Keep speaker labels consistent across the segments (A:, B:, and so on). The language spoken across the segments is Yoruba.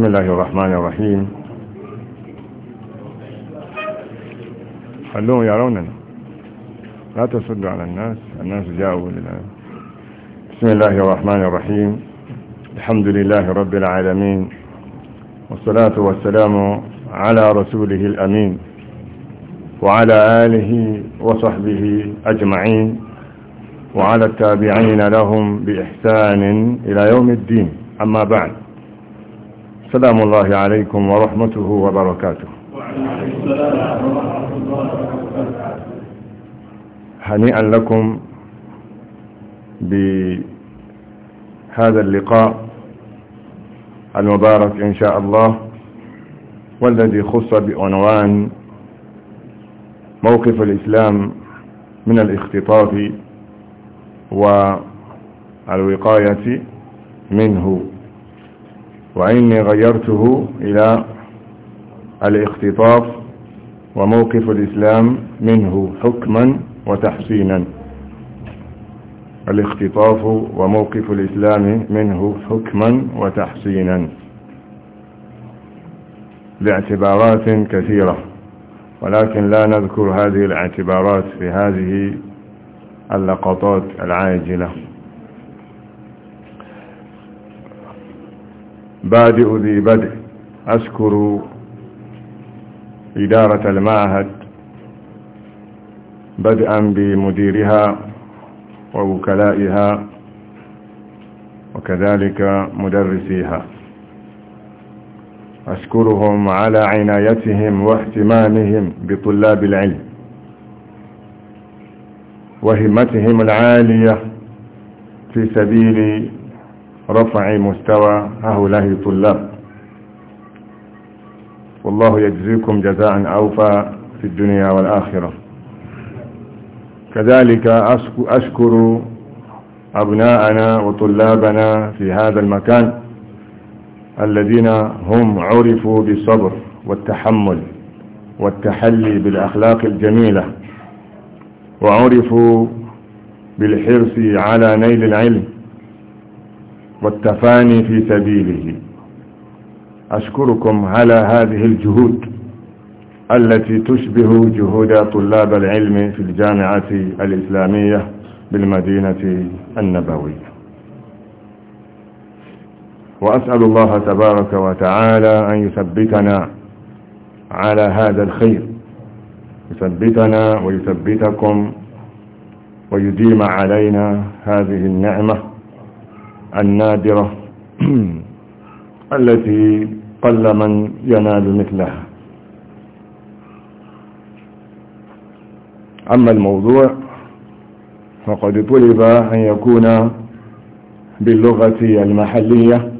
A: بسم الله الرحمن الرحيم خلوهم يروننا لا تصدوا على الناس الناس جاءوا للآن
B: بسم الله الرحمن
A: الرحيم الحمد لله رب العالمين والصلاة والسلام على رسوله الأمين وعلى آله وصحبه أجمعين وعلى التابعين لهم بإحسان إلى يوم الدين أما بعد سلام الله عليكم ورحمته وبركاته هنيئا لكم بهذا اللقاء المبارك إن شاء الله والذي خص بعنوان موقف الإسلام من الاختطاف والوقاية منه وإني غيرته إلى الاختطاف وموقف الإسلام منه حكما وتحسينا الاختطاف وموقف الإسلام منه حكما وتحسينا لاعتبارات كثيرة ولكن لا نذكر هذه الاعتبارات في هذه اللقطات العاجلة بادئ ذي بدء أشكر إدارة المعهد بدءا بمديرها ووكلائها وكذلك مدرسيها أشكرهم على عنايتهم واهتمامهم بطلاب العلم وهمتهم العالية في سبيل رفع مستوى هؤلاء الطلاب والله يجزيكم جزاء أوفى في الدنيا والآخرة كذلك أشكر أبناءنا وطلابنا في هذا المكان الذين هم عرفوا بالصبر والتحمل والتحلي بالأخلاق الجميلة وعرفوا بالحرص على نيل العلم والتفاني في سبيله أشكركم على هذه الجهود التي تشبه جهود طلاب العلم في الجامعة الإسلامية بالمدينة النبوية وأسأل الله تبارك وتعالى أن يثبتنا على هذا الخير يثبتنا ويثبتكم ويديم علينا هذه النعمة النادرة التي قل من ينال مثلها أما الموضوع فقد طلب أن يكون باللغة المحلية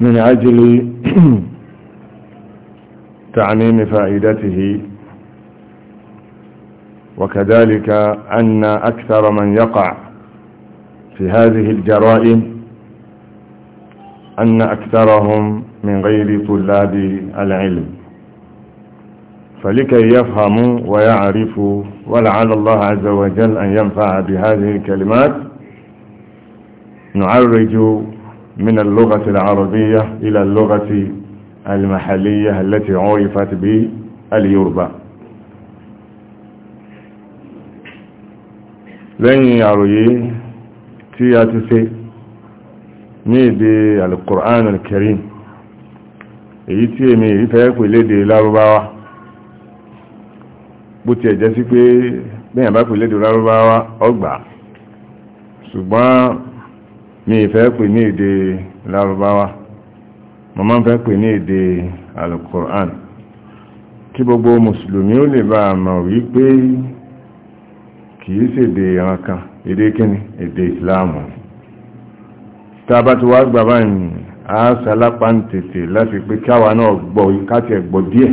A: من أجل تعميم فائدته وكذلك أن أكثر من يقع في هذه الجرائم أن أكثرهم من غير طلاب العلم فلكي يفهموا ويعرفوا ولعل الله عز وجل أن ينفع بهذه الكلمات نعرج من اللغة العربية إلى اللغة المحلية التي عرفت باليوربا لن يروي tí a ti ṣe ní èdè al-Qur'an al-Karim èyí tí èmi èyí fẹ́ pè lédè lárúbáwá bó ti ẹ̀jẹ́ sí pé bẹ́yàn bá pè lédè lárúbáwá ọgbà ṣùgbọ́n mi ìfẹ́ pè ní èdè lárúbáwá mo máa ń fẹ́ pè ní èdè al kí gbogbo mùsùlùmí ó lè bá àmà wípé kìí ṣèdè ẹran kan èdè kíni èdè ìsìláàmù tàbá ti wá gbà báyìí a sàlápá ń tètè láti pé káwà náà gbọ́ káti ẹ̀gbọ́ díẹ̀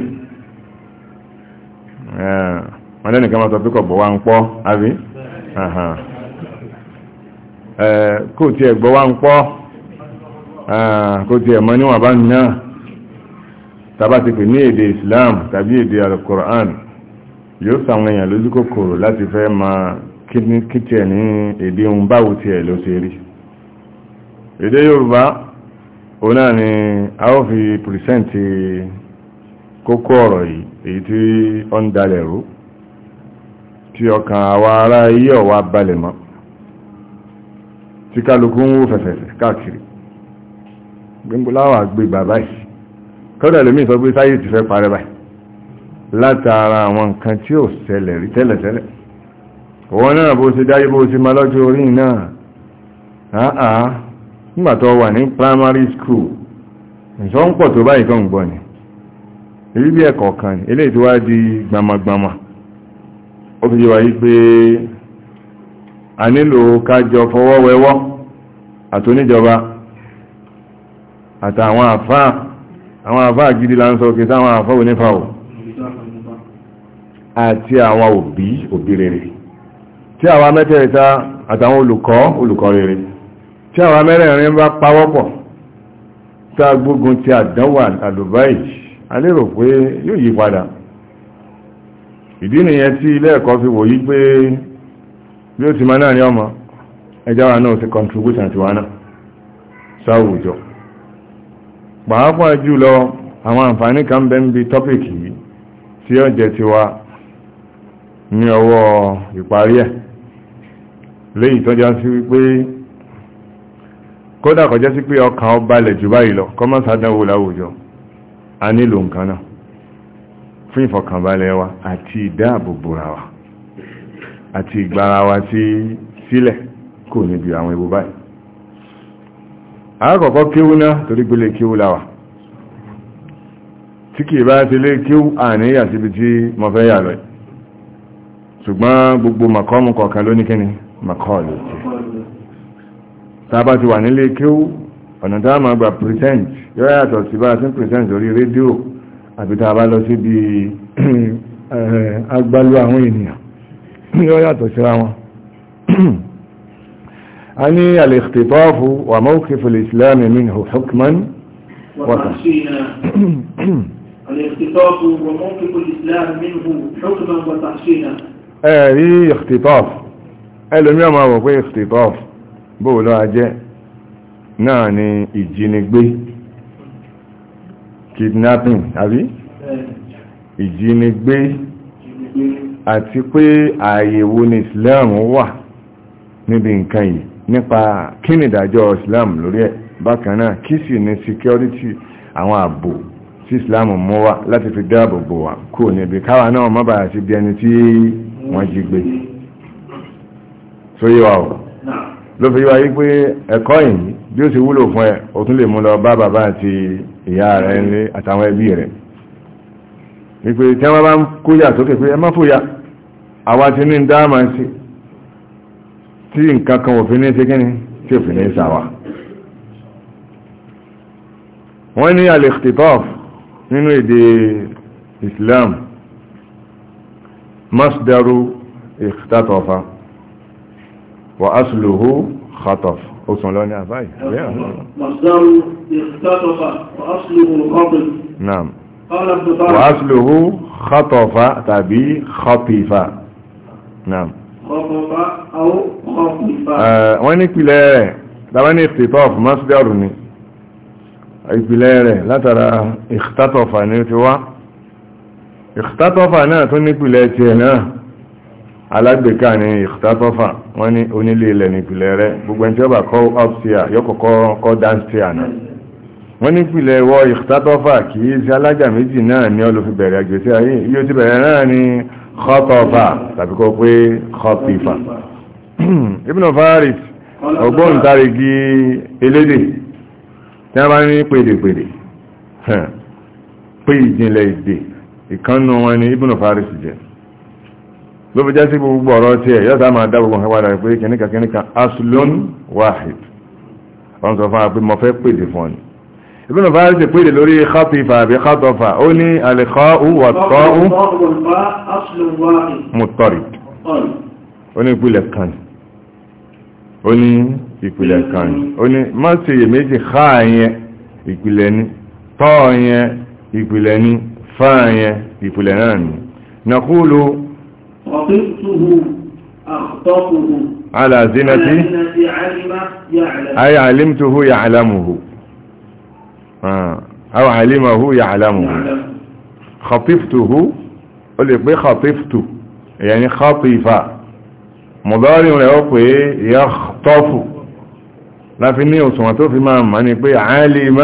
A: wọ́n lẹ́nìkan máa sọ pé kọ̀gbọ̀ wá ń pọ́ àbí kò tí ẹ̀gbọ́ wá ń pọ́ kò tí ẹ̀mọ́ níwọ̀n bá náà tàbá ti pè ní èdè ìsìláàmù tàbí èdè alukùrán yóò sàwọn èèyàn lójú láti fẹ́ máa kíni kíkẹ́ ní èdè ohun báwo ti ẹ̀ ló ṣe rí èdè yorùbá o náà ni a ó fi pìrìsẹ́ǹtì kókó ọ̀rọ̀ yìí èyí tí ó ń dalẹ̀ rú tí ọkàn àwa ará yí ọ̀wà balẹ̀ mọ́ tí kálukú ń wó fẹ̀fẹ̀fẹ̀ káàkiri gbígbóláwà gbé bàbá yìí kọ́dà lómi sọ pé sáyé ti fẹ́ parẹ́ báyìí látara àwọn nǹkan tí ò ṣẹlẹ̀ rí tẹ́lẹ̀tẹ́lẹ̀ wọ́n náà bó ṣe dáyé bó ṣe ma lọ́jọ́ orí náà àà nígbàtọ̀ wà ní primary school ìṣọ́ ń pọ̀ tó báyìí kan gbọ́ ni èyí bí ẹ̀kọ́ kan ni eléyìí tó wá di gbamagbama ó fi wáyé pé a nílò kájọ fọwọ́wẹ́wọ́ àtòníjọba àtàwọn àfáà àwọn àfáà gidi la ń sọ kìí sáwọn àfáà onífàwọ̀ àti àwọn òbí òbí rere tí àwa mẹ́tẹ̀ẹ̀ta àtàwọn olùkọ́ olùkọ́ rere tí àwa mẹ́rẹ̀ẹ̀rin bá pawọ́pọ̀ tá a gbógun ti àdánwò àdùbáyì a lérò pé yóò yí padà ìdí nìyẹn tí ilé ẹ̀kọ́ fi wòyí pé bí ó ti máa náà ní ọmọ ẹjá wa náà ti contribution ti wá náà sáwùjọ pàápàá jùlọ àwọn àǹfààní kan bẹ́ ń bi tọ́pìkì yìí tí ó jẹ ti wa ní ọwọ́ ìparí ẹ̀ léyìn tó já sí wípé kódà kọjá sí pé ọkà ọba lẹ̀ jù báyìí lọ kọ́ mọ́sádánwò láwùjọ a nílò nǹkan náà fún ìfọ̀kànbalẹ̀ wa àti ìdáàbòbòra wa àti ìgbára wa sí sílẹ̀ kò níbi àwọn ewu báyìí àkọ́kọ́ kíwú náà torí gbélé kíwú láwà tí kìí bá ti lé kíwú àníyà síbi tí mo fẹ́ yà lọ ṣùgbọ́n gbogbo màkọ́mù kọ̀ọ̀kan lóníkíní makọ́ọ̀lù tí sábà ti wà nílé kíw ọ̀nà tá a máa gba present yóò yàtọ̀ sí bá a ti ń present lórí rédíò àbí tá a bá lọ sí bí agbálú àwọn ènìyàn yóò yàtọ̀ síra wọn a ní al-ikhtitafu wà mawqif al-islam minhu hukman وتحصينا
B: الاختطاف وموقف
C: الإسلام منه حكما وتحصينا
A: أي اختطاف ẹlòmíà máa wọ̀ pé ìfìtìtọ́f bóò lọ́ ajẹ́ náà ni ìjínigbé kidnapping àbí ìjínigbé àti pé àyèwò ní Islam wà níbi nǹkan yìí nípa kí ni ìdájọ́ Islam lórí ẹ̀ bákan náà kí sì ni security àwọn ààbò tí Islam mú wá láti fi dáàbò bò wá kò níbi káwa náà má bàa ti ẹni tí wọ́n jí gbé sórí wa o ló fi wáyé pé ẹ̀kọ́ yìí bí ó sì wúlò fún ẹ o tún lè mú lọ bá bàbá àti ìyá rẹ̀ nílé àtàwọn ẹbí rẹ̀ wípé tí wọ́n bá ń kóyà sókè pé ẹ má fòyà àwa ti ní dáàmà sí tí nǹkan kan òfin ní ṣe kíni tí òfin ní sàwà wọ́n ní al nínú èdè Islam masdaru ikhtatafa wa asluhu khataf ó sùn lọ ní àbáyì
C: wa asluhu
A: khatafa tàbí khatifa naam wọ́n ní ìpìlẹ̀ rẹ̀ tàbí ní ìtìtọ́f masdaru ni ìpìlẹ̀ rẹ̀ látara ikhtatafa ní ti wá ikhtatafa náà tó nípìlẹ̀ tiẹ̀ náà alágbèká ni ikhtatafa wọ́n ní onílé ilẹ̀ nípìnlẹ̀ rẹ gbogbo ẹni tí ó bá kọ́ upsia yọkọ̀kọ́ kọ́ downsia náà wọ́n nípìnlẹ̀ wọ ìtàtọ́fà kì í ṣe alájà méjì náà ni ọlọ́fi bẹ̀rẹ̀ àgbèsí ayé iye ti bẹ̀rẹ̀ náà ni kọ́tọ̀fà tàbí kọ́ pé kọ́pìfà Ibn Faris ògbóǹtarìgì elédè tí a bá ní pèdèpèdè pé ìjìnlẹ̀ èdè ìkànnù wọn ni Ibn Faris jẹ́ ló fi jẹ́ sí gbogbo ọ̀rọ̀ tí ẹ̀ yọ́ta máa dá gbogbo ọ̀hẹ́wàdà pé kìníkà kìníkà aslun wahid wọ́n sọ fún wa pé mo fẹ́ pèdè fún ọ̀nì ìbínú bá ṣe pèdè lórí khatifa àbí khatafa ó ní al-kha'u wat-ta'u muttarid ó ní ìpìlẹ̀ kan ó ní ìpìlẹ̀ kan ó ní má ṣe yè méjì kha yẹn ìpìlẹ̀ ni tọ́ yẹn ìpìlẹ̀ ni fa yẹn ìpìlẹ̀ náà ni nàkúlù
B: خطبته أخطبه
A: على زنة علم
B: يعلم أي
A: علمته يعلمه آه. أو علمه يعلمه خطفته قل لك خطفته يعني خطيفة مضارع يقول يخطف لا في النية وسمته في مام يعني بي علم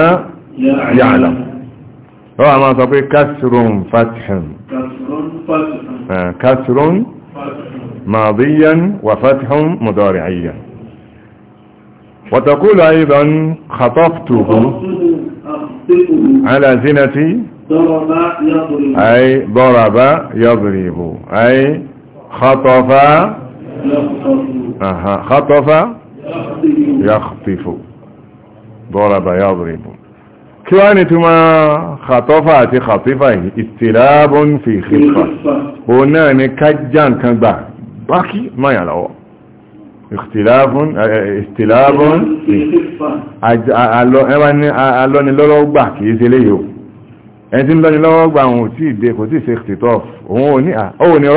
A: يعلم, يعلم. هو ما تقول كسر فتح
B: كسر فتح آه، كسر
A: ماضيا وفتح مضارعيا وتقول أيضا خطفته على زنتي
B: ضرب يضرب أي
A: ضرب يضرب أي خطف خطف يخطف ضرب يضرب kí wá ní túnmọ́ ṣàtọ́fà àti ṣàtífà ìtìlábọ́n fi ṣífà o náà ni kájá nǹkan gbà bákí máyà lọ́wọ́ ìtìlábọ́n fi alọ́nilọ́lọ́gbà kìí ṣe léyò ẹni tí ń lọ́nilọ́lọ́gbà òun tí ìdẹ kò tí ṣe ṣètọ́f òun ò ní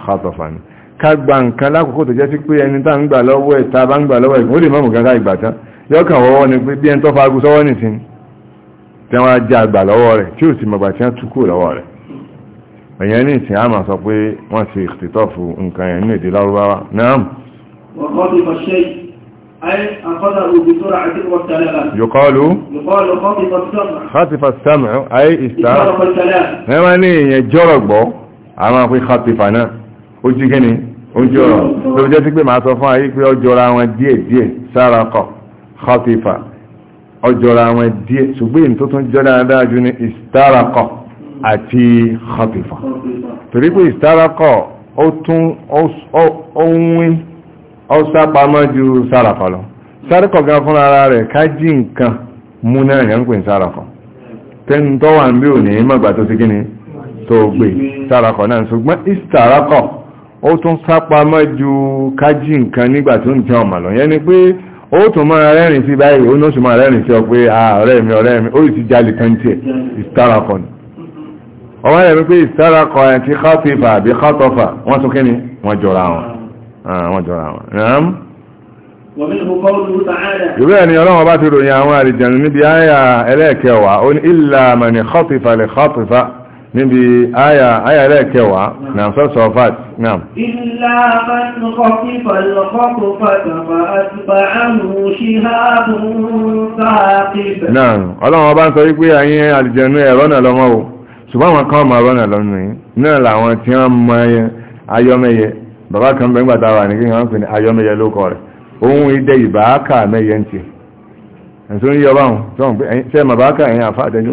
A: rọ́wọ́ ká gba nǹkan lákòókò tó jẹ́ sí pé ẹni tá ń gbà lọ́wọ́ ẹ̀ tá bá ń gbà lọ́wọ́ ẹ̀ ó lè mọ́mù kankan ìgbà tán yọ́kàn wọ́wọ́ ni pé bí ẹni tó fagu sọ́wọ́ nìsín tí wọ́n já àgbà lọ́wọ́ rẹ̀ tí ò sì mọ̀gbà tí wọ́n tú kúrò lọ́wọ́ rẹ̀ èèyàn ní ìsìn àmà sọ pé wọ́n ti ìtìtọ́ fún nǹkan yẹn ní èdè lárúbáwá náà. yòkọ́lù xatifa sàmù ayé ìsà ẹ máa ní ìyẹn jọ́rọ̀ gbọ́ ojú ọ̀rọ̀ tó jẹ́ sí pé máa sọ fún ayé pé ọjọ́ra wọn díẹ̀ díẹ̀ sárakọ̀ khatifa ọjọ́ra wọn díẹ̀ ṣùgbọ́n tó tún jọ dáadáa jù ní ìstarakọ̀ àti khatifa torí pé ìstarakọ̀ ó tún ohun ọ̀sápamọ́ ju sárakọ̀ lọ sárakọ̀ gan fún ara rẹ̀ kájí nǹkan mú náà yẹn ń pè sárakọ̀ tẹ́ni tó wà ń bí òní mọ̀gbà tó ti gíní tó gbé sárakọ̀ náà ṣùgbọ́n ìstarakọ̀ ó tún sápamọ́ ju kájí nǹkan nígbà tó ń jẹ ọmọ lọ yẹn ni pé ó tún máa rẹ́rìn sí báyìí ó ní oṣù máa rẹ́rìn sí ọ pé ah, ọ̀rẹ́ mi ọ̀rẹ́ mi ó sì jalè kan tiẹ̀ ìstarakọ ni ọmọ rẹ̀ mi pé ìstarakọ ẹ̀ ti kátìfà àbí kátọfà wọ́n tún kíni wọ́n jọra wọn ah, wọ́n jọra wọn. ìwé ẹni ọlọ́wọ́n bá ti ròyìn àwọn àrìjànú níbi àyà ẹlẹ́ẹ̀kẹwàá ó ní ìlà màní kátìfà lè kátìfà níbi àyà àyà rẹ̀ kẹwàá na sọ́sọ̀ fat náà.
C: Ìlà man khafifa al-khaffa fa atba'ahu shihabun thaqib. Náà,
A: ọlọ́run ọba ń sọ wípé ayé àlìjẹnú ẹ̀rọ náà lọ́mọ́ o, ṣùgbọ́n àwọn kan máa rọ́nà lọ́nà yìí, náà làwọn tí wọ́n mọ ayọ́mẹyẹ, bàbá kan bẹ́ ńgbàtà wà ní kí wọ́n pè ní rẹ̀, ohun ìdẹ ìbáákà mẹyẹ ń ti. Ẹ̀sùn yọ báwọn, sọ́n pé ṣẹ́ màbáákà ẹ̀yìn àfáà tẹ́jú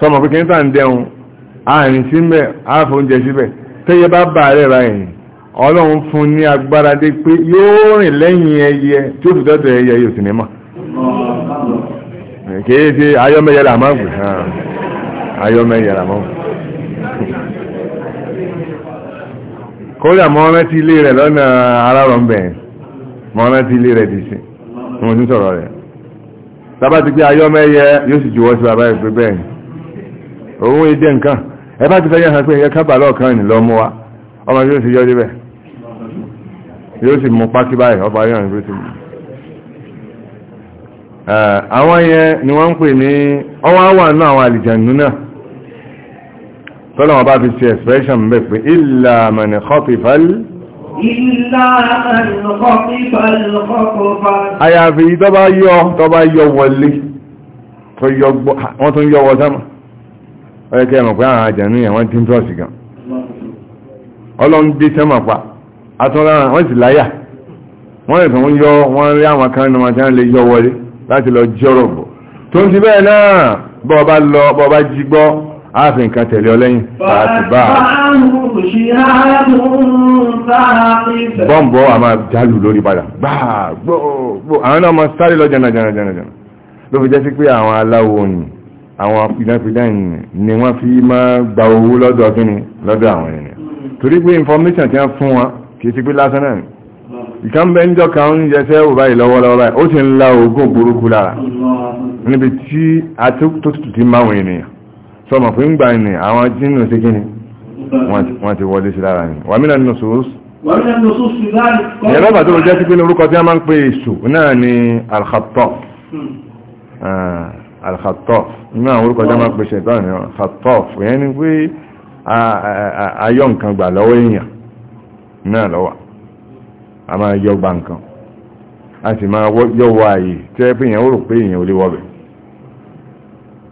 A: sọmọ pé kí n tàn dẹun àárín sí mẹ́ àáfóúnjẹ síbẹ̀ tẹ́yẹ bá bà rẹ̀ ra ẹ̀yìn ọlọ́run fún ní agbára dé pé yóò rìn lẹ́yìn ẹyẹ tí ó fi dọ́tọ̀ ẹyẹ yóò sì ní mà kìí ṣe ayọ́mẹyẹ là máa ń gbé ah, ayọ́mẹyẹ là máa ń gbé kódà mọ́ọ́rán tí ilé rẹ̀ lọ́nà ara rọ̀ ń bẹ̀ mọ́ọ́rán tí ilé rẹ̀ ti ṣe mo ti sọ̀rọ̀ rẹ̀ tábà ti pé ayọ́mẹyẹ yóò sì juwọ́ sí bàbá ẹ̀ pé bẹ́ẹ̀ owó èdè nǹkan ẹ bá ti fẹ́ yẹ́ hàn pé ẹ kábà lọ́ọ̀kan ní lọ́mú wa ọmọ yóò sì yọ́ débẹ̀ yóò sì mú pákí báyìí ọba yóò rìn bíi àwọn yẹn ni wọ́n ń yọ tọ́bá yọ wọlé wọ́n tún yọ wọ sáma ọ̀yẹ́kẹ́ ẹ̀mọ̀ pé àwọn àjànú yẹn wọ́n ti ń tọ́ọ̀sì gan ọlọ́run dé sẹ́mọ̀ pa atọ́lára wọ́n sì láyà wọ́n lè tó ń yọ wọ́n rí àwọn kan náà tí yọ wọlé láti lọ jọ́rọ̀ bọ̀ tó ń ti bẹ́ẹ̀ náà bọ́ bá lọ bọ́ bá jí gbọ́ ààfin nǹkan tẹ̀lé ọlẹ́yìn pàtàkì bá
C: bọ́m̀bọ́ a máa
A: jálù lórí padà gbáà gbọ́ àwọn náà mọ sáré lọ jẹ́nà ló fi jẹ́ sí pé àwọn aláwo yìí àwọn fidanfidan ni wọ́n fi máa gba owó lọ́dọ̀ kíni lọ́dọ̀ àwọn ènìyàn torí pé information tí wọ́n fún wọn kìí ti pé lásán náà ìkànbẹ́ ń jọka ń jẹsẹ́ ò báyìí lọ́wọ́lọ́wọ́ báyìí ó ti ń la oògùn burúkú lára níbi tí a tó ti máwọn ènìyàn sọmọ̀ fún ìgbà ni àwọn jínú sí kíni wọ́n ti wọlé sí lára ni wà mí náà nínú sòósù
C: ìyẹ́lọ́bà tó jẹ́
A: alkhatọ́f nínú àwọn orúkọ jẹ́mà pèsè ìtọ́nà ní alkhatọ́f yẹn ni pé ayọ́ nǹkan gbà lọ́wọ́ èèyàn náà lọ́wọ́ a máa yọ gba nǹkan a sì máa yọwọ́ ààyè tí ẹ pé èèyàn ó rò pé èèyàn ò lè wọ́bẹ̀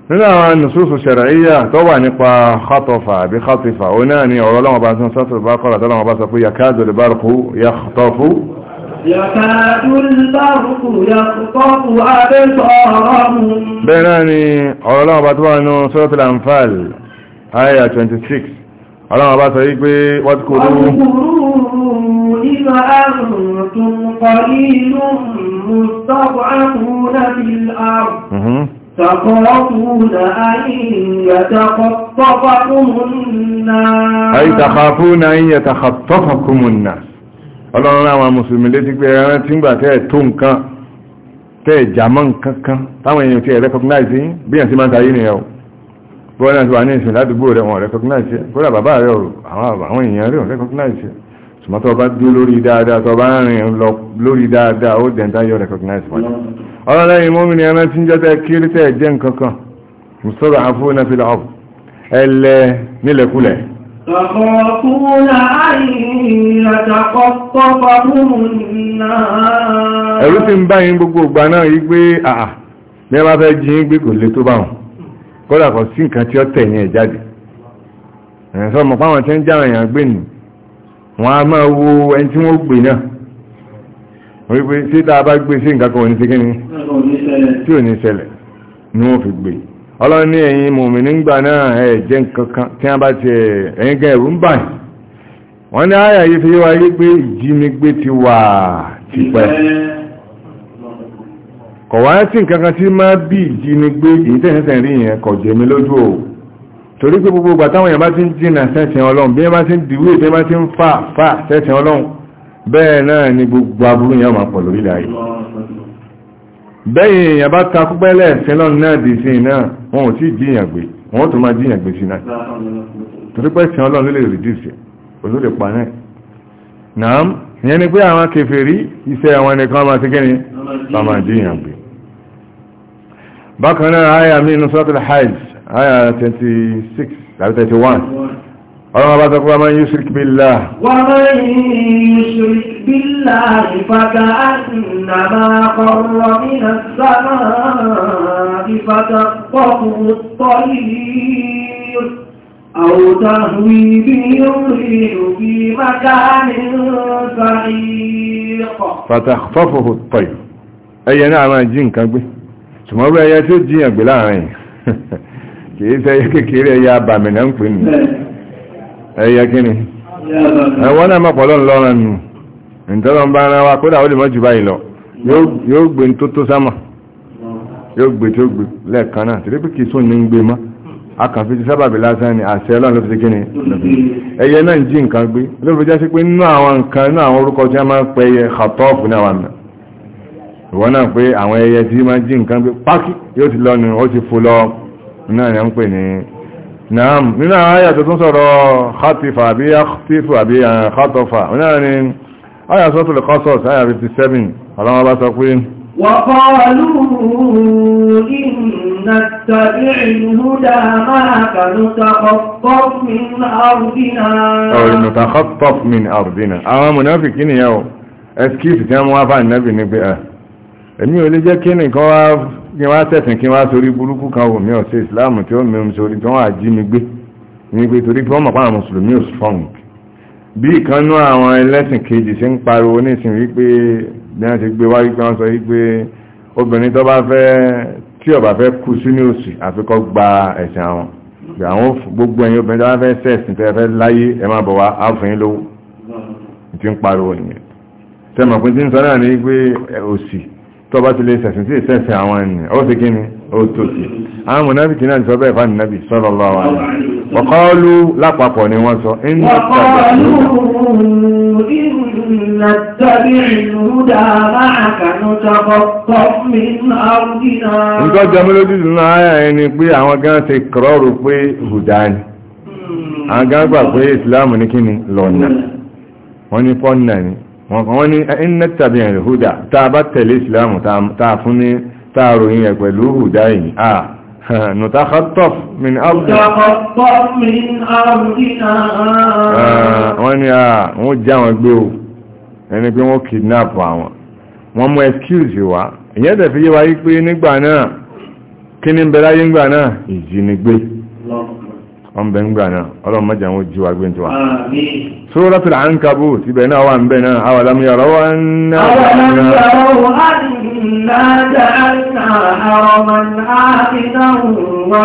A: nínú àwọn nùsùsù ṣẹ̀rẹ̀íyà tó wà nípa khatọ́fà àbí khatífà ó náà ni ọ̀rọ̀ ọlọ́wọ́ bá bá kọ́ra
C: يكاد البرق يخطف أبصارهم
A: بيناني أولا بطبعنا سورة الأنفال آية 26 أولا بطبعنا واذكروا
C: إذا أنتم قليل مستضعفون في الأرض تخافون أن يتخطفكم الناس أي تخافون
A: أن يتخطفكم الناس ọlọ́run àwọn mùsùlùmí létí pé ẹran tí ń gbà tẹ́ tó nǹkan tẹ́ ìjàmọ́ nǹkan kan táwọn èèyàn ti recognize bí ẹ̀sìn máa ń tayé nìyẹn o bọ́ọ̀ náà ti wà ní ìsìn ládùúgbò rẹ̀ wọ́n recognize kódà bàbá rẹ̀ àwọn èèyàn rẹ̀ recognize ṣùgbọ́n tó bá dúró lórí dáadáa tó bá rìn lọ lórí dáadáa ó dẹ̀ntá yóò recognize wọn ọlọ́lẹ́yìn mọ́mìnì ẹran tí ń jẹ́tẹ́ kiri tẹ́ jẹ́ nǹkan kan mùsọ́rọ̀ àfúnà fi lọ́ọ̀bù ẹlẹ́ nílẹ̀kulẹ̀
C: تخافون أن يتخطفكم الناس ẹ̀rù ti
A: ń bá yín gbogbo ìgbà náà yí pé àà ní ẹmà fẹ́ jí gbé kò lè tó bá wọn kọ́dà kọ̀ sí nǹkan tí ó tẹ̀yìn ẹ̀ jáde ẹ̀sọ́ mọ̀ fáwọn tí ń já èèyàn gbé nì wọ́n a máa wo ẹni tí wọ́n gbé náà wọ́n wípé sí tá bá gbé sí nǹkan kan ò ní kí ni tí ò ní ṣẹlẹ̀ ni wọ́n fi gbé ọlọ́run ní ẹ̀yin mùmí nígbà náà ẹ̀ jẹ́ nǹkankan tí a bá ti ẹ̀yìn gan ẹ̀rù ń bà yìí wọ́n ní àyà yìí fi wá yí pé ìjínigbé ti wà tipẹ́ kọ̀ wá sí nǹkankan tí máa bí ìjínigbé èyí tẹ̀sẹ̀sẹ̀ rí yẹn kọ̀ jẹ́ mi lójú o torí pé gbogbo ìgbà táwọn èèyàn bá ti ń jìnà sẹ́sìn ọlọ́run bí wọ́n bá ti ń bẹ́yìn èèyàn bá takú pẹ́lẹ̀ sílọ́n náà dì sí náà wọn ò tí jíyàn gbé wọn tó máa jíyàn gbé sí náà sí ọlọ́run lè rìdíìsì olóòdè pa náà náà ìyẹn ni pé àwọn iṣẹ́ àwọn ẹnìkan máa ti bá máa jíyàn gbé bákan náà àyà mi inú hajj àyà 31 ọlọ́wọ́ bá tọ́kọ́ wọ́n yóò ṣíríkì bílá wọ́n yóò
C: ṣíríkì bílá ìfàkà àtìnàmà kọ̀rọ̀ nínà sáàmà ìfàkà pọ̀kùn tọ́lì àwòtà rí bí orílẹ̀ òbí mákàánì sàíkọ̀ fàtàkọ́fòfò
A: tọ́yì ẹyẹ náà máa jí nǹkan gbé ṣùgbọ́n ẹyẹ tí ó jíyàn gbé láàrin kìí ṣẹyẹ kékeré ẹyẹ abàmì náà ń pè nìyàn ẹ̀yẹ kíni ẹ̀wọ́n náà mọ̀ pọ̀lọ́ ńlọ́rọ̀ nù ìtọ́lọ̀ ń bá ara wa kódà ó lè mọ́ jù báyìí lọ yóò gbé tó tó sámà yóò gbé tó gbé lẹ́ẹ̀kan náà tìrí pé kì ní ń gbé mọ́ akànfi ti sábàbí lásán ni àṣẹ ọlọ́run ló fi ṣe kíni ẹyẹ náà ń jí nǹkan gbé ló fi jásí pé nínú àwọn nǹkan nínú àwọn orúkọ tí a máa ń pẹ ẹyẹ xatọ́ọ̀fù náà wà mí ìwọ náà ti lọ nù ó náà ni a ń نعم من آية تنصر خطف أبي يخطف أبي خطف من يعني آية صوت القصص آية 57 فلما بسقين
C: وقالوا إن نتبع الهدى معك نتخطف من أرضنا أو نتخطف
A: من أرضنا أما آه منافقين يو أسكيف كان موافع النبي نبئة أمي ولي جاكين كواف kí wọ́n tẹ̀sìn kí wọ́n sórí burúkú kan wò mí ọ̀sẹ̀ ìsìláàmù tí ó mẹ́rin sórí tí wọ́n á jí mi gbé nígbé torí pé wọ́n mọ̀ pàrọ̀ mùsùlùmí ò fọ́nk bí ìkanú àwọn ẹlẹ́sìn kejì sí ń pariwo nísìn wípé bí wọ́n ti gbé wá wípé wọ́n sọ wípé obìnrin tó bá fẹ́ tí ó bá fẹ́ kú sínú òṣì àfikọ́ gba ẹ̀sìn àwọn àwọn gbogbo ẹ̀yin obìnrin tó bá fẹ́ sẹ́ẹ̀sìn tẹ́ fẹ́ láyé ẹ má bọ̀ wá áfìyín lówó ti ń pariwo nìyẹn tẹ́mọ̀ pé tí ń sọ náà ní wípé òṣì tó bá ti lè sẹ̀sìn sí ìsẹ́sìn àwọn ènìyàn ó sì kí ni ó tó sí àwọn mùnábìkì náà sọ bẹ́ẹ̀ fáwọn nàbì sallallahu alaihi wa qalu lápapọ̀ ni wọ́n sọ ìtọ́jọ́ mélódìdì náà ayà ẹni pé àwọn gan ti kọ̀rọ̀rù pé hùdá ni hmm. àwọn gan wọ́n ní ẹ̀nà tàbí ẹ̀rẹ̀ húdà tá bá tẹ̀lé ìsìlámù tá fún ní tààrò yìí pẹ̀lú húdà yìí à nùtàkọ́tọ̀f min abdina wọ́n ní à wọ́n já wọn gbé o ẹni pé wọ́n kidnap àwọn wọ́n mú excuse wọ́n bẹ̀ ń gbà náà ọlọ́run mọ́jà wọn jíwa gbé tí wà. Suratul Ankabut ti bẹ̀ náà wà ń bẹ̀ náà awalam yaraw anna
C: ja'alna haraman aqidan wa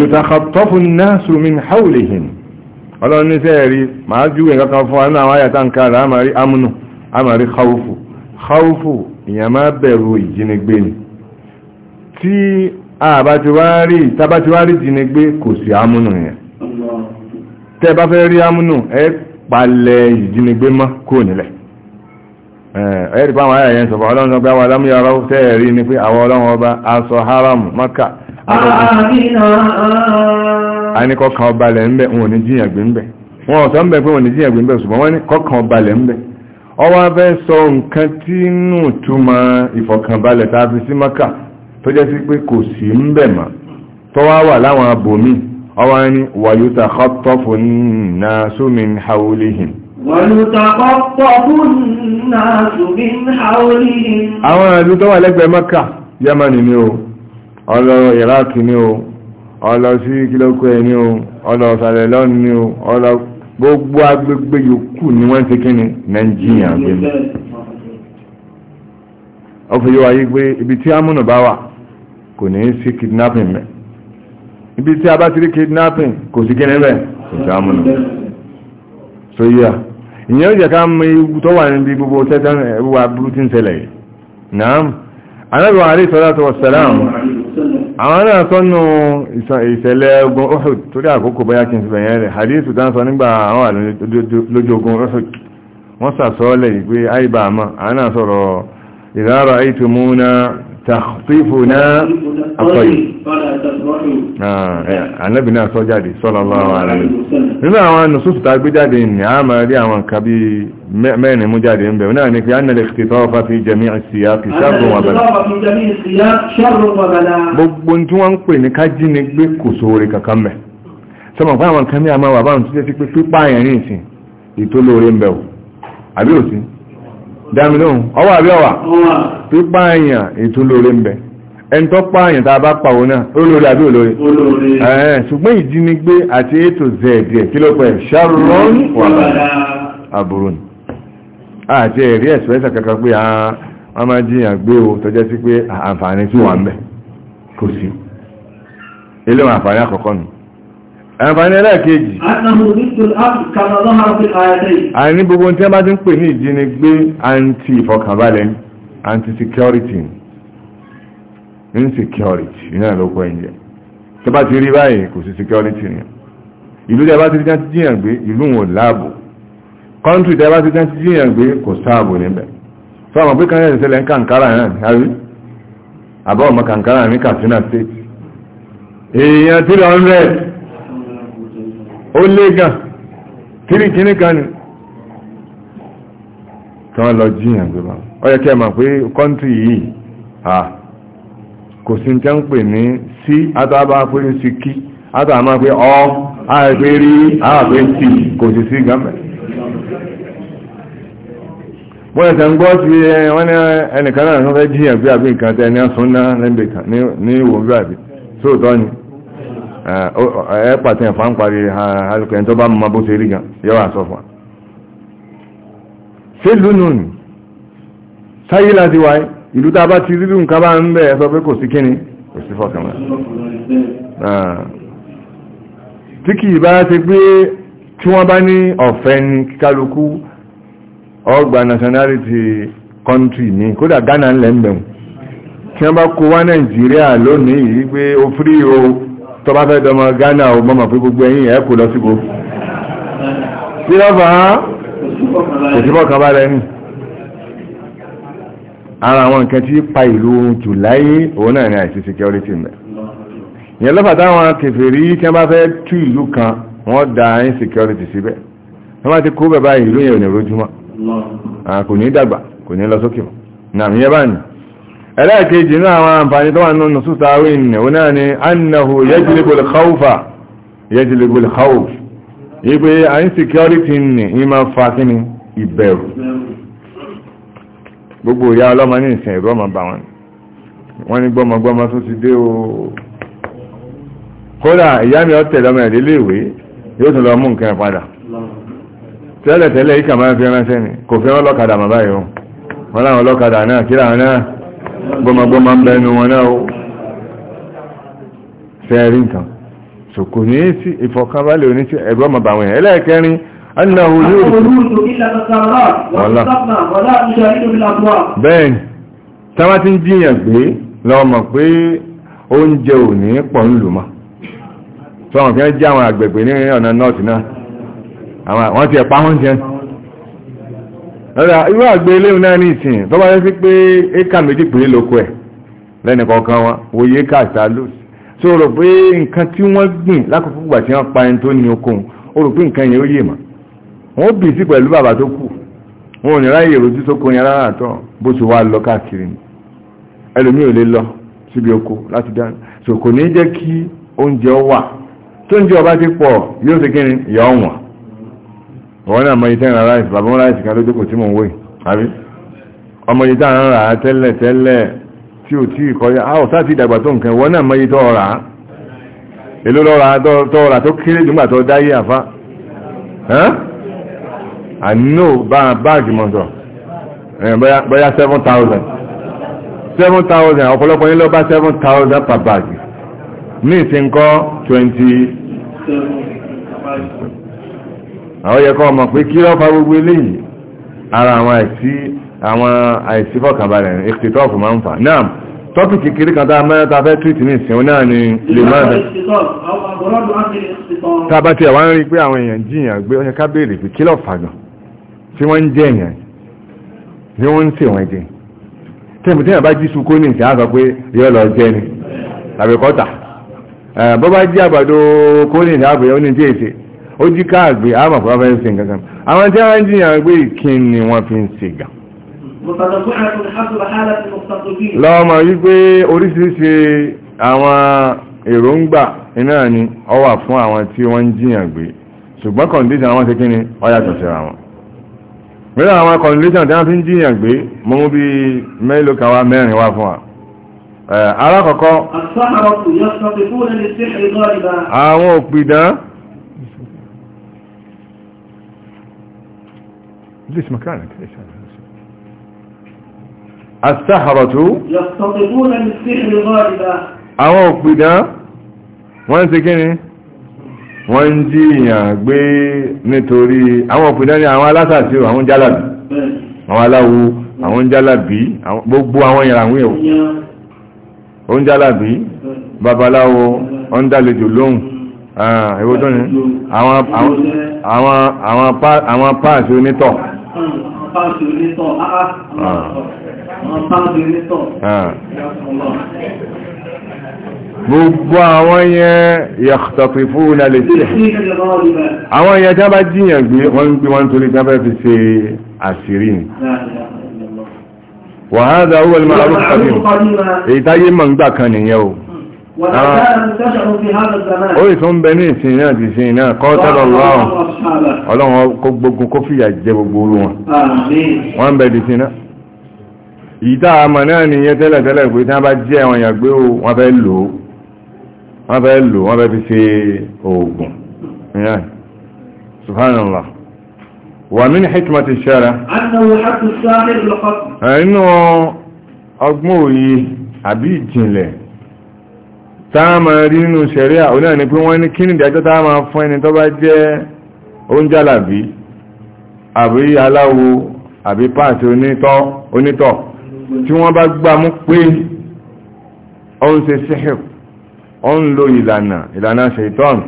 C: yutakhaffafu
A: an-nasu min hawlihim ọlọ́run ní sẹ́ẹ̀rí máa júwe kankan náà wáyàtà ń kára àmàrí khawfu khawfu ìyàn bẹ̀rù ìjínigbé ni tí àbátiwárí ah, tàbátiwárí ti ní pé kò sí amúnù yẹn tẹ́ bá fẹ́ rí amúnù ẹ palẹ̀ ìjínigbé mọ́ kò nílẹ̀ eh, ẹ̀rí pàwọn ayẹyẹ ń sọ̀fọ̀ ọlọ́run pé àwọn alámúyà ọ̀rọ̀ tẹ́ rí ní pé àwọn ọlọ́run ọba aṣọ haramu maka àníkọ́ kan ọba lẹ̀ ń bẹ̀ wọn ò ní jiyàn gbé ń bẹ̀ wọn ọ̀sán ń ọwọ́ abẹ́ sọ nǹkan tí nù túmọ̀ ìfọ̀kànbalẹ̀ tàbí sí maka tó jẹ́ sí pé kò sí ń bẹ̀ mọ́ tó wá wà láwọn abòmí ọwọ́ ní wàyúta kọ́tọ́fù nna súnmí haúlihìn àwọn ìlú tó wà lẹ́gbẹ̀ẹ́ Mẹ́kà yamani ni o ọlọ Iraq ni o ọlọ sí kílókù ẹ̀ ni o ọlọ sàrẹ̀lọ́ ni o ọlọ gbogbo agbègbè yòókù ni wọ́n ti kíni Nàìjíríà gbẹ̀mí ọ fi yíwa yí pé ibi tí amúnà bá wà kò ní sí kidnapping mẹ́ ibi tí a bá ti rí kidnapping kò sí kí níbẹ̀ kò sí àmúnà so yíya ìyẹn ó jẹ́ ká mú ewu tó wà níbi gbogbo tẹ́tàn ẹwà burúkú ń ṣẹlẹ̀ yìí naam anábìwọ̀n alẹ́ sọ́dá tó wọ́sẹ̀lám àwọn náà sọ́nù ìṣẹ̀lẹ̀ ogun Uhud torí àkókò báyá kí n sọ yẹn rẹ̀ hadith tán sọ nígbà àwọn lójú ogun Uhud wọ́n sàsọ́ọ́lẹ̀ ìgbé àìbàmà àwọn náà sọ̀rọ̀ idha ra'aytumuna تخطفنا الطيب النبي náà sọ jáde sallallahu alaihi nínú àwọn nùsùsù tàà gbé jáde ní a máa rí àwọn nǹkan bí mẹ́rin mú jáde ń bẹ̀rẹ̀ náà ní pé a nílẹ̀ ìtìtọ́fà fi jẹ̀mí ìsìyà fi ṣàrùn wà
C: bẹ̀rẹ̀
A: gbogbo tí wọ́n ń pè ní kájí ní gbé kò sóore kankan mẹ́ sọmọ̀ dámi lóhun ọwà àbí ọwà pípa èèyàn ètò lóore ń bẹ ẹni tó pa èèyàn tàbá pàwó náà olóore àbí olóore ẹ̀ẹ́ ṣùgbọ́n ìdí ni pé àti ètò zẹ̀ẹ̀dẹ̀ kí ló pẹ̀ ṣàrùn àbúrò ni àti ẹ̀rí ẹ̀sùwẹ́sà kankan pé a máa jíyàn gbé o tọ́jẹ́ sí pé àǹfààní tí wọ́n ń bẹ kò sí àǹfààní ẹlẹ́ẹ̀kejì àní gbogbo tí a bá ti ń pè ní ìjínigbé anti ìfọkànbalẹ̀ anti security insecurity náà ló kọ ẹ̀yẹ tó bá ti rí báyìí kò sí security ni ìlú tẹ́ bá ti jẹ́ jíyàn gbé ìlú wọn láàbò kọ́ntù tẹ́ bá ti jẹ́ jíyàn gbé kò sáàbò níbẹ̀ tó àwọn pé kanyẹ̀ ìṣẹ̀lẹ̀ ń kàǹkárà náà ní àrí àbọ̀ ọmọ kàǹkárà ní Katsina state èèyàn ó lé kiri kíní ka ni kí wọ́n lọ jíyàn gbé bá ọ yẹ kí ẹ pé yìí kò sí tẹ́ ń pè ní sí àtàbà pé ní sí kí àtàbà pé ọ àìpé rí kò sí sí gámẹ̀ wọ́n ẹ̀sẹ̀ ń gbọ́ sí wọ́n ní ẹnìkan náà fẹ́ jíyàn gbé àbí nǹkan iwu ní asúnná ní àbí sóòtọ́ ni ẹ pàtẹ́ ẹ̀fà ń parí alùpẹ̀ tó bá mọ́ bó ṣe rí gan yọ́ wà sọ fún ṣe lónà ní sáyé láti wáyé ìlú tá bá ti rírù nǹkan bá ń bẹ̀ ẹ̀sọ pé kò sí kíni kò sí fọ́kànlá tí kì nationality country ní kódà Ghana ń lẹ́m̀bẹ̀wò tí wọ́n bá kó wá Nàìjíríà lónìí yìí pé ó fírí o tó bá fẹ́ dọmọ Ghana o mọ́mọ̀ pé gbogbo ẹ̀yìn ẹ̀ kò lọ síbò tí lọ́ fà á kò síbọ̀ kan bá lẹ́nu ara àwọn nǹkan tí pa ìlú oorun jù láyé òun náà ní àìsí security mẹ́ ìyẹn lọ́fà táwọn kèfèrí tí wọ́n bá fẹ́ tú ìlú kan wọ́n da insecurity síbẹ̀ wọ́n bá ti kó bẹ̀ báyìí ìlú yẹn ò ní rojúmọ́ kò ní dàgbà kò ní lọ sókè mọ́ nàmìyẹ́ báyìí ẹlẹ́ẹ̀kejì ní àwọn àǹfààní tó wà nínú súta wíìnì wọn náà ni annahu yajlibul khawfa yajlibul khawf ipe insecurity ni ima fakini ìbẹ̀rù gbogbo ìyá ọlọ́mọ ní ìsìn ẹ̀rọ ọmọ bá wọn wọ́n ní gbọ́mọgbọ́mọ tó ti dé o kódà ìyá mi ọ̀tẹ̀ lọ́mọ ẹ̀dẹ́ léèwé yóò tún lọ mú nǹkan padà tẹ́lẹ̀tẹ́lẹ̀ ìkà máa fi ránṣẹ́ gbọmagbọma ń bẹnu wọn náà ó fẹ́ẹ̀rí nǹkan ṣòkò ní sí ìfọ̀kànbalẹ̀ òní sí ẹ̀rọ ọmọ bàwọn èèyàn ẹlẹ́ẹ̀kẹrin annahu yóò bẹ́ẹ̀ni tábà ti ń jiyàn pé lọ́mọ pé oúnjẹ ò ní pọ̀ ọ̀nà náà ti ẹ̀pá oúnjẹ náà ọ̀rọ̀ irú àgbẹ̀ eléhùn náà ní ìsìn tó bá yẹ sí pé éka méjì péré lóko ẹ̀ lẹ́nì kọ̀ọ̀kan wọn òye éka àtàlù so rò pé nǹkan tí wọ́n gbìn lákòókò gbà tí wọ́n pa ẹni tó ní okòun ó rò pé nǹkan yẹn ó yè mà wọ́n bì sí pẹ̀lú bàbá tó kù wọn ò ní ráyè rojú tó kó yẹn rárá bó ti wá lọ káàkiri ni ẹlòmíì ò lè lọ síbi oko láti dáná so ní jẹ́ kí oúnjẹ wà tó ń ọba ti pọ̀ yóò ṣe kí ni ìyá ọ̀wọ̀n wọ́n náà mọ̀ ìtẹ́rìn ráìsì bàbá wọn ráìsì kan ló jókòó tí mò ń wé àbí ọmọ yìí dáhùn rà á tẹ́lẹ̀ tẹ́lẹ̀ tí ò tí ìkọjá áwọ̀ sáà ti dàgbà tó nǹkan wọ́n náà mọ̀ yìí tọ́ rà á èló lọ́ra tọ́ rà tó kéré nígbà tó dáyé àfá àníò báàgì mọ̀tọ̀ bóyá 7,000 7,000 ọ̀pọ̀lọpọ̀ yìí lọ bá 7,000 per bag ní ìsìnkọ́ 20 àwọn yẹ kọ́ ọmọ pé kí lọ́fà gbogbo eléyìí ara àwọn àìsí àwọn àìsí fọ́kànbalẹ̀ ìkìtọ́ọ̀fù máa ń fà náà tọ́pì kékeré kan tá a mẹ́rin ta fẹ́ túwìtì ní ìsìn náà ni lè máa bẹ̀ tá a bá ti àwọn rí pé àwọn èèyàn jiyàn gbé ọyẹ ká béèrè pé kí ló fà gan tí wọ́n ń jẹ èèyàn ni wọ́n ń sè wọ́n jẹ tẹ́mùtẹ́mù bá jí sukó ní ìsìn á pé yóò lọ jẹ ni àbẹ̀kọ́ta bọ́ bá jí àbàdo kó ní ìdáàbò yẹn ó ní díẹ̀ ó jí káàgbé àmà fún afẹ́ ṣe nǹkan kan àwọn tí wọ́n ń jiyàn pé ìkín ni wọ́n fi ń ṣe gà. lọ́mọ wípé oríṣiríṣi àwọn èròǹgbà iná ni ọ wà fún àwọn tí wọ́n ń jiyàn gbé ṣùgbọ́n kọ̀ǹdíṣàn àwọn ṣe kí ni ọ yàtọ̀ síra wọn mẹ́rin àwọn kọ̀ǹdíṣàn tí wọ́n fi ń jiyàn gbé mo bí mélòó kan wá mẹ́rin wá fún wa alákọ̀ọ́kọ́ àwọn òpìdán جلس مكانك ليش السحرة
C: يستطيعون السحر غالبا
A: àwọn òpìdán wọ́n ṣe kí ni wọ́n ń jìyàn gbé nítorí àwọn òpìdán ni àwọn alásàtí àwọn jálàbí àwọn aláwo àwọn jálàbí gbogbo àwọn ìràwọ̀ ẹ̀wọ̀ ó jálàbí babaláwo ó ń dálejò tó ní àwọn páàsì onítọ̀
B: Gbogbo àwọn yẹn
A: yàtọ̀pì fún ilẹ̀ tẹ̀. Àwọn yẹn jábá jíyàn gbé wọ́n ń gbé wọ́n torí jábá fi ṣe àṣírí ni. Wàhádà ó wọ́n máa rúkọ̀ ní ìtayé mọ̀ ń gbà kan nìyẹn o ó ìtún ń bẹ ní ìsìn náà ti sin náà kọ́ tẹ́lọ lọ́wọ́ ọlọ́run kó gbogbo kó fìyà jẹ gbogbo orú wọn wọ́n ń bẹ di sin náà ìta àmà náà ni yẹn tẹ́lẹ̀ tẹ́lẹ̀ pé tí wọ́n bá jẹ́ àwọn èèyàn gbé wọ́n fẹ́ lò wọ́n fẹ́ lò wọ́n fẹ́ fi ṣe oògùn subhanallah wà mí ní hikmati ṣẹ́ra inú ọgbọ́n òye àbí ìjìnlẹ̀ táàmà rí nínú ṣẹ̀ríà òun náà ni pé wọ́n ní kí ní ìdájọ́ táàmà fún ẹni tó bá jẹ́ oúnjálàbí àbí aláwo àbí páàtì onítọ̀ tí wọ́n bá gbà mú pé ó ń ṣe síhìr ó ń lo ìlànà ìlànà ṣètọ́n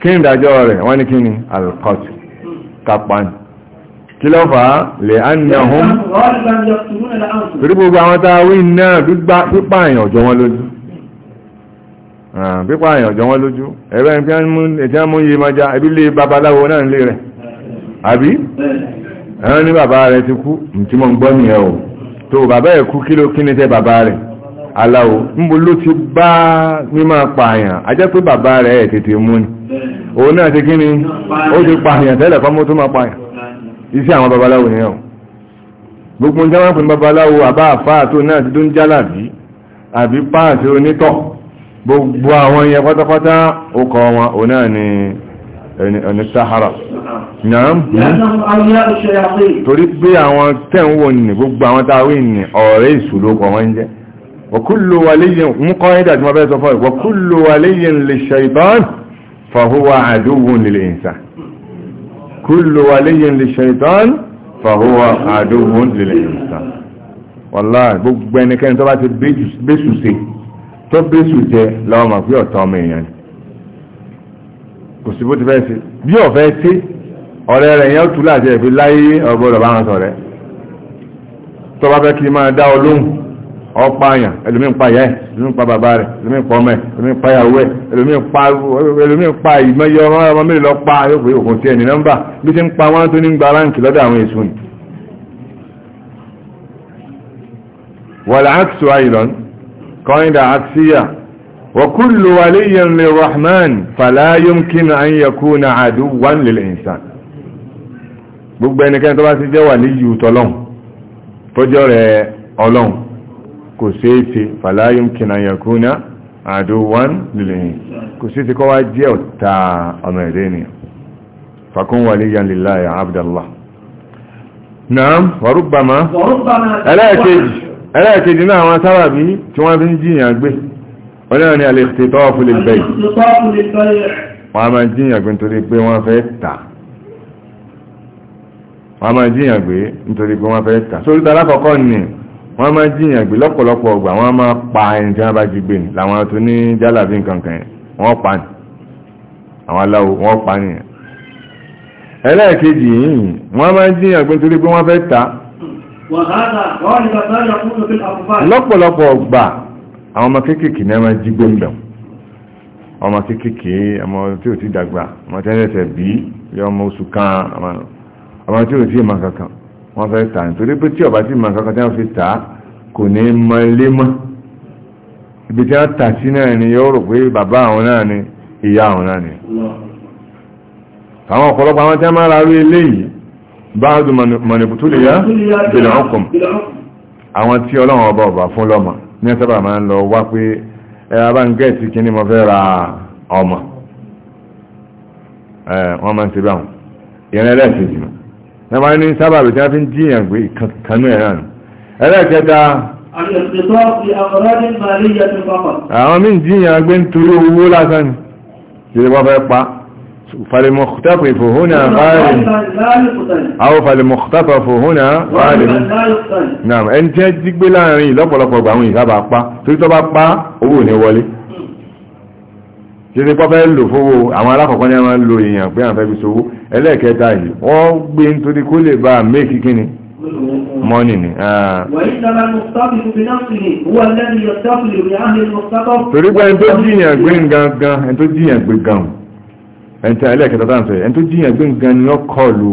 A: kí ní ìdájọ́ rẹ̀ wọ́n ní kí ní alkot Ah, pípa àyàn ọ̀jọ́ wọn lójú ẹ̀rọ ẹni tí wọ́n mú yé máa já ẹbí lé babaláwo náà ń lé rẹ̀ àbí ẹ̀rọ ní bàbá rẹ̀ ti kú tí mo ń gbọ́ nìyẹn o tó bàbá ẹ̀ kú kí ló kí ní tẹ́ bàbá rẹ̀ aláwo níbo ló ti bá mímọ́ pààyàn a jẹ́ pé bàbá rẹ̀ ẹ̀ tètè mú ni òun náà ti kí ni ó ti pààyàn tẹ́lẹ̀ fọ́mọ́ tó máa pààyàn iṣẹ́ àwọn babaláwo nìyẹn o gbogbo ń jẹ́ wọn pè ní babaláwo àbá àfáà tó náà ti dún jálàbí àbí páàtì onítọ̀ gbogbo àwọn yẹn pátápátá ó kọ wọn ò náà ni ẹni sahara náà torí pé àwọn tẹ́wọ̀n ní gbogbo àwọn táwí ní ọ̀rẹ́ ìṣòlópọ̀ wọ́n jẹ́ wàkúlò wàléyìn mú kọ́ ìdà tí wọ́n bẹ́ẹ̀ sọ fọ́ wàkúlò wàléyìn lè ṣaitan fàhúwà àdúwùn lè ìsà tó bẹ́sù jẹ lọ́wọ́ mọ̀ pé ọ̀tọ̀ ọmọ èèyàn ni kò sí bó ti fẹ́ ṣe bí ọ̀fẹ́ tí ọ̀rẹ́ rẹ̀ yẹn tú láti ẹ̀fí láyé ọgbọ́dọ̀ bá wọn sọ̀rẹ́ tó bá fẹ́ kí máa dá ọ ọ̀pá àyàn ẹlòmí ń pa ìyá ẹ̀ ẹlòmí ń pa bàbá rẹ̀ ẹlòmí ń pa ọmọ ẹ̀ ẹlòmí ń pa ìyàwó ẹ̀ ẹlòmí ń pa ìmọ̀yẹ ọmọ ọmọ mẹ́rin lọ pa yóò òkun sí ẹni nọ́mbà bí ti ń pa wọ́n tó ní gba ráǹkì lọ́dọ̀ àwọn èso ni wọ̀lá àtúntò ayìlọ́nù قاعدة عكسية وكل ولي للرحمن فلا يمكن أن يكون عدوا للإنسان gbogbo ẹnikẹ́ni tó bá ti jẹ́ wà ní yìí tọ́lọ́n fọ́jọ́ rẹ̀ ọlọ́n kò sí èsì fàláyùm kìnà yẹ̀kúnà àdúwọ́n lìlẹ̀yìn kò sí ti kọ́ wá jẹ́ ọ̀ta ọmọ ẹ̀dẹ́ ènìyàn fakún wà ní yàn lìláyà abdallah náà wàrúbàmá
C: ẹlẹ́ẹ̀kejì
A: ẹlẹ́ẹ̀kejì náà àwọn sábàbí tí wọ́n fi ń jìyàn gbé ọlẹ́rìn ni alèkùtì tọ́wọ́ fún lè bẹ̀yì wọ́n a máa jìyàn gbé nítorí pé wọ́n fẹ́ tà wọ́n a máa jìyàn gbé nítorí pé wọ́n fẹ́ tà sórí tara kọ̀kọ́ ni wọ́n a máa jìyàn gbé lọ́pọ̀lọpọ̀ ọgbà wọ́n a máa pa ẹni tí wọ́n bá jí gbé ni làwọn tó ní jálàbí nǹkan kan wọ́n pa ni àwọn aláwo wọ́n pa ni ẹlẹ́ẹ̀kejì yìí wọ́n a máa jìyàn gbé nítorí pé wọ́n fẹ́ tà lọ́pọ̀lọpọ̀ ọgbà àwọn ọmọ kéékèèké ní a máa jí gbóǹgbà ọmọ kéékèèké ọmọ tí ò ti dàgbà ọmọ tí ẹ̀rẹ́sẹ̀ bí yọ ọmọ oṣù kan ọmọ tí ò ti ìmọ̀ kankan wọ́n fẹ́ tà nítorí pé tí ọba tí ìmọ̀ kankan tí wọ́n fi tà kò ní mọ ilé mọ́ ibi tí wọ́n tà sí náà ni yóò rò pé bàbá àwọn náà ni ìyá àwọn náà ni àwọn ọ̀pọ̀lọpọ̀ àwọn tí wọ́n máa ra rú eléyìí báàdù mọ̀nìbùtúlìyà bèèrè ọkùn àwọn tí ọlọ́run ọba ọba fún lọ́mọ ní ẹsẹ́bà máa ń lọ wá pé ẹra bá ń gẹ̀ẹ́sì kí ní mo fẹ́ ra ọmọ wọ́n máa ń ṣe báwọn ìrìn ẹlẹ́ẹ̀kejì mọ̀ ní wọ́n ní sábàbí tí wọ́n fi ń jíyàn gbé ìkankanú ẹ̀rọ nù ẹlẹ́ẹ̀kẹta àwọn míì jíyàn gbé nítorí owó lásán ni kí ni wọ́n fẹ́ pa فالمختطف هنا غالب أو فالمختطف هنا غالب نعم أنت تجيك بلا رين لا بلا بلا وين كابا با تريد با با owó ní wọlé títí pọ́ fẹ́ lò fówó àwọn alákọ̀ọ́kọ́ ní a máa ń lo èèyàn pé àfẹ́ fi sówó ẹlẹ́ẹ̀kẹta yìí wọ́n gbé e nítorí kó lè bá méèkì kíni mọ́nì ni ah. torí pé ẹni tó jíyàn gbé gangan ẹni ẹ̀ntẹ́ ẹlẹ́ẹ̀kẹta tá ń sọ yẹn tó jíyàn gbé nǹkan ni ó kọlù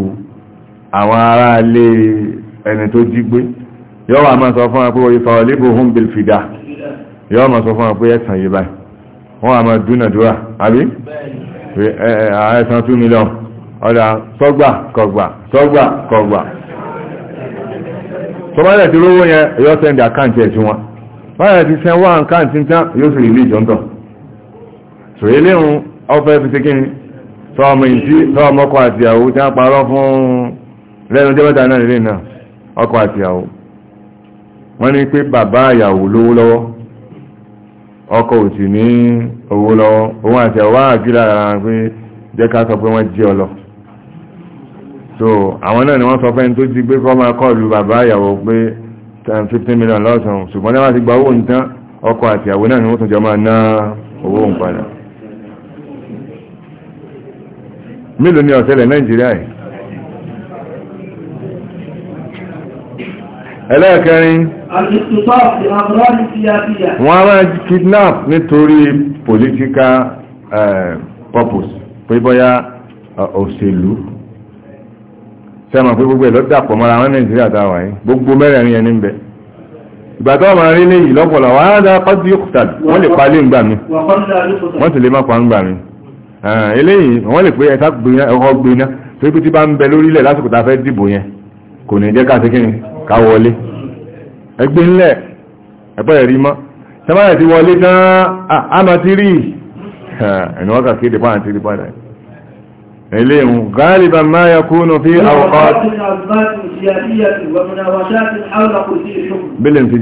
A: àwọn ará ilé ẹni tó jí gbé yọ́ wà máa sọ fún wa pé ìfà olébò hún bil fìdá yọ́ máa sọ fún wa pé ẹ̀sàn yìí báyìí wọ́n wà máa dúnàdúrà àbí ẹ̀sàn 2 mílíọ̀n ọ̀dà sọ́gbà kọgbà sọ́gbà kọgbà tọ́ọ̀mù ìtí tọ́ọ̀mù ọkọ àti ìyàwó tí a parọ́ fún lẹ́nu jẹ́bẹ́ta náà lè náà ọkọ àti ìyàwó wọ́n ní pé bàbá ìyàwó lówó lọ́wọ́ ọkọ ò sì ní owó lọ́wọ́ òun àti ìyàwó àgbí lára pé jẹ́ ká sọ pé wọ́n jí ọ lọ so àwọn náà ni wọ́n sọ fẹ́ tó jí pé kọ́ máa kọ́ọ̀lù bàbá ìyàwó pé 15 um, million lọ́sàn-án ṣùgbọ́n lẹ́wọ́n ti gba owó nǹkan ọkọ àti ìyàwó náà ni wọ́n tún jọ máa ná owó nǹkan náà mélòó ni ọ̀sẹ̀lẹ̀ nàìjíríà yìí ẹlẹ́ẹ̀kẹrin wọ́n á máa kidnap nítorí political eh, purpose pé bọ́yá eh, òṣèlú sẹ́mà pé gbogbo ẹ̀lọ́dàpọ̀ mọ́ra wọn nàìjíríà dáwà yìí gbogbo mẹ́rẹ̀rin ẹni ń bẹ ìgbàtọ́ ọmọ rí léyìí lọ́pọ̀lọ̀ wọ́n á dá kọ́dí òkútà wọ́n lè pa lé ń gbà mí wọ́n sì lè má pa ń gbà mí eléyìí wọ́n lè pé ẹ̀ta ọkọ̀ gbiná tó ibi tí bá ń bẹ lórílẹ̀ lásìkò tá fẹ́ dìbò yẹn kò ní jẹ́ káàkiri kíni ká wọlé ẹgbẹ́ ńlẹ̀ ẹ̀pẹ́ ẹ̀rí mọ́ sẹ́máyà ti wọlé tán àmà ti rí ẹ̀nà ọkà kéde pàà ti rí padà eléyìí gáàlìbà máa yẹ kúnnù fi àwọ̀kọ́ bílẹ̀ ti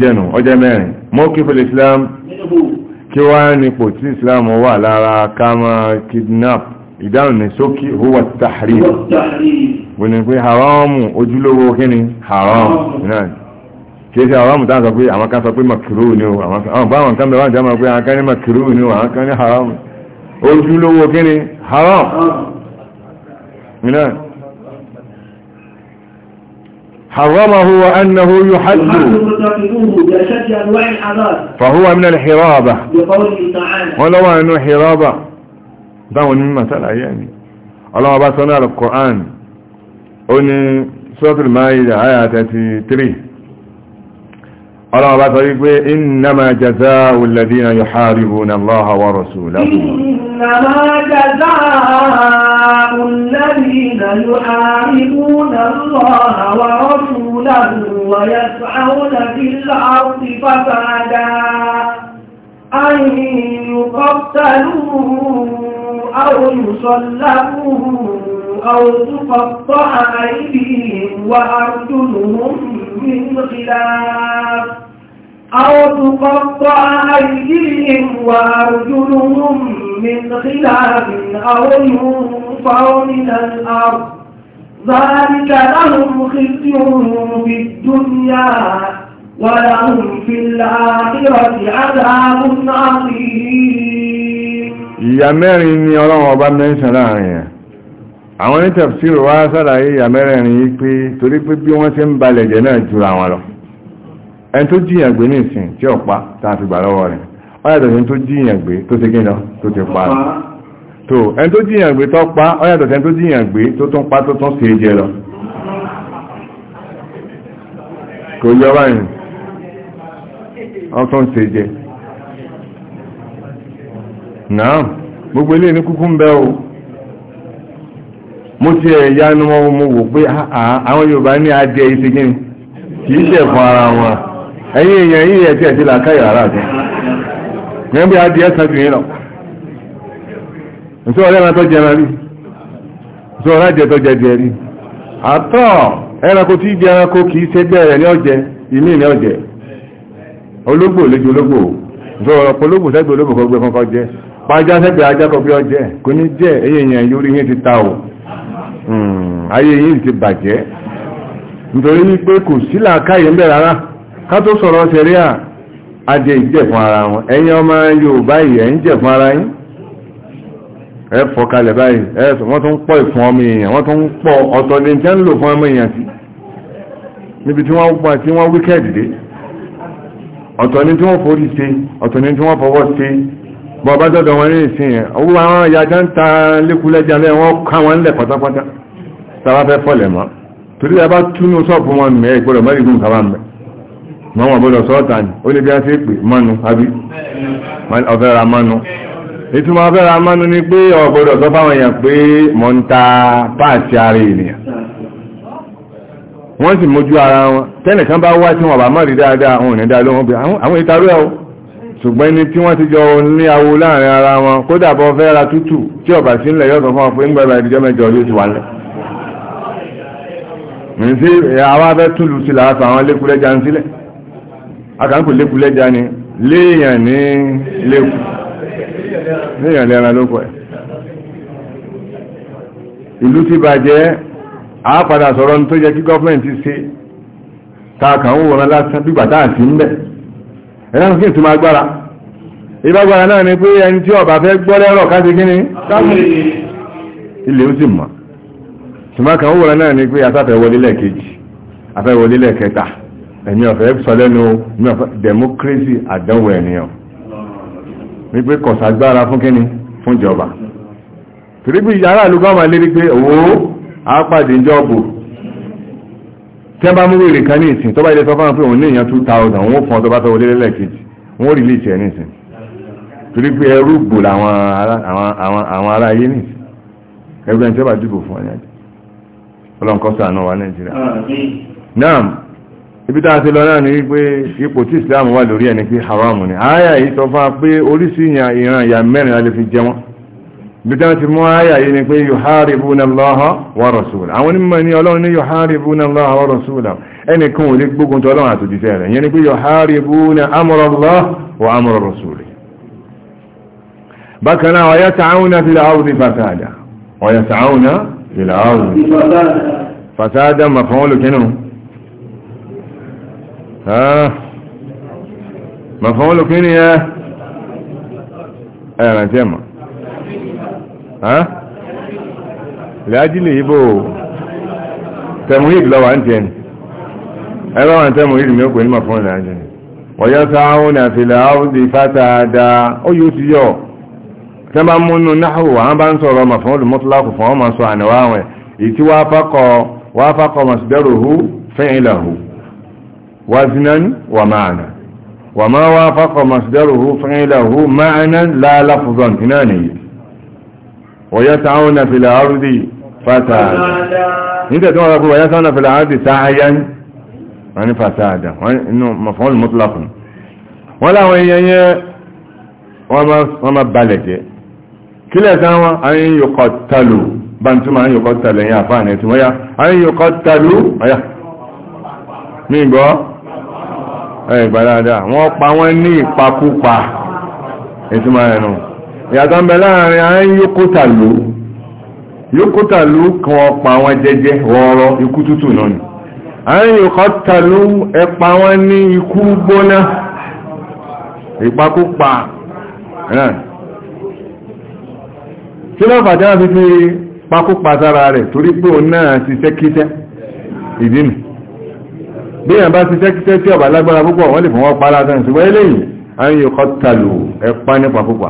A: kí wá nípò tí islam wà lára ká máa kidnap ìdáhùn ní sókí huwa tahrim wọ́n ní pé haramu ojúlówó kíni haramu náà kí ṣe haramu tán sọ pé àwọn kan sọ pé makiru ni o àwọn báwọn kan bẹ̀rẹ̀ jẹ́ pé àwọn kan ní makiru ni o àwọn kan ní haramu ojúlówó kíni haramu حرمه وأنه يحل فهو من الحرابة ولو أنه حرابة دعون من مسألة يعني الله بسنا القرآن أني سورة المائدة آية 33 ọlọ́run bá sọ wípé innama jaza'u alladhina yuharibuna Allaha wa rasulahu
C: innama jaza'u alladhina yuharibuna Allaha wa rasulahu wa yas'awna fil ardi fasadan an yuqtalu aw yusallabu أو تقطع أيديهم وأرجلهم من خلاف أو تقطع أيديهم وأرجلهم من خلاف أو ينفعوا من الأرض ذلك لهم خزي في الدنيا
B: ولهم في الآخرة عذاب عظيم
A: يا ماري يا رب ما يسلعني àwọn ní tafsir wá sàlàyé ìyàmẹ́rẹ̀rin yìí pé torí pé bí wọ́n ṣe ń balẹ̀ jẹ́ náà jù àwọn lọ ẹni tó jíyàn gbé ní ìsìn tí ọ̀pá tàà fi gbà lọ́wọ́ rẹ̀ ọ̀yàtọ̀ sí tó jíyàn gbé tó ti gínà tó ti pa tó ẹni tó kúkú ń bẹ́ o mo ti ẹ̀ yanu wọn mo wò pé àwọn yorùbá ní adìẹ ife gíní kì í ara wọn ẹ̀yin èèyàn yìí ẹ̀ tí ẹ̀ ti là ara àti ẹ̀ bí adìẹ kan jù yín lọ ǹsọ́ ọ̀rẹ́ ẹran tó jẹ ẹran rí ọ̀rẹ́ tó jẹ rí àtọ̀ ẹranko tí jẹ ẹranko kì í ṣe bẹ́ẹ̀ ní ìmí ní ológbò Hmm, ayé yìí ti bàjẹ́ nítorí wípé kò sí làákàyè ńbẹ̀ rárá ká tó sọ̀rọ̀ sẹ̀ríà ajẹ́ ìjẹ̀fún ara wọn ẹ̀yin ọmọ Yorùbá yìí ẹ̀yin jẹ̀fún ara yín ẹ fọ́ kalẹ̀ báyìí wọ́n tún pọ̀ ìfún ọmọ èèyàn wọ́n tún ń lò fún ọmọ bọ̀bá dọ́dọ̀ wọn ní ìsìn yẹn owó àwọn ìyájá ń ta lékúlẹ́jà lẹ́ wọ́n ká wọn lẹ̀ pátápátá tàbá fẹ́ fọ́lẹ̀ mọ́ torí ẹ bá túnú sọ́ọ̀pù wọn mẹ́ ìgbọ́dọ̀ mẹ́rìndínlùn kàwá mẹ́ mọ́ wọn gbọ́dọ̀ sọ́ọ̀tà ni ó lè bí wọ́n ṣe pè mọ́nu àbí ọ̀fẹ́ ra mọ́nu ìtumọ̀ ọ̀fẹ́ ra mọ́nu ni pé ọ̀gbọ́dọ̀ sọ fáwọn èèyàn pé mọ́ ń ta páàtì ara ènìyàn wọ́n sì mójú ara wọn tẹ́nìkan bá wá tí wọ́n bá mọ́ rí dáadáa àwọn ò ní dáa ló wọ́n bí àwọn ìtarú ẹ̀ o ṣùgbọ́n ní tí wọ́n ti jọ ní awo láàrin ara wọn kódà bọ́ fẹ́ ra tútù tí ọ̀bà sí ńlẹ̀ yọ̀sọ̀ fún ọ pé ńgbàgbà ìdíjọ́ mẹ́jọ yóò ti wà lẹ̀. mìíràn sí àwọn afẹ́ túlù sí làá sọ àwọn lékulẹ́já ń sílẹ̀ akàǹkù lékulẹ́já ni léèyàn ní léku léèyàn lẹ́ran lóko ẹ̀. ìlú ti bàjẹ́ àápadà sọ̀rọ̀ ní tó yẹ kí gọ́fúmẹ̀ntì ṣe ta kàn ń wòran lásán bí ẹ̀rọ kí n tún máa gbára ìbágbára náà ni pé ẹni tí ọba fẹ́ gbọ́ lẹ́rọ̀ káṣe kí ni ilé ó sì mọ̀ tùmọ́ kan wúra náà ni pé afẹ́fẹ́ wọlé lẹ́ẹ̀kejì afẹ́fẹ́ ọ̀fẹ́ sọ lẹ́nu democracy àdánwò ènìyàn wípé kọ̀sàgbára fún kí ni fún tí wọ́n bá mú wèrè kan ní ìsìn tó bá ilé sọ fáwọn pé òun ní èèyàn two thousand wọ́n fún ọ tó bá fẹ́ wọlé lẹ́lẹ́kejì wọ́n rí lìṣẹ́ ní ìsìn torí pé ẹrú gbò làwọn ará ayé ní ẹgbẹ́ ẹni tí wọ́n bá dìbò fún ọ̀yàn ọlọ́nkọ́ sàánú wa nàìjíríà náà ibi tá a ti lọ náà ni wípé ipò tí islam wà lórí ẹni pé haram ni àáyà yìí sọ fún wa pé oríṣi ìran ìyà mẹ́rin a lè fi jẹ wọ́n bìtán ti mú ayà yìí ni pé yuharibuna Allaha wa rasulahu àwọn onímọ̀ ní ọlọ́run ní yuharibuna Allaha wa rasulahu ẹnìkan ò lè gbógun tó ọlọ́run àtòjíṣẹ́ rẹ̀ yẹn ni pé yuharibuna amra Allah wa amra rasuli bákan náà wa láàájílè ibò tẹ̀mùhìd lọ́wà ń tẹ̀ni ẹgbẹ́ wọn tẹ̀mùhìd mi ó pè ní mọ̀ fún ìlàjẹ́ wọ̀yọ́ sáwọn àfilẹ̀ fata da ó yóò ti yọ tẹ́ múnú náhù wọ́n bá ń sọ̀rọ̀ mọ̀ fún olùmọ́tòlákù fún ọmọ sọ àníwá wọn ìtí wá fákọ̀ masdaruhu fi'luhu waznan wa ma'na wa ma wá fákọ̀ masdaruhu fi'luhu ma'na la lafzan ìnáà nìyí ويسعون في الأرض فسادا انت تقول ربي ويسعون في الأرض سعيا يعني فسادا انه مفعول مطلق ولا وهي وما بلجة كلا سوا أن يقتلوا بانتما أن يقتلوا يا فانيت ويا أن يقتلوا يا مين بو اي بلادا وقبا وني باكوبا اسمعنا ìyàtọ̀ ń bẹ láàrin àárín yókòtàlú yókòtàlú kan ọpa wọn jẹjẹ wọ́ọ̀rọ̀ ikú tútù náà ni àárín yókòtàlú ẹpa wọn ní ikú gbóná ìpakúpa kí ló fàtí wọn fi fi pakúpa sára rẹ̀ torí pé òun náà ti sẹ́kíṣẹ́ ìdínú bí èèyàn bá ti sẹ́kíṣẹ́ tí ọ̀bà lágbára púpọ̀ wọ́n lè fún wọn pa látàn ṣùgbọ́n eléyìí àárín yókòtàlú ẹpa ní pakúpa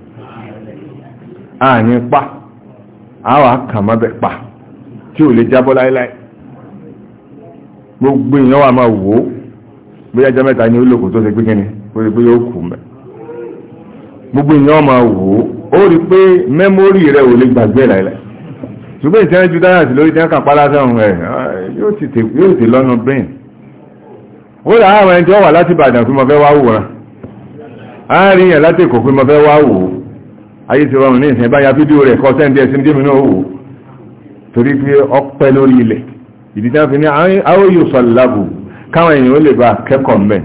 A: àní pa àwà kàmọ́bẹ̀ pa tí ò lè jábọ́ láíláí gbogbo èèyàn wà máa wò ó bí ẹjọ́ mẹ́ta ní olóko tó ṣe pé kíni ó rí pé yóò kù mẹ́ gbogbo èèyàn máa wò ó ó rí pé mẹ́mórì rẹ̀ ò lè gbàgbé láíláí ṣùgbọ́n ìtẹ́rẹ́ ju dáyà sí lórí tẹ́ǹkà pálá sẹ́hùn rẹ̀ ah, yóò sì lọ́nà brain ó rà àwọn ẹni tí wọ́n wà láti Ìbàdàn pé mo fẹ́ wá wò rán àárín yẹn láti Èkó pé mo fẹ́ wá wò ó ayé ti rọrùn ní ìsìn bá ya fídíò rẹ̀ kọ́ sẹ́ndì ẹ̀sìn jẹ́mi náà wò torí pé ọpẹ́ lórí ilẹ̀ ìdíjá fi ní àwòyò sọ̀lábù káwọn èèyàn ó lè bá kẹ́kọ̀ọ́ mẹ́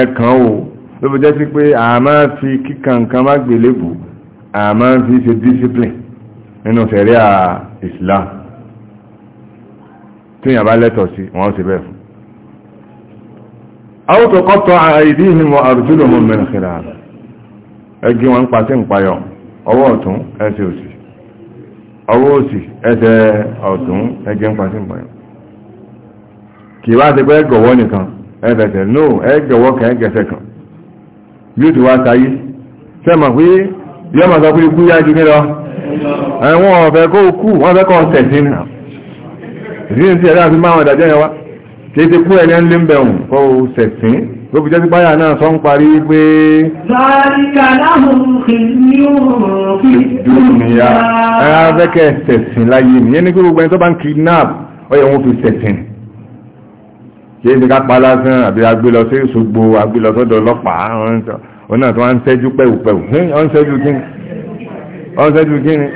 A: ẹ̀kan o ló fi jẹ́ sí pé a máa fi kíkànkan má gbélébù a máa fi ṣe discipline nínú sẹ̀ríà Islam tí yàn bá lẹ́tọ̀ sí wọ́n sì bẹ́ẹ̀ fún. àwòtò kọ́tọ̀ àìdíhìn wọn àrùjúlò mọ́ mẹ́rin kìláàrù ẹgbẹ́ wọn ń pa sí ìpayọ̀ ọwọ́ ọ̀tún ẹsẹ̀ òsì ọwọ́ òsì ẹsẹ̀ ọ̀tún ẹgbẹ́ pa sí ìpayọ̀ kì wá ti pẹ́ gọ̀wọ́ nìkan ẹgbẹ̀sẹ̀ no ẹgbẹ̀wọ́ kan ẹgbẹ̀sẹ̀ kan bí ti wá sáyé sẹ́mọ̀ pé yọ́ ma sọ pé ikú ju mí ẹ̀wọ̀n ọ̀fẹ́ kó kú wọ́n fẹ́ kọ́ tẹ̀sí nà ìdí ní ti ẹ̀dá àti máwọn ìdájọ́ yẹn wá kí ti kú ẹni ń lé ń bẹ̀rùn kó tẹ̀sí ló fi jẹ́ sí báyà náà sọ ń parí pé
B: dúnìyà
A: ẹ̀rọ abẹ́kẹ̀ sẹ̀sìn láyé nìyẹn ní gbogbo ẹni tó bá ń kidnap ọyẹ wọn fi sẹ̀sìn kí é ti ká pa lásán àbí agbé lọ sí Òṣogbo agbé lọ sọ́dọ̀ ọlọ́pàá òun náà tó wá ń ṣẹ́jú pẹ̀wùpẹ̀wù ọ́n ṣẹ́jú kí ni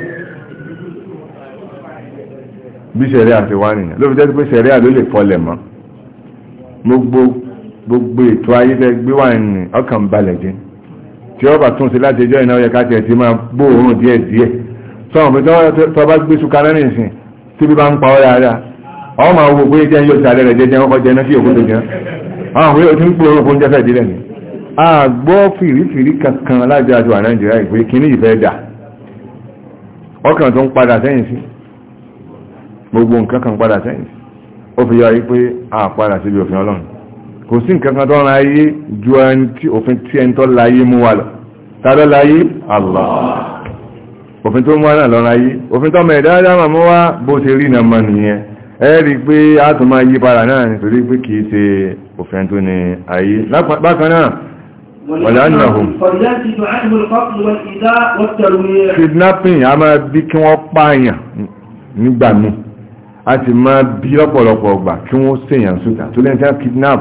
A: bí sẹ̀ríà ti wá nìyẹn ló fi jẹ́ sí pé sẹ̀ríà ló lè fọlẹ̀ mọ́ gbogbo gbogbo ètò ayé tẹ́ gbé wà ní ọkàn balẹ̀ jẹ́ tí ó bá tún sí láti ẹjọ́ ìnáwó yẹka tẹ̀ tí máa gbóòórùn díẹ̀ díẹ̀ sọ̀rọ̀ pé tọ́ bá gbé ṣùkà náà nìsín tí bí bá ń pa ọ́ dáadáa ọ́ máa wo pé jẹ́ yóò sàlẹ̀ rẹ̀ jẹ́jẹ́ ọkọ̀ jẹ́ náà sí òkú tó jẹ́ àwọn pé o ti ń pè orúkọ oúnjẹ fẹ́ẹ̀ dílẹ̀ ni a gbọ́ fìrífìrí kankan láti àjọ Nàìjíríà ìpè kíní ìfẹ́ dà ọkàn tó ń padà sẹ́yìn sí gbogbo nǹkan kan padà sẹ́yìn sí ó fi yọ ayé pé a padà síbi òfin Ọlọ́run kò sí nǹkan kan tó ń ráyé ju ẹni tí òfin tí ẹni tó láyé mú wa lọ tàbí láyé Allah òfin tó mú wa náà lọ ráyé òfin tó mẹ́ẹ̀dá dáma mú wa bó ṣe rí na mọ́ nìyẹn ẹ rí pé a tún máa yí padà náà nítorí pé kìí ṣe òfin tó ní ayé bákan náà wọ̀lá nàhùn kidnapping a máa bí kí wọ́n pààyàn nígbà míì a sì máa bí lọ́pọ̀lọpọ̀ ọgbà kí wọ́n ṣèyàn sùtà tó lẹ́yìn tí wọ́n kidnap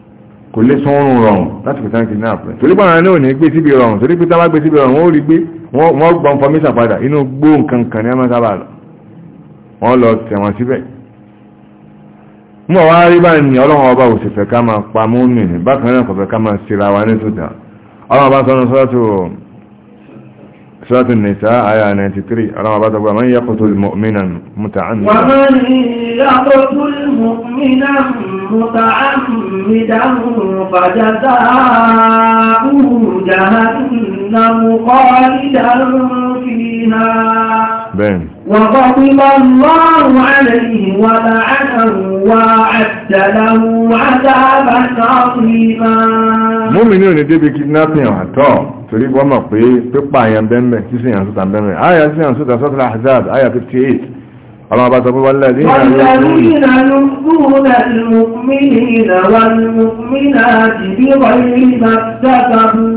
A: kò lè sún oorun rọrùn láti pèsè àǹkì náà pẹ̀ torí pàrọ̀ náà ní gbé síbi rọrùn torí pé tábà gbé síbi rọrùn wọ́n rí gbé wọ́n gba information padà inú gbó nǹkan kan ní ẹmọ sábà lọ wọ́n lọ tẹ̀wọ̀n síbẹ̀ mú ọ̀wá rí bá ní ọlọ́run ọba òsì fẹ́ ká máa pa mú nì bákan náà kò fẹ́ ká máa ṣe ra wa ní tòtà ọlọ́run ọba sọ́nà sọ́tò سورة النساء آية 93 أرام بعد من يقتل مؤمنا متعمدا ومن
C: يقتل مؤمنا متعمدا فجزاؤه جهنم خالدا فيها
A: بين وغضب
C: الله عليه ولعنه وأعد له عذابا عظيما
A: مؤمنون دي بكنا فيهم حتى torí wọ́n mọ̀ pé pípa àyàn bẹ́ẹ̀ tí sèyàn sọ́ta bẹ́ẹ̀ àyà tí sèyàn sọ́ta sọ́ta Ahzab àyà 58 ọmọ bá sọ pé wọ́n lẹ́dí
C: ìrìnàlú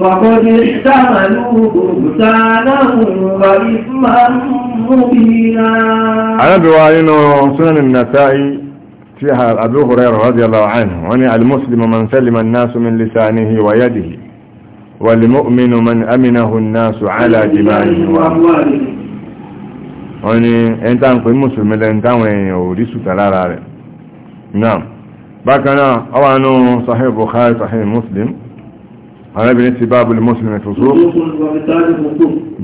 C: فقد احتملوا بهتانا وإثما مبينا أنا
A: بوالين سنن النسائي فيها أبو هريرة رضي الله عنه وأن المسلم من سلم الناس من لسانه ويده والمؤمن من أمنه الناس على دمائه وأمواله wọ́n ni ẹni tá ń pè mùsùlùmí lẹ́ni táwọn èèyàn ò rí sùtà lára rẹ̀ náà bákanáà ọwà ní sahih bukhari sahih muslim arábìnrin ti báàbù lè mùsùlùmí tó só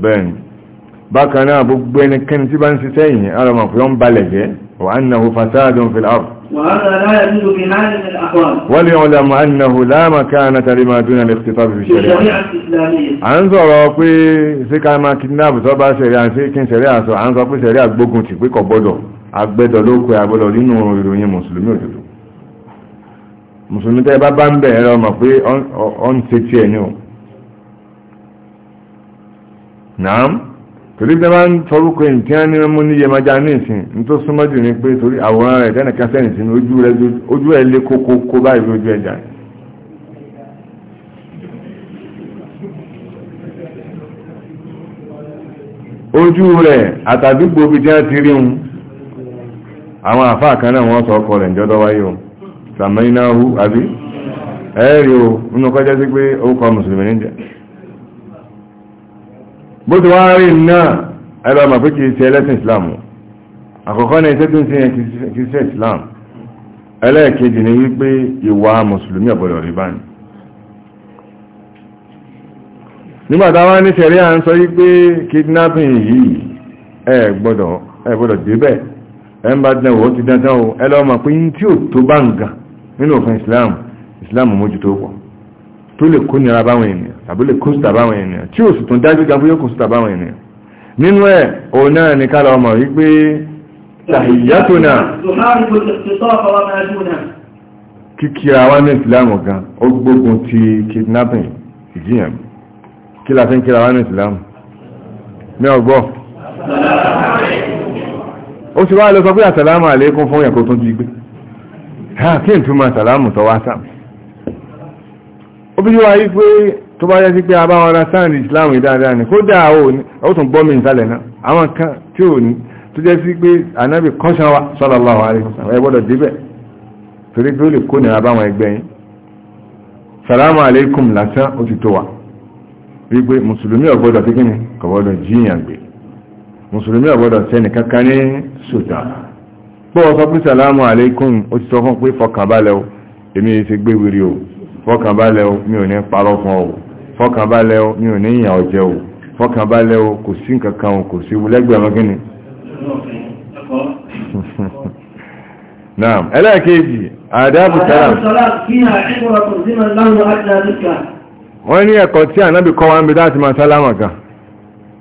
A: bẹ́ẹ̀ni bákanáà gbogbo ẹnikẹ́ni tí bá ń ṣiṣẹ́ yìí aramọ̀ pé wọ́n balẹ̀ jẹ́ wà annahu fasadun fil ard
C: وهذا لا يجوز في حال من الأحوال وليعلم
A: أنه لا مكانة لما دون الاختطاف في الشريعة
C: الإسلامية
A: à ń sọ̀rọ̀ pé ṣé ká máa kidnap tó bá ṣẹ̀ríà ṣe kí n ṣẹ̀ríà sọ à ń sọ pé ṣẹ̀ríà gbógun ti pé kò gbọ́dọ̀ agbẹ́dọ̀ ló pé agbọ́dọ̀ nínú ìròyìn mùsùlùmí òdodo mùsùlùmí tẹ́ bá bá ń bẹ̀ ẹ̀rọ mọ̀ pé ọ ń ṣe tiẹ̀ ni o nàám torí tẹ́ bá ń tọrúkọ ìtìyàn ní mú ní yẹmajá ní ìsìn ní tó súnmọ́ jù ní pé torí àwòrán rẹ̀ tẹ́nìkan sẹ́yìn sí ojú ẹ̀ lé kókó kó báyìí lójú oju ojú rẹ̀ àtàdúgbò bí jẹ́ ti rí un àwọn àfáà kan náà sọ ọkọ̀ rẹ̀ jọ́dọ́ wáyé o sàmẹ́ináhú àbí o nínú kọjá sí pé ó kọ mùsùlùmí níjẹ̀ bó ti wá rí náà ẹlọ mà pé kìí ṣe ẹlẹ́sìn islam àkọ́kọ́ ní tí ń ṣe ṣe islam ẹlẹ́ẹ̀kejì ni wípé ìwà mùsùlùmí ọ̀bọ̀dọ̀ rí báyìí nígbàtá wá ní ṣẹ̀rí à ń sọ wípé kidnapping yìí ẹ gbọ́dọ̀ ẹ gbọ́dọ̀ débẹ̀ ẹ ti dán tán o ẹlọ́ mà tí ò tó bá nínú òfin islam islam tó lè kó nira báwọn ènìyàn tàbí lè kó sùtà báwọn ènìyàn tí ò sì tún dájú gan fúyọ́ kó sùtà báwọn ènìyàn nínú ẹ̀ òun náà ni ká lọ mọ̀ wípé tàhíyátùnà kíkí àwọn ní ìsìlámù gan ó gbógun ti kidnapping ìjìyàn kí la fi ń kíra àwọn ní ìsìlámù ní ọgbọ́ ó sì wá lọ sọ pé àsàlámù àlékún fún ẹ̀kọ́ tó ti gbé kí n túmọ̀ àsàlámù tọwá sáàmù obìnrin wa yí pé tó bá yẹ sí pé abá ọ̀rá sáàrì ìsìláàmù dáadáa ni kódà ó tún gbọ́mí ìsàlẹ̀ náà àwọn kan tí ò ní tó jẹ́ sí pé ànábì kọ́ṣán wa sallallahu salamu alaikum lásán ó ti tó wa wípé mùsùlùmí ò gbọ́dọ̀ kíkí ni kò gbọ́dọ̀ jíyàn gbé mùsùlùmí ò gbọ́dọ̀ sẹ́ni kankan ní sùtà salamu alaikum ó ti sọ fún pé fọkànbalẹ̀ o fọkànbalẹ̀ o mi ò ní parọ́ fún o mi ò ní ìyàn jẹ́ o o kò sí nǹkan kan o kò sí lẹ́gbẹ̀rún naam ẹlẹ́ẹ̀kejì àdáàbù sálàm wọ́n ní ẹ̀kọ́ tí ànábì kọ́ wa ń máa sálámà kan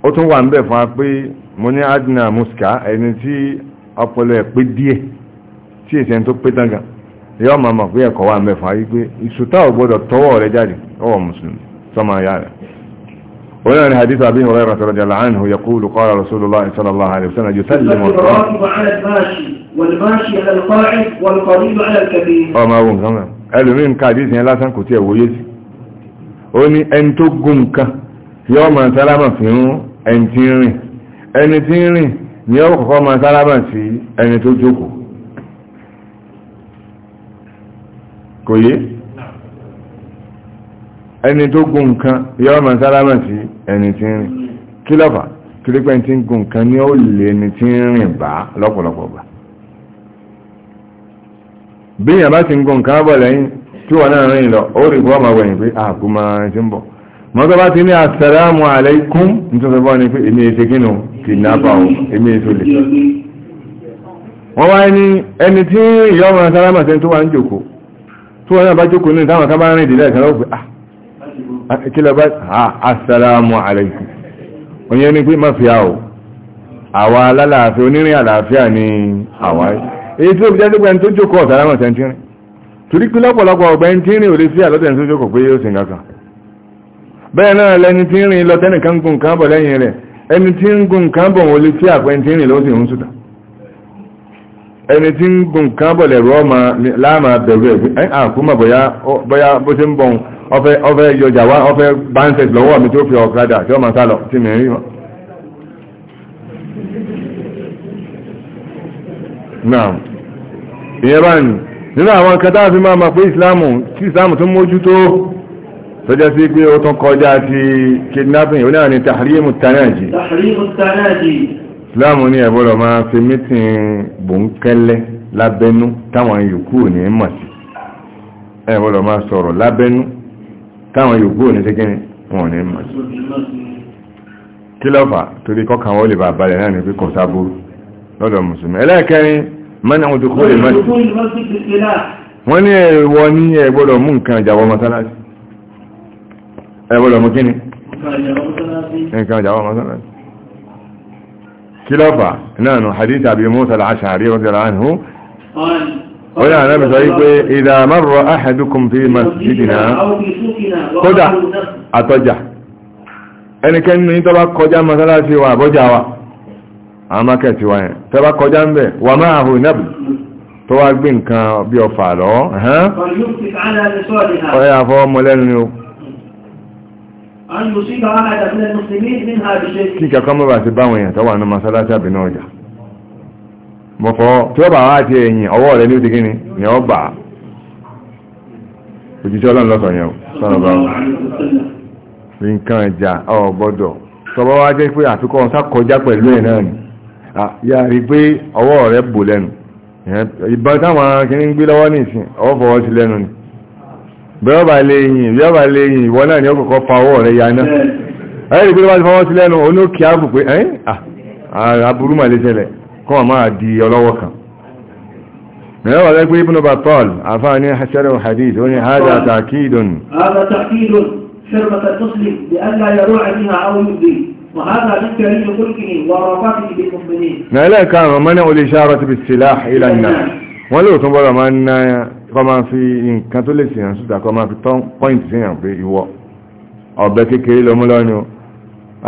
A: ó tún wà ń bẹ̀ fún wa pé mo ní pé díẹ̀ tí èsì ẹni yọ́ ma mọ̀ pé ẹ̀kọ́ wà mẹ́fà wípé ìṣútá ò gbọ́dọ̀ tọwọ́ rẹ̀ jáde ọwọ́ mùsùlùmí sọmọ ayá rẹ̀ ولنا الحديث أبي هريرة رضي الله عنه يقول قال رسول الله صلى الله عليه وسلم يسلم الراكب على الماشي والماشي على القاعد والقريب
C: على الكبير ọ ma
A: wọn kan ẹlòmíín ká àdíṣe yẹn lásán kò tí ẹ wòye sí ó ní ẹni tó gùn nǹkan yóò máa sálámà fún ẹni tí ń rìn ẹni tí ń rìn ni ó kọ́kọ́ máa sálámà sí ẹni tó jókòó kò yé ẹni tó gun nǹkan yọ́ ma sálámà sí ẹni tí ń rìn kí lọ́fà kí lọ́pẹ́ tí ń gun nǹkan ní ó lè ẹni tí ń rìn bá lọ́pọ̀lọpọ̀ gbà bí yàrá ti ń gun nǹkan bọ̀ lẹ́yìn tí wọ́n náà rìn lọ ó rí bọ́ máa wẹ̀yìn pé ààbò ah, máa ti ń bọ̀ mọ́tọ́ bá ti ní assalamu alaikum nítorí bọ́ ni pé èmi ètè kínú kìdínápà o èmi ètò lè wọ́n wá ní ẹni tí ìyọ́ ọmọ sálámà sẹ́ni tó wà ń jòkó tó wọ́n náà bá jókòó nínú táwọn kábá rìn ìdílé ìkàrà òfin àkílẹ̀ bá ah, assalamu alaikum oníyẹ́ ní pé má fi àwọ̀ àwa alálàáfíà onírìn àlàáfíà ní àwa èyí tí ó fi jẹ́ pé ẹni tó jókòó ọ̀sálámọ̀ tẹ́ntírin torí pé lọ́pọ̀lọpọ̀ ọ̀gbẹ́ ń tírin ò lè sí àlọ́tẹ̀ tó jókòó pé yóò sì nǹkan kan bẹ́ẹ̀ náà lẹni tí ń rìn lọ ẹni tí ń gùn kan bọ̀lẹ̀ rọ́ ma láàmà bẹ̀rù ẹ̀ àkúmọ̀ bóyá bó ṣe ń bọ̀n ọfẹ́ yọjà wá ọfẹ́ báńsẹ̀t lọ́wọ́ mi tó fi ọ̀kadà tí ó ma sálọ tí mi rí wọn náà ìyẹn bá ní nínú àwọn kan táà fi máa ma pé ìsìláàmù tí ìsìláàmù tó mójú tó tọ́já sí pé ó tún kọjá ti kidnapping ó náà ni tahrimu tanaji islam ní ẹ̀bọ́dọ̀ máa fi mítìn bòńkẹ́lẹ́ lábẹ́nú táwọn yòókù ní mọ̀ sí ẹ̀bọ́dọ̀ máa sọ̀rọ̀ lábẹ́nú táwọn yòókù ní sí kíni wọn ní mọ̀ sí kí lọ́fà torí kọ́kàn wọ́n lè bá balẹ̀ náà ní pé kò sábúrú lọ́dọ̀ mùsùlùmí ẹlẹ́ẹ̀kẹrin mọ́nà àwọn òdòkó lè mọ́sí wọ́n ní ẹ̀wọ́ ní ẹ̀gbọ́dọ̀ mú nǹkan kílọ́fà náà nù hadith àbí Musa al-Ash'ari radiyallahu anhu
B: ó yà náà sọ wípé idha marra ahadukum fi masjidina kódà
A: àtọ́jà ẹnikẹ́ni ní tọ́bá kọjá masalasi wa àbọ́jà wa a mákẹ̀tì wa yẹn tọ́bá kọjá ń bẹ̀ wà máa hù nẹ́bù tó wá nǹkan bí ọfà
C: أن يصيب أحد من المسلمين منها بشيء kíkà kan
A: mọ́ bá ti báwọn èèyàn tọ́wà ní masalasi àbínú ọjà mọ́fọ́ tí ó bá wá ti ẹ̀yìn ọwọ́ rẹ̀ ní òdìgí ni ni ọ bá òjíṣẹ́ ọlọ́run lọ́sọ̀ yẹn sọ́nà bá wọn nǹkan ẹ̀jà ọ̀ gbọ́dọ̀ tọ́bọ́ wá jẹ́ pé àfikọ́ sákọjá pẹ̀lú ẹ̀ náà ni yà rí pé ọwọ rẹ̀ bò lenu. ni bẹ́ọ̀bà lẹ́yìn bẹ́ọ̀bà lẹ́yìn ìwọ náà ni ó kọ̀kọ́ fa ọwọ́ rẹ̀ yaná ẹ̀rì pé wá ti fọwọ́ sí lẹ́nu olókè ààbò pé ẹ́ àbúrú mà lè ṣẹlẹ̀ kọ́ wà máa di ọlọ́wọ́ kan bẹ́ọ̀bà lẹ́ pé ibùn bá paul àfáà ní hasẹ́rẹ̀ hadith ó ní hada takidun na ilẹ̀ karùn-ún mẹ́nà olè ṣáàrọ̀ ti bí sílá ìlànà kọ́ máa fi nǹkan tó lè sèyàn sùtà kọ́ máa fi tán pọ́ìntì sèyàn pé ìwọ ọ̀bẹ kékeré lọ́mú lọ́nu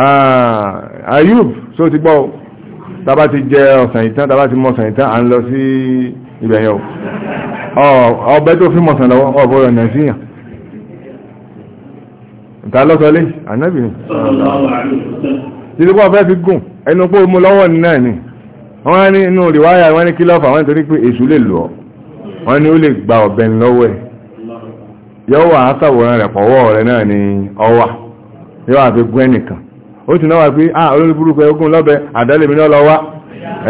A: ah, Ayub só ti gbọ́ tàbá ti jẹ ọ̀sàn ìtàn tàbá ti mọ̀sàn ìtàn à ń lọ sí ibẹ̀ yẹn o ọ̀bẹ tó fi mọ̀sàn lọ́wọ́ ọ̀bọ̀rọ̀ nàìjíríà ta lọ́sọlé ànábì ni títí pọ́ fẹ́ fi gùn ẹnu pé mo lọ́wọ́ náà ni wọ́n ní inú rìwáyà wọ́n ní kí lọ́fà wọ́n nítorí pé èṣù lè lù ọ́ wọ́n ní ó lè gba ọ̀bẹ lọ́wọ́ ẹ̀ yọ́ wà átàwòrán rẹ̀ pọ̀wọ́ rẹ̀ náà ni ọwà yọ́ àfi gún ẹnìkan ó ti náwà pé ah olórí burúkú ẹgún lọ́bẹ àdálẹ̀mí náà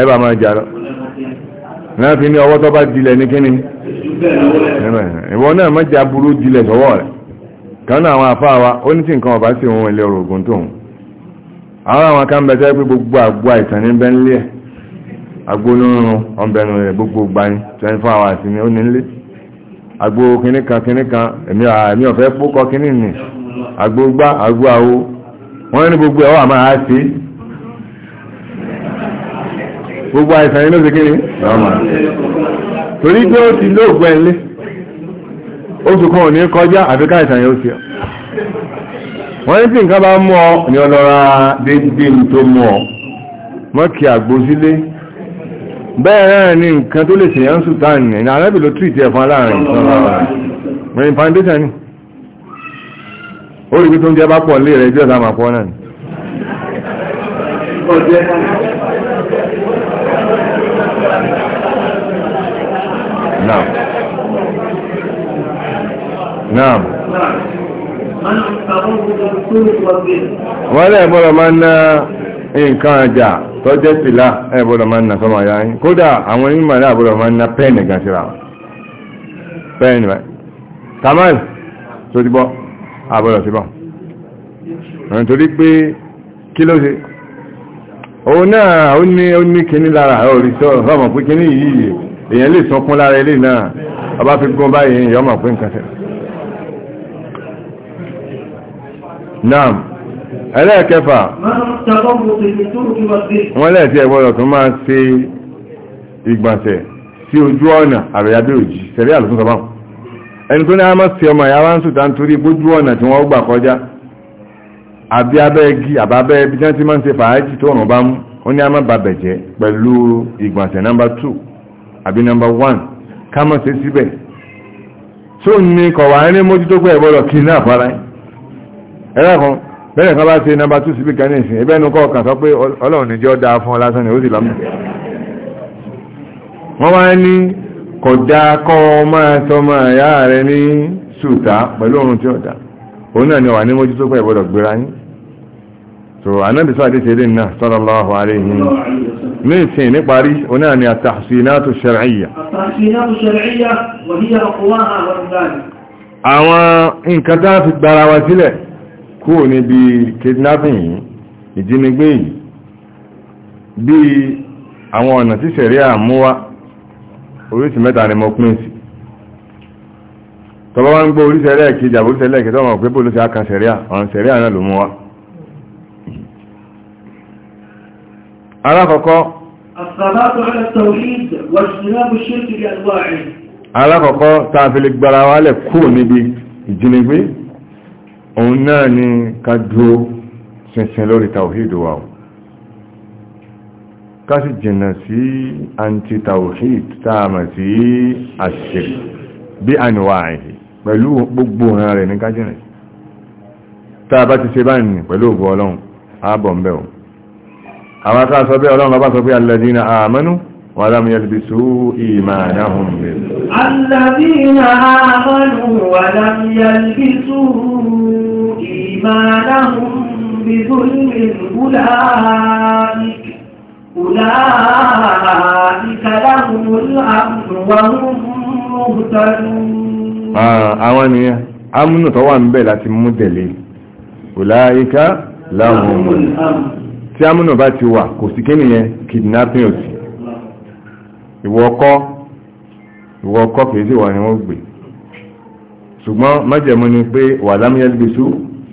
A: ẹbà máa jà náà fi ní ọwọ́ tó bá dilẹ̀ ní kíni agbónúrún ọmọbẹ̀nu rẹ̀ gbogbo gbani 24 hours ni ó nílé agbó kìnníkan kìnníkan èmi ọ̀fẹ́ pókọ kìnní nì agbó agbó àwó wọ́n ní gbogbo ẹ̀wọ́ àmà á
B: gbogbo àìsàn inú sí ọmọ
A: torí pé ó ti lóògbé ní kọjá yóò sí wọ́n ní tí bẹ́ẹ̀ náà ni nǹkan tó lè ṣe yán sùtán ní àrẹ́bì ló tìrìtì ẹ̀fún aláàrin mẹ́rin foundation ni ó rí bí tó ń jẹ bá pọ̀ lé rẹ̀ bí ọ̀dá máa pọ̀ náà ni Naam.
B: Naam. Wọ́n lẹ́ẹ̀mọ́ra
A: máa ń ná nǹkan àjà tó jẹ́ sílá ẹ̀bọ́dọ̀ máa ń nà sọ́mọ̀ ayá yìí kódà àwọn onímọ̀ náà bọ́dọ̀ máa ń na pẹ́ẹ̀nì gan síra pẹ́ẹ̀nì rẹ̀ tamal tó ti bọ́ àbọ̀dọ̀ sí bọ́ nítorí pé kí ló ṣe òun náà ó ní ó ní kíní lára orí sọ́mọ̀ pé kíní yìí èèyàn lè sọkún lára ilé náà ọba fi gún báyìí èèyàn pé nǹkan tẹ̀ ẹlẹ́ẹ̀kẹfà wọ́n lẹ́ẹ̀tí ẹgbọ́dọ̀ tó máa ṣe ìgbọ̀nsẹ̀ sí ojú ọ̀nà àrẹ̀yàbí òjì sẹ̀rí àlùkún sọ báwọn ẹni tó ní àmọ́ sí ọmọ ìyá wáńsù tá ń torí bójú ọ̀nà tí wọ́n gbà kọjá àbí abẹ́ igi àbábẹ́ ibi tí wọ́n ti máa ń ṣe fàájì tó ọ̀nà bá mú ó ní àmọ́ bàbẹ̀ jẹ́ ẹ̀rẹ́ kan bẹ́ẹ̀ kan bá ṣe nọmba tú síbí ní ìsìn ẹbẹ́ ẹnu kọ̀ọ̀kan sọ pé ọlọ́run níjọ́ da fún ọ lásán ni ó sì lọ́mọ wọ́n wá ní kọ̀dá kọ́ máa sọ máa yá rẹ ní sùtá pẹ̀lú ohun tí òun náà ni wà ní mójútó gbéra yín so anábìsọ àdéṣe lè ní ìsìn níparí òun náà ni àwọn nǹkan tá a fi kúrò níbi kidnapping yìí ìjínigbé yìí bí àwọn ọ̀nà tí ṣẹ̀ríà mú wá oríṣìí mẹ́ta ni mo pín sí tọba wá ń gbọ́ oríṣìí ẹlẹ́ẹ̀kejì àbóríṣìí ẹlẹ́ẹ̀kejì ọmọ pé bóòlù sí aka ṣẹ̀ríà ọ̀nà ṣẹ̀ríà náà ló mú wá alákọ̀ọ́kọ́ alákọ̀ọ́kọ́ tá a fi lè gbára wálẹ̀ kúrò níbi ìjínigbé òun náà ni ká dúró ṣinṣin lórí tàwíìdù wa ká sì jìnà sí àǹtí tàwíìdù tààmà sí àṣìṣẹ́ bí àníwà àìhì pẹ̀lú gbogbo ọ̀nà rẹ̀ ní ká jìnà tàbá ti ṣe báyìí pẹ̀lú ògbò ọlọ́run ààbọ̀ ń bẹ̀ àwọn aká sọ bí ọlọ́run bá sọ pé alladhina amanu wa lam yalbisu imanahum bil
C: alladhina amanu wa lam yalbisu ما لهم بظلم أولئك
B: أولئك لهم الأمن وهم مهتدون
A: àwọn ènìyàn amúnù tó wà ń bẹ̀ láti mú tẹ̀lé ọláyíká láhùn mú tí amúnù bá ti wà kò sí kí nìyẹn kìdínápín òsì ìwọ̀kọ́ ìwọ̀kọ́ kìí sí wà ní wọ́n gbé ṣùgbọ́n májẹ̀mú ni pé wà lámúyẹ́lẹ́gbẹ̀sú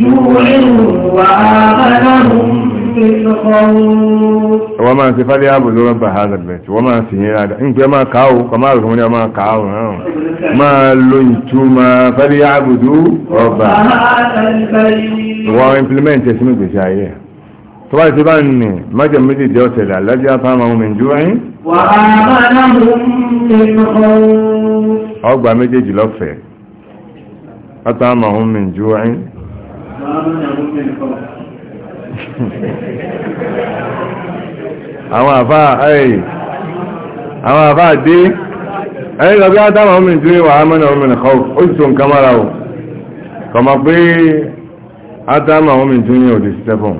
C: جوع وآمنهم من خوف
A: وما أنت فليعبدوا رب هذا البيت وما أنت هذا إنك ما كاو كما أعرفهم ما كاو ما لنتما فليعبدوا رب
C: هذا البيت
A: وإمبلمنت اسمك بشاية tọ́wá ti bá ní májẹ̀ méjì jẹ́ ọ̀tẹ̀lẹ̀ alájẹ́ afáàmà omi jú ẹ́yìn ọgbà méjèèjì lọ́fẹ̀ẹ́ afáàmà omi jú ẹ́yìn àwọn àfá ẹ̀yìn àwọn àfá dé ẹni lọ bí á dáwọn ọmọ ìdílé wà á mọ́nà ọmọ ìkọ́ ó sì tó nǹkan mọ́ra o kọ̀mọ̀ pé á dáwọn ọmọ ìdílé òdì stephen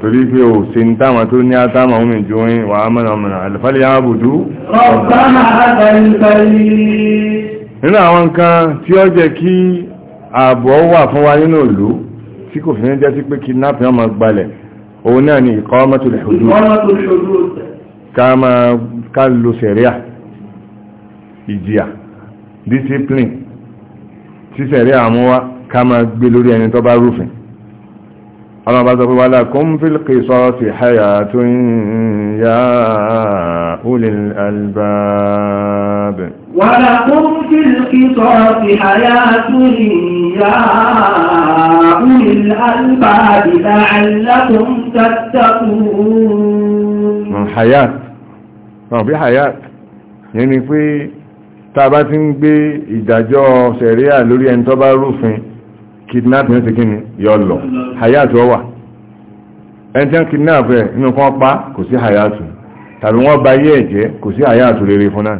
A: torí pé ò sí ní táwọn tó ní á dáwọn ọmọ ìdílé wà á mọ́nà ọmọ àlùfáàlì àbùdú nínú àwọn nǹkan tí ó jẹ́ kí ààbọ̀ wà fún wa nínú ìlú tí kò fi ní jẹ́ sí pé kidnapping ọmọ gbalẹ̀ òun náà ni iqamatul hudud ká máa ká lo sẹ̀ríà ìjìyà discipline tí sẹ̀ríà mú wá ká máa gbé lórí ẹni tó bá rúfin ọmọ sọ pé walakum fil qisasi hayatun ya ulil ولكم في القصاص حياة يا
C: أولي الألباب لعلكم تتقون
A: حياة náà bí hayat yẹn ni pé tá a bá ti ń gbé ìdájọ́ sẹ̀ríà lórí ẹni tó bá rúfin kidnapping ti kí ni yọ lọ hayat wọ́n wà ẹni tí wọ́n kidnap ẹ̀ inú kan pa kò sí hayat tàbí wọ́n bà yé ẹ̀jẹ́ kò sí hayat rere fún náà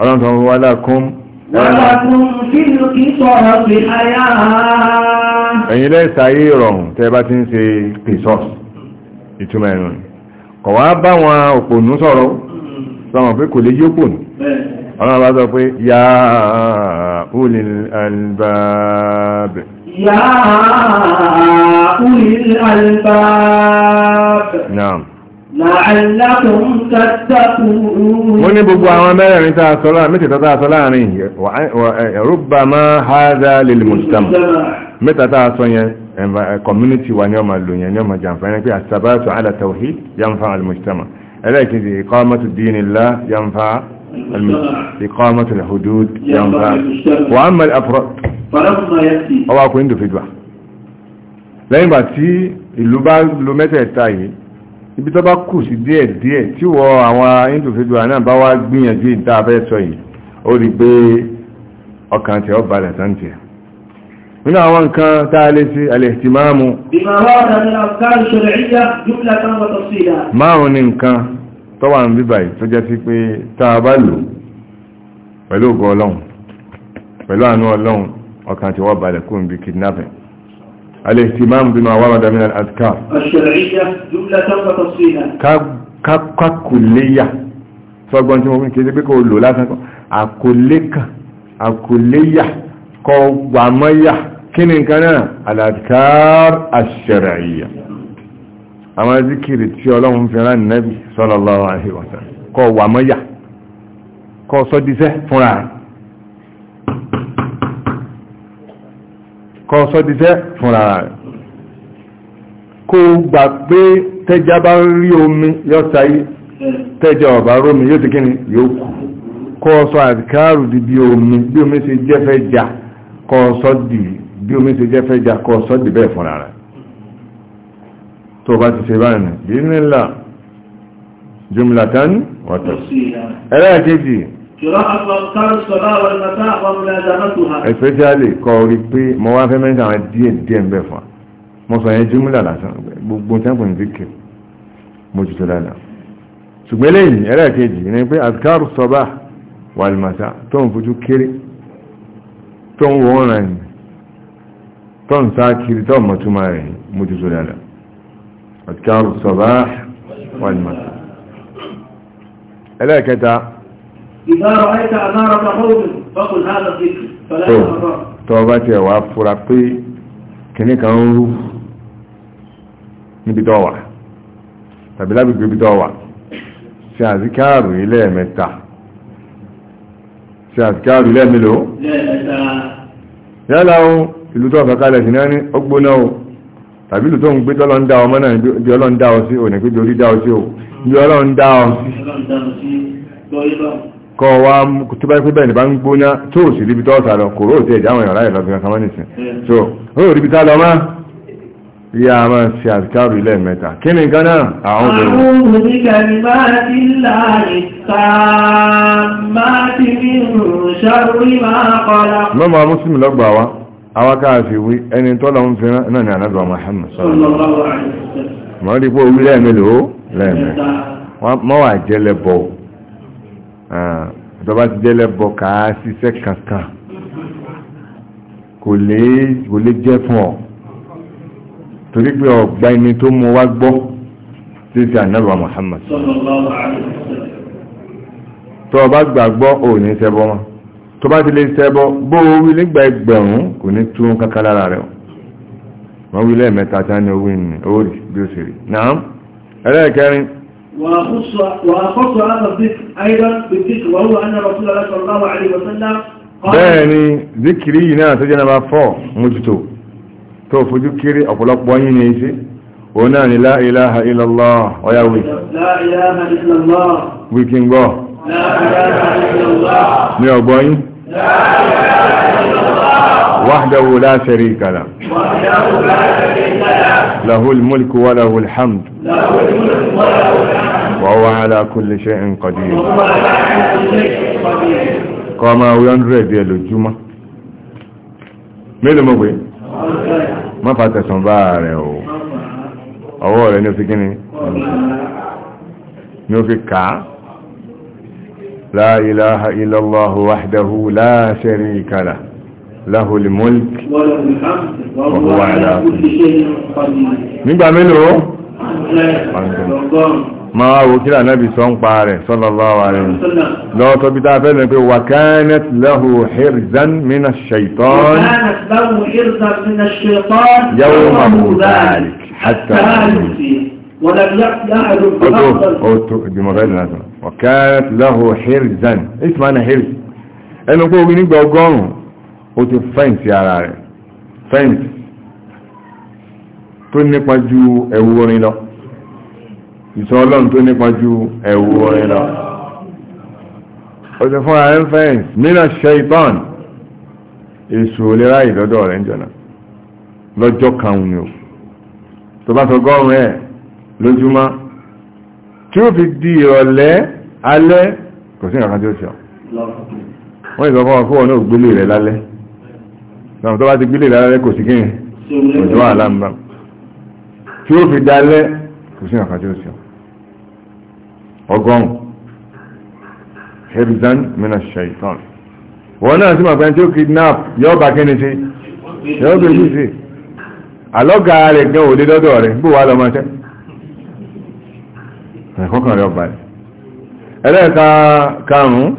A: ọlọ́run kan wọ́n lákún ẹ̀yin lẹ́sàáyé ìrọ̀rùn tẹ́ bá ti ń ṣe pèsọ́s ìtumọ̀ ẹ̀rùn kọ̀ wá bá wọn òpònú sọ̀rọ̀ sọmọ̀ pé kò lè yí òpònú ọlọ́run bá
C: sọ mo ní gbogbo àwọn
A: mẹ́rẹ̀rin tàà sọ láàrin mẹ́tẹ̀ta tàà sọ láàrin rúgbà máa haza lil mujtama mẹ́ta tàà sọ yẹn community wa ní ọmọ lò yẹn ní ọmọ jàǹfàní pé àtàbátù ala tawhid yanfa الحدود ينفع وأما الأفراد ọwọ́ akọ̀ individual lẹ́yìn bá tí ìlú ibi tó bá kù sí díẹ̀ díẹ̀ tí wọ àwọn individual náà bá wá gbìyànjú ìta abẹ́ sọ yìí ó rí pé ọkàn tí ó balẹ̀ tán tiẹ̀ nínú àwọn nǹkan tá a lè ṣe alẹ́tìmáàmù márùn ní nǹkan tó wà ń bíbà tó jẹ́ sí pé tá a bá lò pẹ̀lú ògo ọlọ́run pẹ̀lú àánú ọlọ́run ọkàn tí wọ́n balẹ̀ kú bí kidnapping الاهتمام بما ورد من الأذكار
C: الشرعية جملة وتفصيلا
A: ككلية فأقول ممكن كذا بيقولوا له لازم أكلك أكلية قوامية كن كان الأذكار الشرعية أما ذكر تشيولهم في النبي صلى الله عليه وسلم قوامية قوصد سه فرعي kọ́ sọ díṣẹ́ fúnra rẹ̀ kó gbà pé tẹ́já bá rí omi yóò sáyé tẹ́já ọ̀bá rómi yóò ti kí ni yóò kù kọ́ sọ àdìkáàrù di bí omi bí omi ṣe jẹ́fẹ́ jà kọ́ sọ bí omi ṣe jẹ́fẹ́ jà kọ́ sọ bẹ́ẹ̀ fúnra rẹ̀ tó bá ti ṣe báyìí bí nílà jùmùlátán wọ́tọ̀ ẹlẹ́ẹ̀kejì especially kọ rí pé mo wá fẹ́ mẹ́ta àwọn díẹ̀ díẹ̀ ń bẹ̀ fún mo sọ yẹn jùmúlà lásán gbogbo tẹ́kùn ní zikir mo jùtò dáadáa ṣùgbọ́n lẹ́yìn ẹlẹ́ẹ̀kejì ní pé azkaru sọba wal masa tó ń fojú kéré tó ń wọ́n rẹ̀ ní tó ń sá kiri tó mọ̀ túmọ̀ rẹ̀ mo jùtò dáadáa azkaru sọba wal masa ẹlẹ́ẹ̀kẹta
B: إذا رأيت أنارة قوم فقل هذا ذكر فلا يتضرر
A: tọba tí ẹ̀wà fura pé kìnnì kan ń rú níbi tọ́wà tàbí lábìgbé bí tọ́wà ṣe àzíkáàrù ilẹ̀ mẹ́ta ṣe àzíkáàrù ilẹ̀ mélòó yálà o ìlú tó ọ̀kọ̀kálẹ̀ sí náà ní ọgbóná o tàbí ìlú tó ń gbé tọ́lọ́ ń dá ọmọ náà bí ọlọ́ ń dá ọ sí ò ní pé bí orí dá ọ sí ò bí ọlọ́ ń dá ọ sí kọ́ wá tó bá pẹ́ bẹ́ẹ̀ bá ń gbóná tó sì ríbi tọ́ sàlọ kò rò tí ẹ̀jáwọn èèyàn láyé lọ́gbìn ọ̀sán mọ́nìsìn so ó ríbi tá lọ máa rí a máa ṣe àtikáàrù ilẹ̀ mẹ́ta kí ni gánà àwọn obìnrin mọ́mọ́ mùsùlùmí lọ́gbà wa awáká àti wí ẹni tọ́lọ ń fẹ́ràn náà ni ànábì Muhammad sọ́lọ́ mọ́ Ah, tó bá ti jẹ́lẹ̀ bọ̀ ká ṣiṣẹ́ kankan kò lè jẹ́ fún ọ torí pé ọgbà ẹni tó mú wá gbọ́ tí ti ànábà Muhammad tó o bá gbàgbọ́ ò ní ṣẹbọ mọ́ tó bá ti lè ṣẹbọ bó o wí nígbà ẹgbẹ̀rún kò ní tún kankan lára rẹ̀ wọ́n wí lẹ́ẹ̀mẹ́ta tí wọ́n ní owó ìrìn ó rí bí ó ṣe rí náà ẹlẹ́ẹ̀kẹrin
C: وأخص وأخص هذا الذكر أيضا بالذكر وهو أن رسول الله صلى الله عليه وسلم قال
A: يعني ذكري نا سجن بافو مجتو تو فذكري أقول لك أقوى ينيسي وناني لا إله إلا الله ويا
C: لا إله إلا الله
A: ويكين can
C: لا إله إلا الله ni بوين
A: لا
B: إله إلا الله
A: وحده لا شريك له له الملك وله الحمد وهو على كل شيء قدير قام وينرد يلو الجمع ماذا مبين ما فاتح سنباره هو نفكني نفكا لا إله إلا الله وحده لا شريك له له الملك
B: وهو على كل شيء قدير مين بيعمله
A: ما هو كده النبي صون قاري صلى الله عليه وسلم لا تبي تعرفين انه وكانت له حرزا من الشيطان
C: وكانت له حرزا من الشيطان يوم ذلك حتى ولم يقل احد
A: وكانت له حرزا ايش معنى حرز انه قوم يقول قوم ó ti fẹ́ǹsì ara rẹ̀ fẹ́ǹsì tó nípa ju ẹ̀wù orin lọ ìsọ ọlọ́run tó nípa ju ẹ̀wù orin lọ ó ti fún ara fẹ́ǹsì mínà ṣẹ́ìtàn èṣù ò lè ráyè lọ́dọ̀ rẹ̀ ń jọ̀nà lọ́jọ́ kan ni o tó bá sọgọ́rùn ẹ̀ lójúmọ́ tí ó fi di ìrọ̀lẹ́ alẹ́ kò sí ìrọ̀kan tí ó ṣe wọ́n ìsọfọ́ ọkọ̀ náà gbélé rẹ̀ lálẹ́ náà tó bá ti gbílẹ̀ lálẹ́ kò sí kíni òjò wà lámbà tí ó fi dalẹ́ kò sí àkàtí ó sọ ọgọ́rùn hebzan mina shaitan wọn náà sí màgbẹ́ tí ó kidnap yóò bá kíni sí yóò bẹ̀ sí sí àlọ́gà rẹ̀ gan òde lọ́dọ̀ rẹ̀ bó wà lọ́mọ tẹ́ ẹ̀kọ́kàn rẹ̀ ọba rẹ̀ ẹlẹ́ẹ̀ka karùn-ún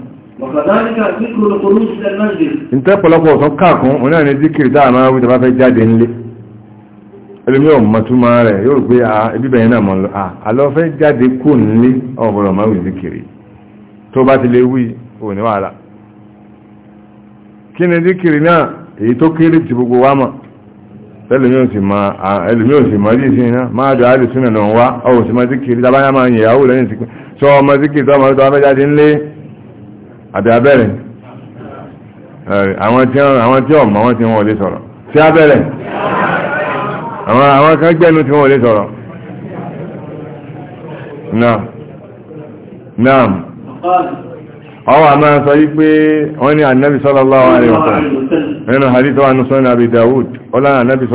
A: ìtẹ́pọ̀lọpọ̀ ọ̀sán káàkún òní àní díkìrì dáa máa wí tàbá fẹ́ jáde nílé ẹlùmí ọ̀mọ̀ tó máa rẹ̀ yóò pé ibíbẹ̀ yẹn náà mọ̀ lọ àlọ́ fẹ́ jáde kò nílé ọ̀bọ̀rọ̀ máa wí díkìrì tó bá ti lè wí òní wàhálà kí ni díkìrì náà èyí tó kéré ti gbogbo wa mọ̀ ẹlùmí ò sì máa rí ìsìn iná máa dọ̀ àdìsúnà náà wá ọ̀hún sì máa díkìrì tábáyá máa àti abẹ́rẹ̀ àwọn tí ọmọ wọn tí wọ́n lè sọ̀rọ̀ sí abẹ́rẹ̀ àwọn kan gbẹ́nu tí wọ́n lè sọ̀rọ̀ náà ọwọ́ a máa sọ yí pé wọ́n ní ànábì sallallahu alaihi wa sallam nínú hadithu wa nusan abi dawud ọlá ànábì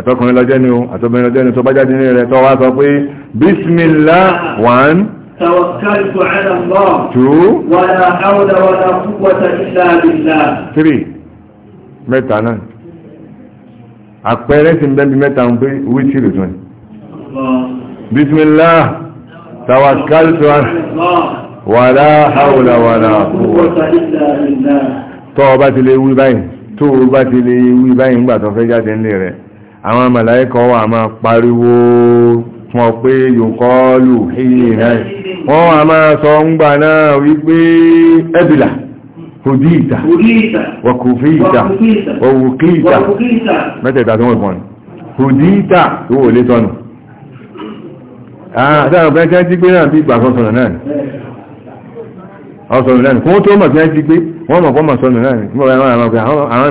A: àtọkùnrin lọ́jẹ́ ni o àtọbìnrin lọ́jẹ́ ni tó bá jáde ní tó wá sọ pé bísmìlá one
C: tawakkaltu ala Allah two wala hawla wala quwwata illa billah
A: three mẹ́ta náà àpẹẹrẹ sí bẹ́ẹ̀bí mẹ́ta ń pé wí sí rẹ̀ tún bísmìlá tawakkaltu ala Allah wala hawla wala quwwata
B: illa billah
A: tó bá ti lè wí báyìí tó bá ti lè wí báyìí ńgbà tó fẹ́ jáde nílé rẹ̀ àwọn màláíkọ̀ wà máa pariwo fún ọ pé yòkọ́lù hìí náà wọ́n wà máa sọ ń gbà náà wípé ẹbìlà fòdí ìta wọ̀kùfí ìta wọ̀wùkí ìta mẹ́tẹ̀ẹ̀ta tó wọ́n fọ́nà fòdí ìta tó wò lé sọ́nù àtàrà pẹ́ tẹ́ jí pé náà bí ìgbà sọ́sọ̀nà náà ọ̀sọ̀nà náà kún tó mọ̀ tẹ́ jí pé wọ́n mọ̀ pọ́ mọ̀ sọ́nà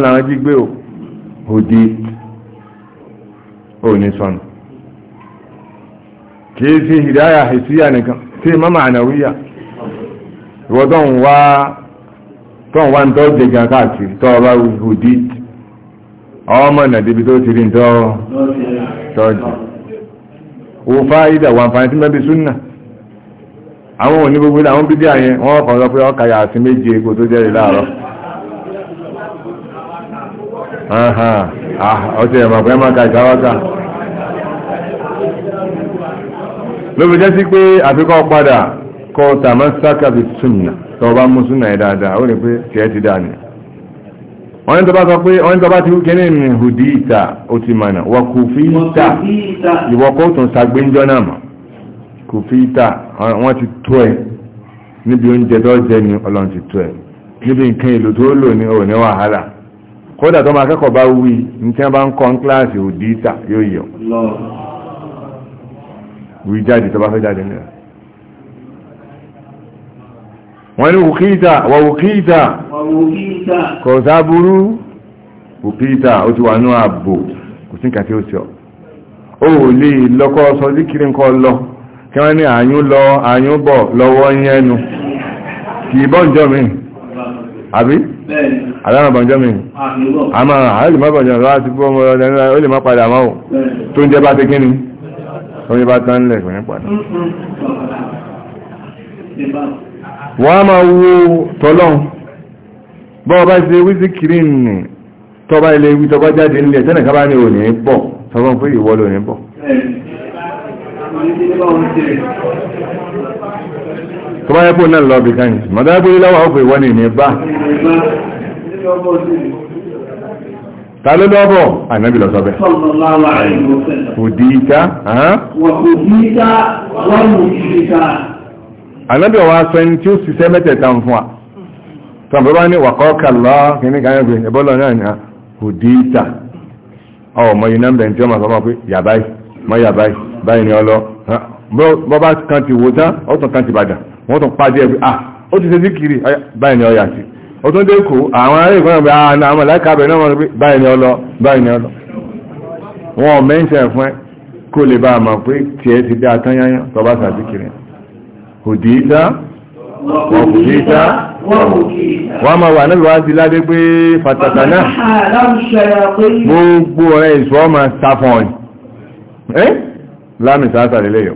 A: náà ò ní sọnù kìí sí hìdáyà hìsíyà nìkan sí mọ́mà ànàwíyà ìwọ tó ń wá tó ń wá ń tọ́ jẹgà káàkiri tó ọba hùdí ọmọ ìnàdíbi tó ti rí ń tọ́ tọ́jì wo fáyídà wà fàáyí tí mẹ́bí súnnà àwọn òní gbogbo àwọn bídí àyẹn wọ́n kọ̀ lọ
B: ọtí ẹ̀mà pé máa ka ìsáwáka
A: ló fi jẹ́ sí pé àfikọ́ padà kọ́ tàmásákà fi súnà tọ́ bá mú súnà ẹ̀ dáadáa ó ní pé tiẹ̀ ti dáa ni wọ́n tó bá sọ pé wọ́n tó bá ti kí ní ìhùdí ti mọ̀nà wọ́n kò fi ìta ìwọ́kọ́ tó ń sagbéńjọ́ náà mọ̀ kò fi ti tó ẹ̀ níbi oúnjẹ tó jẹ ni ọlọ́run ti tó ẹ̀ níbi nǹkan èlò tó lò kódà tó máa kẹ́kọ̀ọ́ bá wí ní tí wọ́n bá ń kọ́ ń kíláàsì òdí ìta yóò yọ wí jáde tó bá fẹ́ jáde nílẹ̀ wọ́n ní wùkíta wà wùkíta kò sáburú wùkíta ó ti wà ní ààbò kò sí nǹkan ó sọ ó lè lọ́kọ́ sọ díkiri nǹkan lọ kí wọ́n ní àyún lọ àyún bọ̀ lọ́wọ́ yẹnu kì í bọ́ ìjọ mi àbí aláwọn bọ̀njọ́ mi a máa àìlè má bọ̀njọ́ lọ́wọ́ ti fún ọmọ ọ̀dọ̀ nílá ó lè má padà máa ò tó ń jẹ́ bá ti kí ni ó ní bá tán lẹ̀ kò ní padà wọ́n a máa wo tọ́lọ́n bọ́ ọba ṣe wíṣí kiri nì tọba ilé wí tọba jáde nílẹ̀ tẹ́nà kábá ní òní bọ̀ sọ fún ìwọ́ lóní bọ̀
B: tó bá yẹ kó náà lọ bí kan yìí mọ̀tò yẹ kó yìí lọ́wọ́ ọ̀pọ̀ ìwọ́n ní bá
A: ta ló lọ́bọ̀ ànábì lọ sọ́bẹ̀ òdìíta ànábì ọwọ́ aṣọ ẹni tí ó ṣiṣẹ́ mẹ́tẹ̀ẹ̀ta fún wa tọ́bọ̀ bá ní wàkọ́ọ̀kà lọ́ kìíní kan yẹ́ ẹ̀bọ́lọ̀ náà ní òdìíta ọmọ yìí náà bẹ̀rẹ̀ tí ó máa sọ máa pé yàbáyì mọ́ yàbáyì báyìí ni ọlọ́ bọ́ kan ti wò tán ọ̀tún kan ti bàdàn wọ́n tún pàdé ẹgbẹ́ ah ó ti ṣe sí kiri báyìí ni ọ yà sí ó tún dé kó àwọn ará ìgbọ́n ọ̀gbẹ́ ah, àwọn àwọn aláìka abẹ náà wọ́n pé báyìí ni ọ lọ báyìí ni ọ lọ wọn ò mẹ́ńṣẹ̀ fún ẹ kó lè bá a mọ̀ pé tiẹ̀ ti dá atán yányán tó bá ṣàdí kiri òdì ìta
B: ọkùnrin ìta wọ́n máa
A: wà náà wá sí ládé pé fàtàtà náà gbogbo ọ̀rẹ́ ìṣọ́ ọmọ sáfọ́ọ̀nì lámì sáásà lélẹ́yọ̀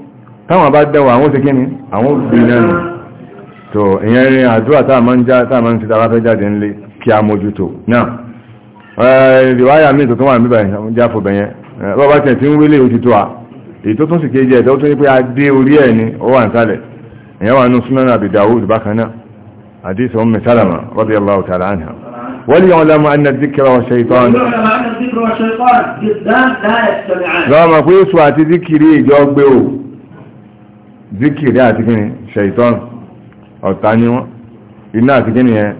A: táwọn bá dẹwà àwọn òsìnkí ni àwọn òbínà nù tó ìyẹn rí àdúrà táàmà ń já táàmà ń ti tara fẹ́ jáde ńlé kí a mójútó náà ìwáyà mi tó tún wà níbà jáfò bẹ̀yẹn bọ́bá tẹ̀ tí ń wílé òtítọ́ à èyí tó tún sì kéjì ẹ̀dọ́ tó ní pé a dé orí ẹ̀ ni ó wà nísàlẹ̀ ìyẹn wà nù súnmọ́nà àbí Dawud bákan náà àdìsí ọmọ mẹ́sàlámà radiyallahu ta'ala anha وليعلم أن الذكر والشيطان
C: لا ما كويس
A: وعتي ذكري جواب بيو zikiri àti kíni ṣẹ̀tọ́n ọ̀tá ni wọ́n iná àti kíni yẹn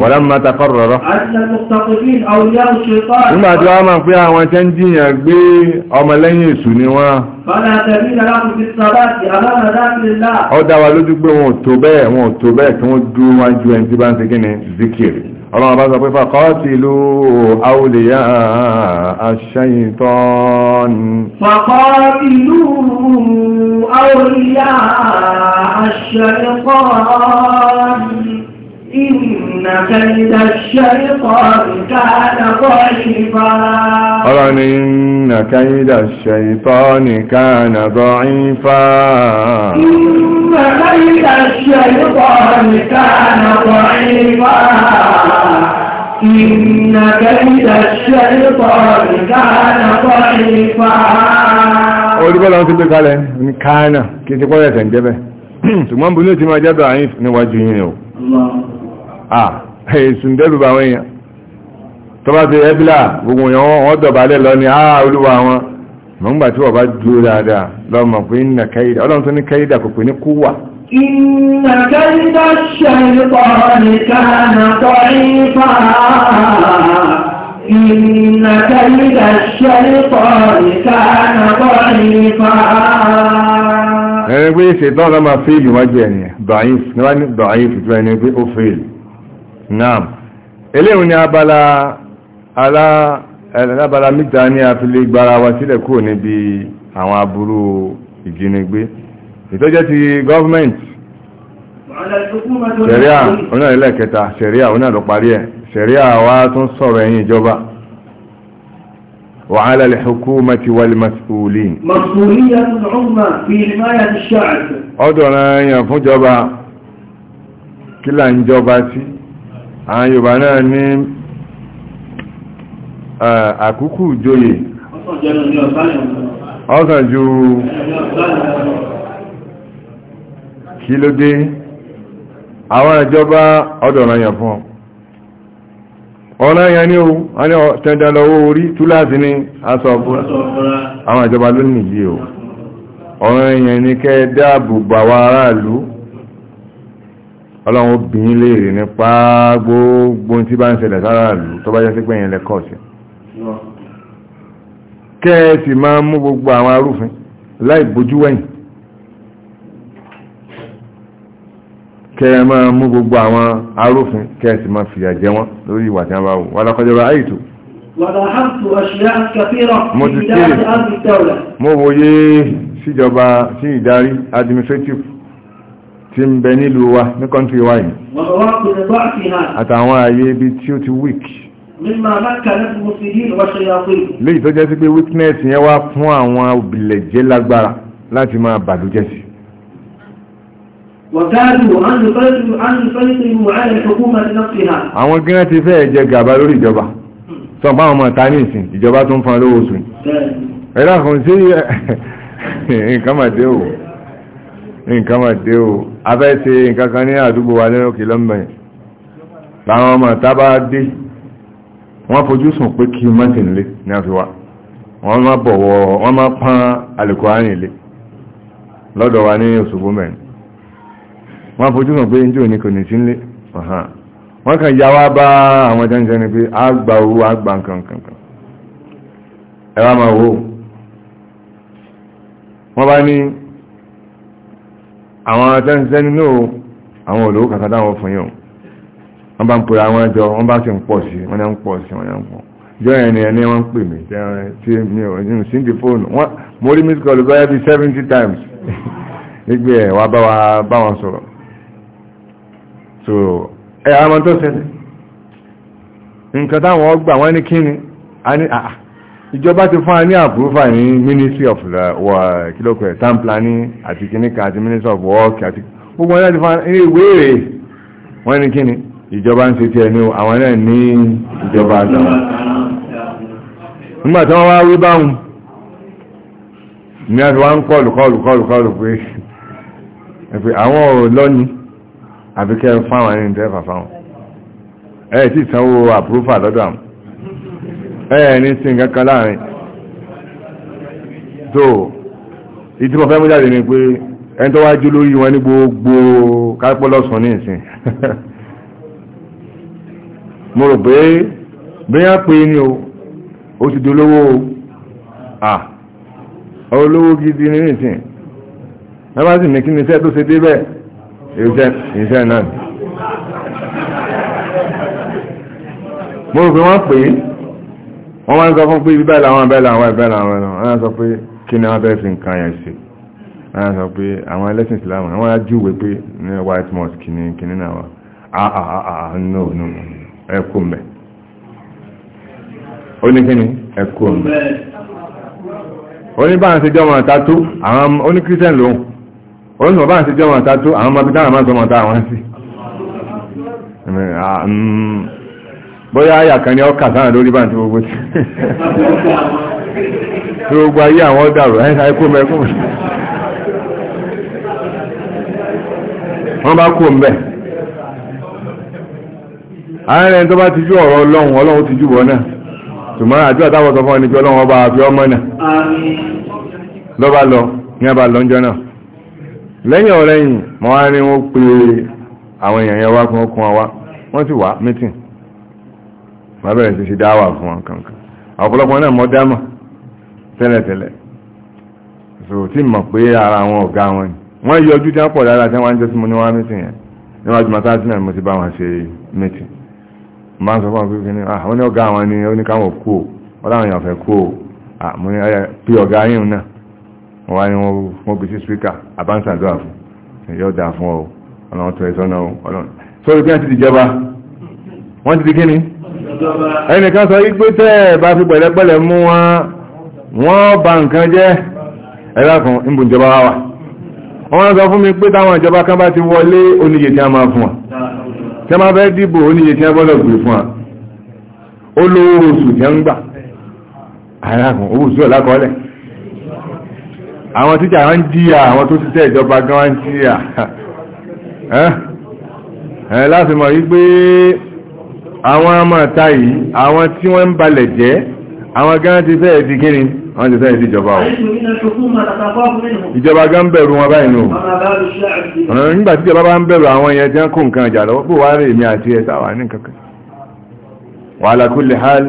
A: wọ́lá máa takọ́ rọ̀rọ̀
C: nígbà tí
A: wọ́n máa pé àwọn tẹ́ ń jìyàn gbé ọmọlẹ́yìn èṣù ni wọ́n ó dá wa lójú pé wọn ò tó bẹ́ẹ̀ wọn ò tó bẹ́ẹ̀ tí wọ́n dúró wájú ẹni tí bá ń ṣe kíni zikiri ọlọ́run bá sọ pé fàkọ́tìlú àwòlèyà aṣẹ́yìntọ́n
C: fàkọ́tìlú àwòlèyà aṣẹ́yìntọ́n Ọlọ́run ni ìnà káyídà ṣẹ̀ìtọ́ nìkan nà bọ́ ìfà.
B: Ìnà káyídà ṣẹ̀ìtọ́ nìkan nà bọ́ ìfà. Ìnà káyídà
C: ṣẹ̀ìtọ́ nìkan nà bọ́ ìfà. Olúgbọ́lọ́run ti
A: gbé kalẹ̀ ní káánà kí ti pọ́lẹ̀ tẹ̀ ń jẹ́bẹ̀. Ṣùgbọ́n bí ní ti máa jẹ́bẹ̀ àyíf níwájú yìí ni ó ẹ̀sùn dẹ́rù bá wọ́n èèyàn tó bá ti ẹ́bílà gbogbo èèyàn wọ́n dọ̀bálẹ̀ lọ ní àà olúwa wọn mọ̀ ń gbà tí wọ́n bá dúró dáadáa lọ́mọ pé nínà kẹ́ìdà ọlọ́run tó ní kẹ́ìdà kò pé ní kúwà
C: Inna kẹ́ìdà ṣẹ̀yìnbọ̀n kana da'ifa Inna kẹ́ìdà ṣẹ̀yìnbọ̀n kana da'ifa
A: Ẹni pé ṣètọ́ ọlọ́mà fíìlì wájú ẹ̀yìn, dọ̀íf, níwájú dọ̀íf tó pé ó fíìlì. naam eléhùn ni abala alá eh, alábala mítà ní àfilé gbára wa sílẹ̀ kúrò níbi àwọn aburú ìjínigbé ìtọ́jẹ́ ti gọ́ọ̀mẹ́ntì ṣẹ̀ríà oná kẹta ṣẹ̀ríà oná ẹ̀ ṣẹ̀ríà wá tún sọ̀rọ̀ ẹ̀yìn ìjọba وعلى الحكومة والمسؤولين
C: مسؤولية عظمى
A: في àwọn Yorùbá náà ní àkúkù ìjòyè ọ̀sán ju kí ló dé àwọn ìjọba ọdọ̀ranyàn fún ọ̀ranyàn ní ohun a ní orí túláàsì ní aṣọ ọ̀pọ̀lá àwọn ìjọba ló nìyí o ní kẹ́ bàwà aráàlú ọlọ́run obìnrin léèrè nípa gbogbo tí bá ń ṣẹlẹ̀ sára ìlú tó bá jẹ́ sí pé yẹn lẹ́kọ̀ọ́ sí kẹ́ẹ̀sì máa mú gbogbo àwọn arúfin láì bójú wẹ̀yìn kẹ́ẹ̀ máa mú gbogbo àwọn arúfin kẹ́ẹ̀sì máa fìyà jẹ wọ́n lórí ìwà tí wọ́n bá wù wọ́n lọ́kọ́jọ́ bá àìtò mo ti kí mo wòye síjọba sí ìdarí administrative tí ń bẹ nílùú wa ní kọ́ntì wa
C: yìí
A: àtàwọn ààyè ibi tí ó ti wík léyìí tó jẹ́ sí pé weakness yẹn wá fún àwọn òbìlẹ̀jẹ́ lágbára láti máa bàlújẹ́ sí àwọn gíná ti fẹ́ jẹ gàba lórí ìjọba hmm. sọ bá àwọn ọmọ ta ní ìsìn ìjọba tó ń fún olówó oṣù ẹ̀rọ kan sí nǹkan màdé òun nǹkan máa dé o afẹ́ ṣe nǹkan kan ní àdúgbò wa lẹ́rọ kìlọ́mbà yẹn láwọn ọmọ tábà dé wọ́n fojú sùn pé kí mọ́tìn lé ní àfiwá wọ́n máa bọ̀wọ̀ wọ́n máa pán alìkọ̀ánì lé lọ́dọ̀ wa ní Òṣogbo mẹ́rin wọ́n ni pé a gba owó a gba nǹkan kankan wọ́n bá ní àwọn atẹ́ǹsẹ́ nínú àwọn olówó kàkà táwọn fún yóò wọ́n bá ń pèrè àwọn ẹjọ́ wọ́n bá sì ń pọ̀ sí wọ́n ń pọ̀ sí wọ́n ń pọ̀ jọ ẹni ẹni wọ́n pè mí tí mi ò ní síndì fóònù wọ́n mo rí miss call báyẹ̀ bí times nígbé ẹ̀ wá bá wọn sọ̀rọ̀ so ẹ̀ àwọn tó ṣẹlẹ̀ nǹkan táwọn ọgbà wọ́n ní kíni a ní àà ìjọba ti fún a ní àpúrúfà ní ministry of kílòkù ẹ̀ town planning àti kìníkà àti ministry of work àti gbogbo ọjọ́ ti fún a ní ìwé èrè wọ́n ní kíni ìjọba ń ṣe tí ẹni àwọn náà ní ìjọba àtàwọn nígbàtí wọ́n wá wí báhùn ní àti wọ́n kọlù kọlù kọlù kọlù pé ẹ̀fẹ́ àwọn ò lọ́ni àfikẹ́ fáwọn ẹni tẹ́fà fáwọn ẹ̀ tí ìsanwó àpúrúfà lọ́dọ̀ àwọn ẹ̀ẹ̀ni sí nǹkan kan láàrin tó ìtí mo fẹ́ mú jáde ni pé ẹni tó wájú lórí wọn ní gbogbo kápọ́ lọ́sàn ní ìsìn mo rò pé bíyàn pé ní o ó ti dolówó à olówó gidi ní ìsìn lọ́wọ́ sì ní kí ni iṣẹ́ tó ṣe débẹ̀ iṣẹ́ náà mo rò pé wọ́n pè é wọ́n máa ń sọ fún pé ibi báyìí làwọn báyìí làwọn báyìí làwọn ẹ̀nà wọ́n sọ pé kí ni wọ́n fẹ́ fi nǹkan yẹn ṣe wọ́n sọ pé àwọn ẹlẹ́sìn ìsìlámù wọ́n á júwe pé ní white mosque ní kìíní náà wà àà no no ẹ kú mbẹ ó ní kíni ẹ kú mbẹ ó ní báyìí ṣe jọmọ ta tó àwọn ó ní christian lòun ó ní sọ báyìí ṣe jọmọ ta tó àwọn ọmọ bíi táwọn máa sọmọ ta àwọn sí bóyá àyà kan ní ọkà sáà lórí bá ti gbogbo tí
B: tí gbogbo ayé àwọn dàrú ẹ́sà ikú mẹ́kún wọ́n bá kú mbẹ́
A: ààrẹ tó bá ti jú ọ̀rọ̀ ọlọ́run ọlọ́run ti jú bọ́ náà tùmọ́ àjọ àtàwọ̀ sọ fún ẹni pé ọlọ́run ọba àfi ọmọ náà lọ́ba lọ ní ẹba lọ́njọ́ náà lẹ́yìn ọ̀rẹ́yìn mọ́ wá ní wọ́n pe àwọn èèyàn yẹn wá fún ọkùn wa wọ́n sì wá mítìn ma bẹ̀rẹ̀ sí ṣe dáwà fún wọn kankan ọ̀pọ̀lọpọ̀ náà mọ́ dámà tẹ́lẹ̀tẹ́lẹ̀ so tí mọ̀ pé ara àwọn ọ̀gá wọn ni wọ́n yọjú tí wọ́n pọ̀ dára tí wọ́n jẹ́ sí mo ní wọ́n yẹn níwájú masáàtì náà mo bá wọn ṣe mítìn ah wọ́n ní ọ̀gá wọn ni ó ní káwọn ah mo ní ọyà pé ọ̀gá yìí náà wọ́n wá ní wọ́n gbé sí spíkà àbánsàdúrà fún yóò dáa fún ọ ọlọ́run tó ẹ sọ́nà ti di jẹba wọ́n ẹnìkan sọ wípé tẹ́ ẹ̀ bá fi pẹ̀lẹ́pẹ̀lẹ́ mú wọn wọ́n bà nǹkan jẹ́ ẹ̀lákùn ìbùnjọba wà wọ́n sọ fún mi pé táwọn ìjọba kan bá ti wọlé oníyè tí a máa fún wa tí a máa fẹ́ dìbò oníyè tí a gbọ́dọ̀ gbé fún wa ó lówó oṣù tí a ń gbà ẹ̀lákùn owó oṣù ọ̀lákọ́lẹ̀ àwọn títà wọ́n láti mọ̀ wípé àwọn ọmọ ìta yìí àwọn tí wọ́n ń balẹ̀ jẹ́ àwọn gan ti fẹ́ ti kí ni wọ́n ti fẹ́ ti jọba o ìjọba gan bẹ̀rù wọn báyìí nù nígbà tí ìjọba bá ń bẹ̀rù àwọn yẹn tí kó nǹkan ìjà lọ́wọ́ rèé mi àti ẹ̀ sáwà ní kankan wàhálà kulli hal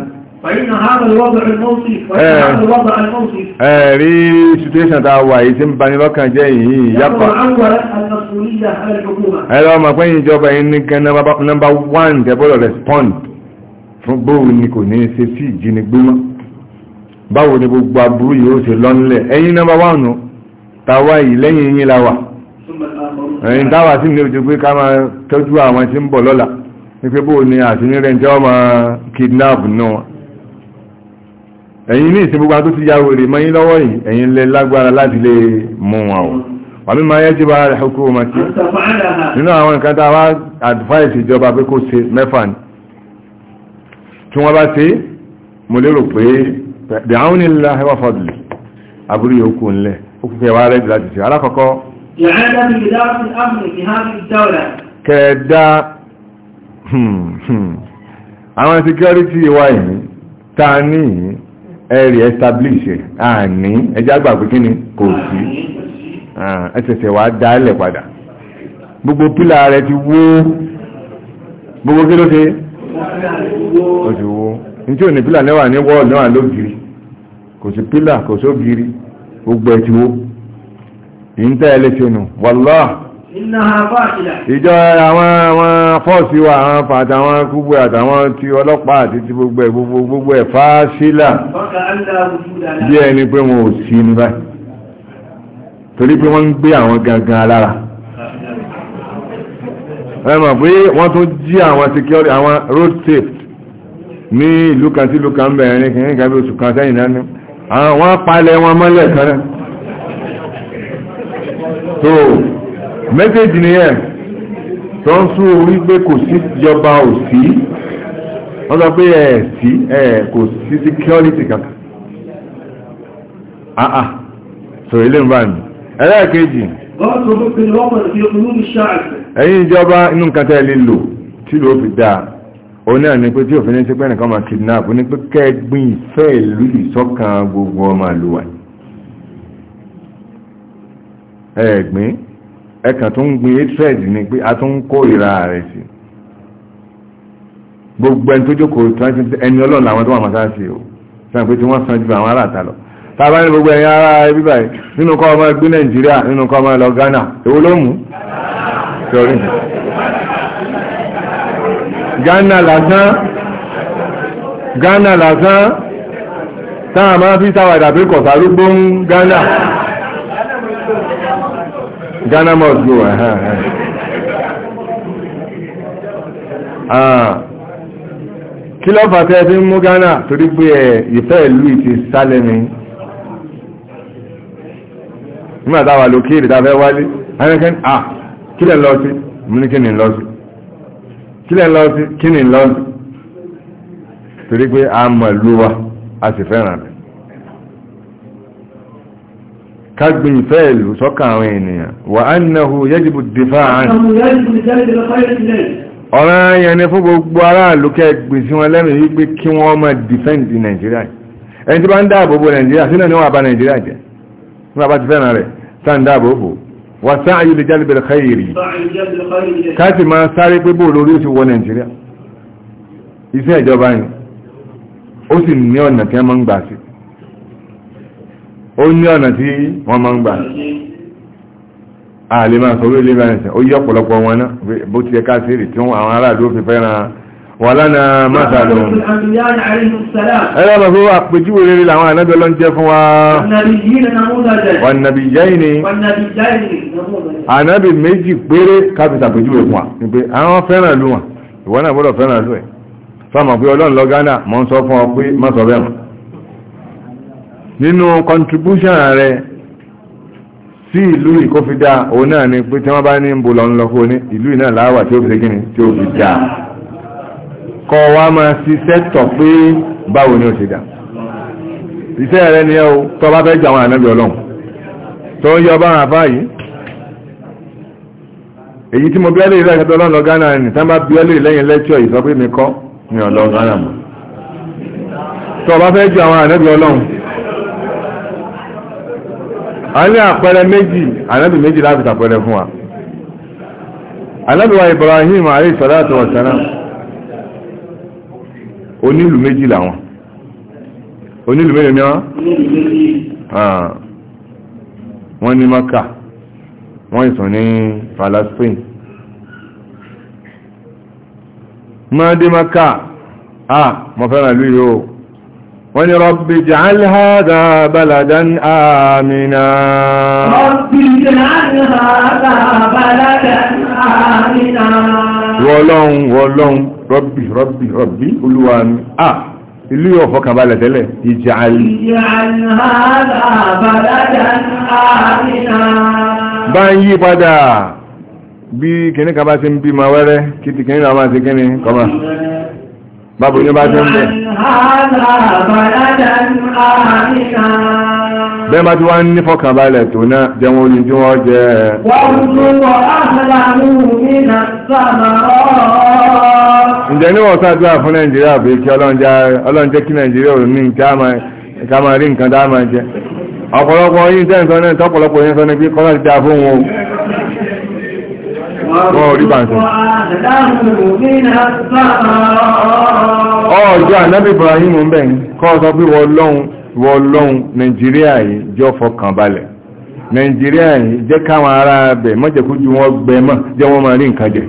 A: Ẹ̀rí situation ta wà yìí tí ń bani lọ́kàn jẹ́ yìí yàpá. Ẹ̀rọ ọmọ pé ìjọba yìí ní gan number one tẹ́bọ́lọ̀ respond fún bóò ni kò ní ṣe sí ìjínigbé mọ́. Báwo ni gbogbo aburú yìí ó ṣe lọ́nlẹ̀? Ẹ̀yin number one ta wà yìí lẹ́yìn yìí la wà. Ẹ̀yin táwà sí ní ojú pé ká máa tọ́jú àwọn tí ń bọ̀ lọ́la. Ní pé bóò ni àti ní rẹ̀ ń kidnap náà ẹ̀yin ní ìsìn gbogbo àtúntì ya wèrè mọ́yìn lọ́wọ́ yìí ẹ̀yin lẹ lágbára láti lè mú wọn o wàmí máa yẹ́ jí bá rẹ̀ ọkọ̀ ọmọ tí nínú àwọn nǹkan tá a wá advice ìjọba pé kó ṣe mẹ́fà ni tí wọ́n bá ṣe mo lérò pé the àwọn ilẹ̀ ẹwà fọdùlì aburú yòókù ńlẹ̀ ó kúkẹ́ wá rẹ̀ láti ṣe alákọ̀ọ́kọ́ kẹ̀ẹ́dá hmm, hmm. àwọn security wa yìí ta ní yìí ẹ̀rì establish àní ẹjá gbà pé kí ni kò sí ẹsẹ̀sẹ̀ wá dálẹ̀ padà gbogbo pílà rẹ̀ ti wó gbogbo kí ló ṣe ó ti wó ní tí ò ní pílà náà ní wọ́ọ̀lù náà lógiri kò sí pílà kò sógiri gbogbo ẹ̀ ti wó ìyíntẹ́ ẹlẹ́sẹ̀ nù wàláà
C: ìjọ
A: àwọn àwọn fọ́ọ̀sì wa àwọn fàtàwọn kúgbò àtàwọn ti ọlọ́pàá àti ti gbogbo ẹ̀ gbogbo ẹ̀ fáṣílà bí ẹni pé wọn ò sí ní báyìí torí pé wọ́n ń gbé àwọn gangan alára ẹmọ̀ pé wọ́n tún jí àwọn security àwọn road safety ní ìlú kan sí ìlú kan bẹ̀rẹ̀ ní kìíní bí oṣù kan sẹ́yìn náà ní àwọn palẹ̀ wọn mọ́lẹ̀ kan náà mẹ́sẹ̀jì ni ẹ̀ tó ń sún orí pé kò sí ìjọba ò sí wọ́n sọ pé ẹ̀ sí ẹ̀ kò sí security kankan àà ah, ah. sọ ilé ń bá mi ẹlẹ́ẹ̀kejì ẹ̀yin ìjọba inú nǹkan tẹ́ lè lò tí ló fi dáa òun náà ni pé tí òfin ní sí pé nìkan máa kidnap ní pé kẹ́gbìn ìfẹ́ ìlú ìsọ́kan gbogbo ọmọ àlùwà ẹ̀gbìn ẹkàn tó ń gbin hatred ni pé a tún kórìíra rẹ̀ sí gbogbo ẹni tó jókòó ẹni ọlọ́run làwọn tó wà mọ́ta sí o sẹ́yìn pé tí wọ́n san ju àwọn aráàta lọ tàbá ní gbogbo ẹ̀yìn ara ẹbí báyìí nínú kọ́ ọmọ ẹgbẹ́ nàìjíríà nínú kọ́ ọmọ ẹlọ Ghana èwo ló mú sọrí
B: Ghana lásán
A: Ghana lásán táwọn máa fi sáwàdà pé kọ̀sárúgbó ń Ghana.
B: Ghana must go.
A: Uh ah. Kí ló fà tẹ́ fi ń mú Ghana torí pé ẹ̀ ìfẹ́ ìlú ìti sálẹ̀ mi? Nígbà táwà lókèrè tàbẹ́ wálé, ayẹ́kẹ́ ah, kí lẹ̀ lọ sí? kí ni Kí Kí ni a mọ̀ kágbé ìfẹ́ ìlú sọ́kàn àwọn ènìyàn wà annahu yajibu dìfáàn ọ̀rọ̀ ayẹni fún gbogbo aráàlú kẹgbì sí wọn lẹ́nu wípé kí wọ́n máa dìfẹ́ǹdì nàìjíríà ẹni tí bá ń dáàbò bo nàìjíríà sínú ni wọ́n bá nàìjíríà jẹ́ wọ́n bá ti fẹ́ràn rẹ̀ sáà ń dáàbò bò wà sáà yìí lè jálè bẹ̀rẹ̀ káyìrì káàsì máa sáré pé bó lórí ó ní ọ̀nà tí wọ́n máa ń gbà àlè máa sọ lórí ìlera ó yí ọ̀pọ̀lọpọ̀ wọn náà bó ti ẹka sí rí tí àwọn aráàlú ó fi fẹ́ràn wà lánàá mátàlù ẹ̀rọ fún àpèjúwe rere làwọn ànábì Ọlọ́run jẹ́ fún wa wànàbì yẹ́yìn ànábì méjì péré káfíńtà àpèjúwe fún wa ni pé àwọn fẹ́ràn lù wọn ìwọ náà gbọ́dọ̀ fẹ́ràn lù ẹ̀ fáwọn pé Ọlọ́run lọ Gánà mọ́ ń sọ fún ọ pé má bẹ́ẹ̀ nínú contribution rẹ̀ sí ìlú ìkófidá òun náà ni pé tí wọ́n bá ní ń bò lọ ń lọ fún ní ìlú ìnáà láwà tí ó fi gíní tí ó fi dáa kọ wá máa ṣiṣẹ́ tọ̀ pé báwo ni ó ṣe dà iṣẹ́ rẹ̀ ni ó tọ́ bá fẹ́ jà àwọn ànábì ọlọ́run tó ń yọ bá wọn àfá yìí èyí tí mo bí ẹlẹ́yìn lẹ́yìn ọlọ́run lọ gánà ni tí wọ́n bá bí ẹlẹ́yìn lẹ́yìn lẹ́tíọ̀ ìsọ pé mi kọ́ ni ọlọ́run gánà mọ̀ tọ́ bá fẹ́ jà àwọn ànábì ọlọ́run
B: a ní àpẹẹrẹ
A: méjì ànábì méjì láti tàpẹẹrẹ fún wa ànábì wa Ibrahim alayhi salatu wa salam onílù méjì làwọn onílù méjì ni
B: wọ́n
A: wọ́n ní Maka wọ́n ìsùn ní Palestine máa dé Maka ah mo fẹ́ràn ìlú wọ́n ní rọ́bì jàál hádà baladan àmìnà rọ́bì jàál hádà baladan àmìnà wọ́lọ́un wọ́lọ́un rọ́bì rọ́bì rọ́bì olúwa mi à ìlú yóò fọkàn balẹ̀ tẹ́lẹ̀ ìjàál
C: hádà baladan àmìnà
B: bá ń yí padà
A: bí kìnníkà bá ti ń bí wẹ́rẹ́ kìtìkìnní náà ti kìnní kọ́mà bábo onye bá ti ń bá ti wá ní fọkànbalẹ̀ tó náà jẹ́ wọn oyin tí wọ́n jẹ́ ẹ̀. ǹjẹ́ ní wọ́n ṣàdúrà fún nàìjíríà bí kí ọlọ́run jẹ́ kí nàìjíríà ò ní ká máa rí nǹkan dá máa jẹ ọ̀pọ̀lọpọ̀ yín tẹ́ǹsán náà tọ́pọ̀lọpọ̀ yín sọ ní bí kọ́lá ti dá fún wọn
B: wọ́n rí bàǹsẹ̀. ọjọ́ ànábì Ibrahim
A: ń bẹ̀ kọ́ sọ pé wọ́n lọ́hun wọ́n yìí jọ fọkàn balẹ̀ nigeria yìí jẹ́ káwọn ara bẹ̀ mọ́jẹ̀kújú wọn gbẹ mọ́ jẹ́ wọ́n máa rí nǹkan jẹ.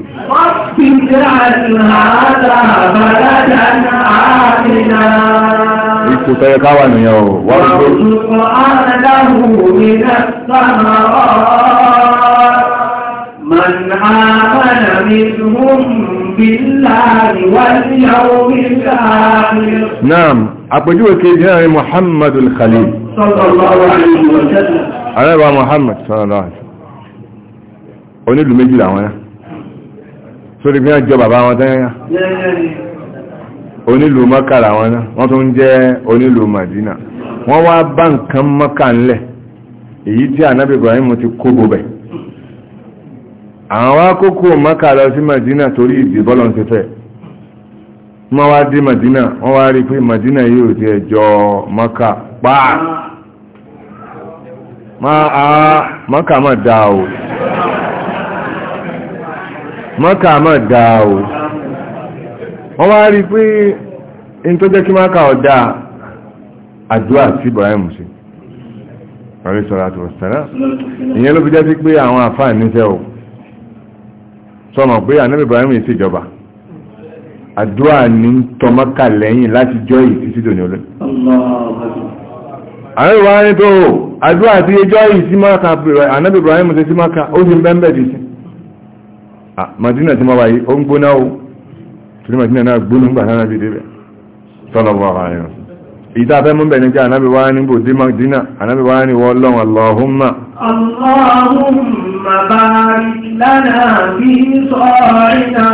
A: káwà nìyàn wọ́n rí.
C: آمن منهم بالله واليوم الآخر
A: نعم àpèjúwe kejì náà ni Muhammadu al-Khalil arẹ́bà Muhammad sallallahu alaihi onílù méjì làwọn yá sórí fi hàn jọ bàbá wọn tẹ́yẹn yá onílù Mọ́kà làwọn náà wọ́n tún jẹ́ onílù Madina wọ́n wá bá nǹkan Mọ́kà ńlẹ̀ èyí tí ànábì Ibrahim ti kó bó bẹ̀ àwọn wá kókó maka sí madina torí ìdìbọ́lọ̀ ti fẹ́ ma wá dé madina wọ́n wá rí pé madina yóò ẹjọ́ maka ma a maka ma dá o maka ma dá o wọ́n wá rí pé maka ọ̀dá àdúrà sí Ibrahim sí àrísọ̀rọ̀ àtùwọ̀sára ìyẹn ló fi jẹ́ sí pé àwọn àfáà o sọmọ pé ànábì Ibrahim yìí ṣèjọba àdúrà ní tọmọkà lẹ́yìn láti jọ yìí títí dòní olóyìn ànábì wa ní tó àdúrà tí ẹjọ́ yìí sí mọ́ka ànábì Ibrahim ti sí mọ́ka ó sì ń bẹ́ńbẹ̀ ti sí Madina ti mọ́ wáyé ó ń gbóná o torí Madina náà gbóná ń gbà náà bí débẹ̀ sọ́nà bọ́ àwọn àyẹ̀wò ìta fẹ́ mú bẹ̀ ní kí ànábì wá ní bò dímọ̀ dínà ànábì wá ní wọ́n lọ́wọ́ Allahumma
C: Allahumma barik lana fi sọ́ọ̀rìnà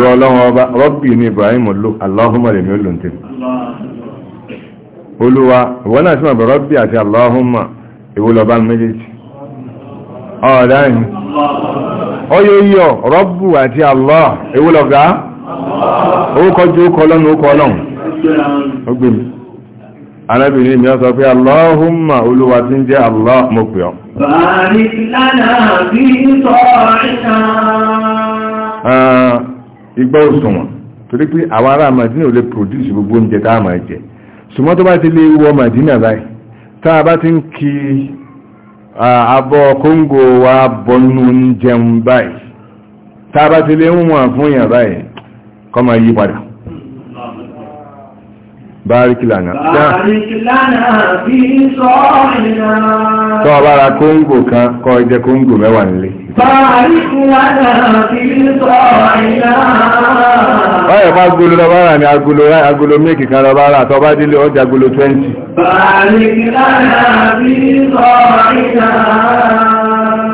B: rọ
A: lọ́wọ́ ọba rọ́bì ní Ibrahim lò Allahumma lè ní ó lòntẹ́ olúwa ìwọ́n náà símọ̀ bẹ̀ rọ́bì àti Allahumma ìwòlọ́ba méjèèjì ọ̀dáyìn ọyọ́yọ́ rọ́bù àti Allah ìwòlọ́gá ó kọjú kọlọ́nù ó
B: kọlọ́nù
A: arábìnrin mi sọ pé Allahumma olúwa tí ń jẹ́ Allah mo pè ọ́ igbá òsùnwọ̀n torí pé àwọn ará Màdínà ò lè produce gbogbo oúnjẹ tá a máa jẹ ṣùgbọ́n tó bá ti lè wọ Màdínà báyìí tá a bá ti ń kí abọ́ kóńgò wa bọnú oúnjẹ báyìí tá bá ti lè ń wọ̀n fún yàn báyìí kó máa yí padà báríkì lànà
B: tọ́ bára kóńgò
A: kan kọ́ ìjẹ kóńgò mẹ́wàá nílé báyẹ̀ bá gúlò lọ bára ní agolo agolo méèkì kan lọ bára tọ́ bá dílé ọjà agolo 20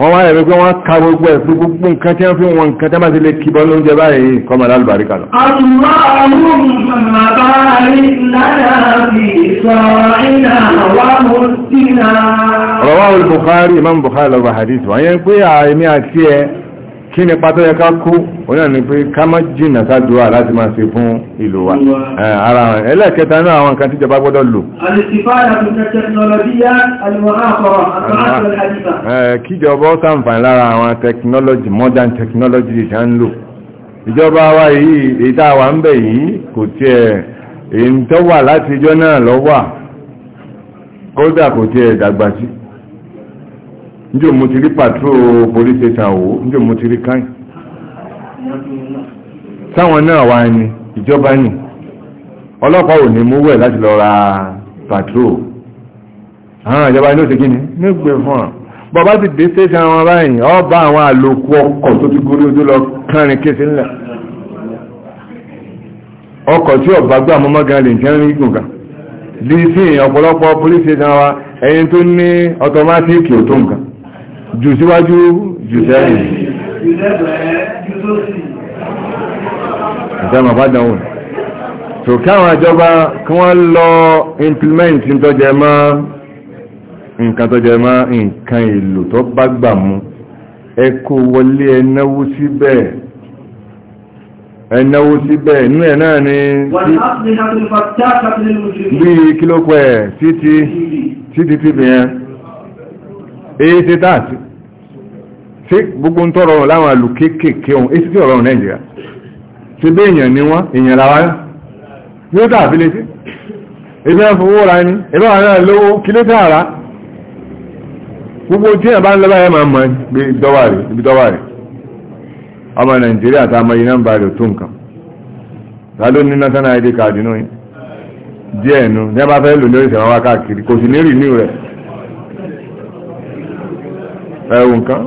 A: wọ́n wá rẹ̀ wípé wọ́n ká gbogbo ẹ̀ gbogbo nǹkan tí wọ́n fi wọn nǹkan tẹ́mà sí lè kí bọ́ lóúnjẹ báyìí kọmọ lálùbáríkà lọ.
C: Rawahu al-Bukhari
A: imam Bukhari lọ́gbà hadith wọ́n yẹn pé àìmí àti ẹ kí ni pàtó yẹ ká kú oníyà ni pé ká má jìnà sádùá láti máa ṣe fún ìlú wa ara rẹ̀ ẹlẹ́ẹ̀kẹta náà àwọn nǹkan tíjọba gbọ́dọ̀ lò kíjọba ó ṣàǹfààní lára àwọn technology modern technology tí a ń lò ìjọba wa yìí èyí wà ń bẹ̀ yìí kò tiẹ̀ èyí tó wà láti ìjọ náà lọ kódà kò tiẹ̀ dàgbà sí njọ mo ti rí pàtró police station wò njẹ́ mo ti rí káyìn sáwọn náà wá ní ìjọba ọlọ́pàá ò ní lọ ra patro àwọn ìjọba ní ó ti nígbè fún ọ bọ̀bá ti dé station wọn báyìí ọ bá àwọn àlòkù ọkọ̀ tó ti gorí ojú lọ kéṣe ńlẹ̀ ọkọ̀ tí gbà mọ́mọ́ gan lè jẹ́ sí jù síwájú jù sẹ́yìn ìtẹ́mọ̀ bá dánwò so káwọn àjọba kí wọ́n lọ implement tọ́jẹ mọ́ nǹkan tọ́jẹ mọ́ nǹkan èlò tó bá gbà mú ẹkó wọlé ẹnáwó síbẹ̀ ẹnáwó síbẹ̀ inú ẹ̀ náà ni bí kílópẹ̀ títí títí títí yẹn èyí ti dáàtì tí gbogbo ń tọ́rọ láwọn àlù kéèkéèké ohun èsì tí ọ̀rọ̀ nàìjíríà ti bí èèyàn ní wọ́n èèyàn làwá yóò tà fi létí ebi ń fowó ra ní ebi àwọn náà lówó kí ló tààrà gbogbo tí èèyàn bá ń lọ́wọ́ ẹ̀ máa mọ̀ ibi dọ́wà rẹ̀ ibi dọ́wà rẹ̀ ọmọ nàìjíríà tá a mọ iná ń rẹ̀ tó nǹkan ta ló ní national id card nù díẹ̀ nù ní a bá fẹ́ lò ní oríṣiríṣi àwọn wákàkiri kò sì ní rìnú rẹ̀ ẹ̀rù nǹkan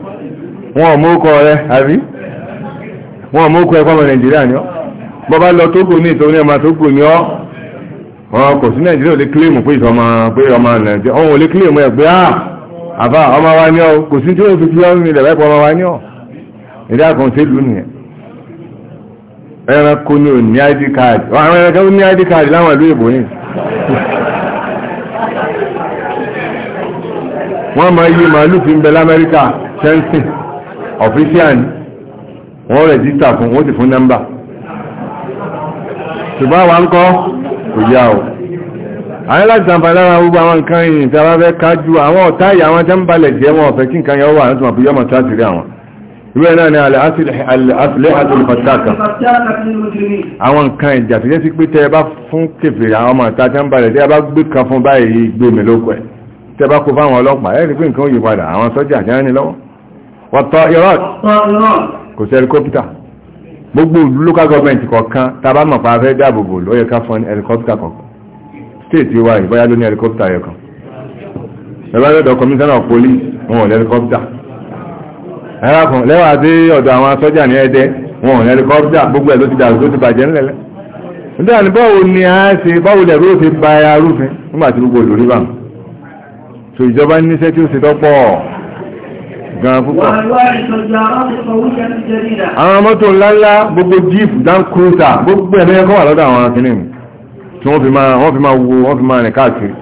A: wọn ò mọ́kọ rẹ àbí wọn ò mọ́kọ ẹ̀kọ́ ọmọ nàìjíríà ni ọ́ bọ́bá lọ tó kù ní ìtòun ẹ̀ma tó kù ni ọ́ wọn kò sí nàìjíríà ò ni ọ́ kò sí tí ó fi kílọ́ ní ilẹ̀ ọmọ wa ni ọ́ ìdí ẹranko ni ò ní id card àwọn ẹranko ní id card láwọn ìlú ìbò yìí
B: wọ́n máa yí màálù fi ń bẹ lamẹ́ríkà sẹ́ńsìn ọ̀fíṣíàn
A: wọ́n rẹ̀jísítà fún wọ́n ti fún nọ́mbà
B: ṣùgbọ́n àwọn ń kọ́ kò yá o
A: àyẹ́ láti sàǹfàní lára gbogbo àwọn nǹkan ìyìn tí a bá fẹ́ kájú àwọn ọ̀tá ìyà àwọn jẹ́ ń balẹ̀ jẹ́ wọn ọ̀fẹ́ kí nǹkan yọ wà ní tùmọ̀ fúyọ́mọ̀ sátìrí àwọn ìwé náà ni àlẹ́ àtòlùfàtàkà àwọn nǹkan ìjà tó jẹ́ sí pé tẹ́ bá fún kèfèrè àwọn ọmọ ìta jẹ́ ń balẹ̀ tẹ́ bá gbé kan fún báyìí gbé mi lókọ̀ ẹ̀ tẹba kó fáwọn ọlọ́pàá ẹ́ rí pé nǹkan òye padà àwọn sọ́jà jẹ́ ní lọ́wọ́ ọ̀tọ̀ iraq kò sí ẹlikọ́pítà gbogbo local government kọ̀ọ̀kan tàbá mọ̀ pa fẹ́ dáàbòbò ló ká fún ẹlikọ́pítà kọ̀ọ̀kan state wa ìbáyá ló ní ẹlikọ́pítà yẹ kan ẹ̀bá lọ́dọ̀ commissioner of police wọn ò lẹ́likọ́pítà ẹ̀rákùn lẹ́wà sí ọ̀dọ̀ àwọn sọ́jà ní ẹ̀dẹ́ wọn ò lẹ́likọ́pítà gbogbo ẹ̀ ló ti dàrú tó ti bàjẹ́ ńlẹ̀lẹ́ nítorí báwo ni a ṣe báwo lẹ̀ rúfin bá rúfin nígbà tí gbogbo olórí bá so ìjọba níṣẹ́ tí ó ṣe tọ́pọ̀ gan púpọ̀ àwọn mọ́tò ńláńlá gbogbo jeep dan cruiser gbogbo ẹ̀mẹ́ ẹ̀kọ́ wà lọ́dọ̀ àwọn akínrin tí wọ́n fi máa wọ́n fi máa wo wọ́n fi máa rìn káàkiri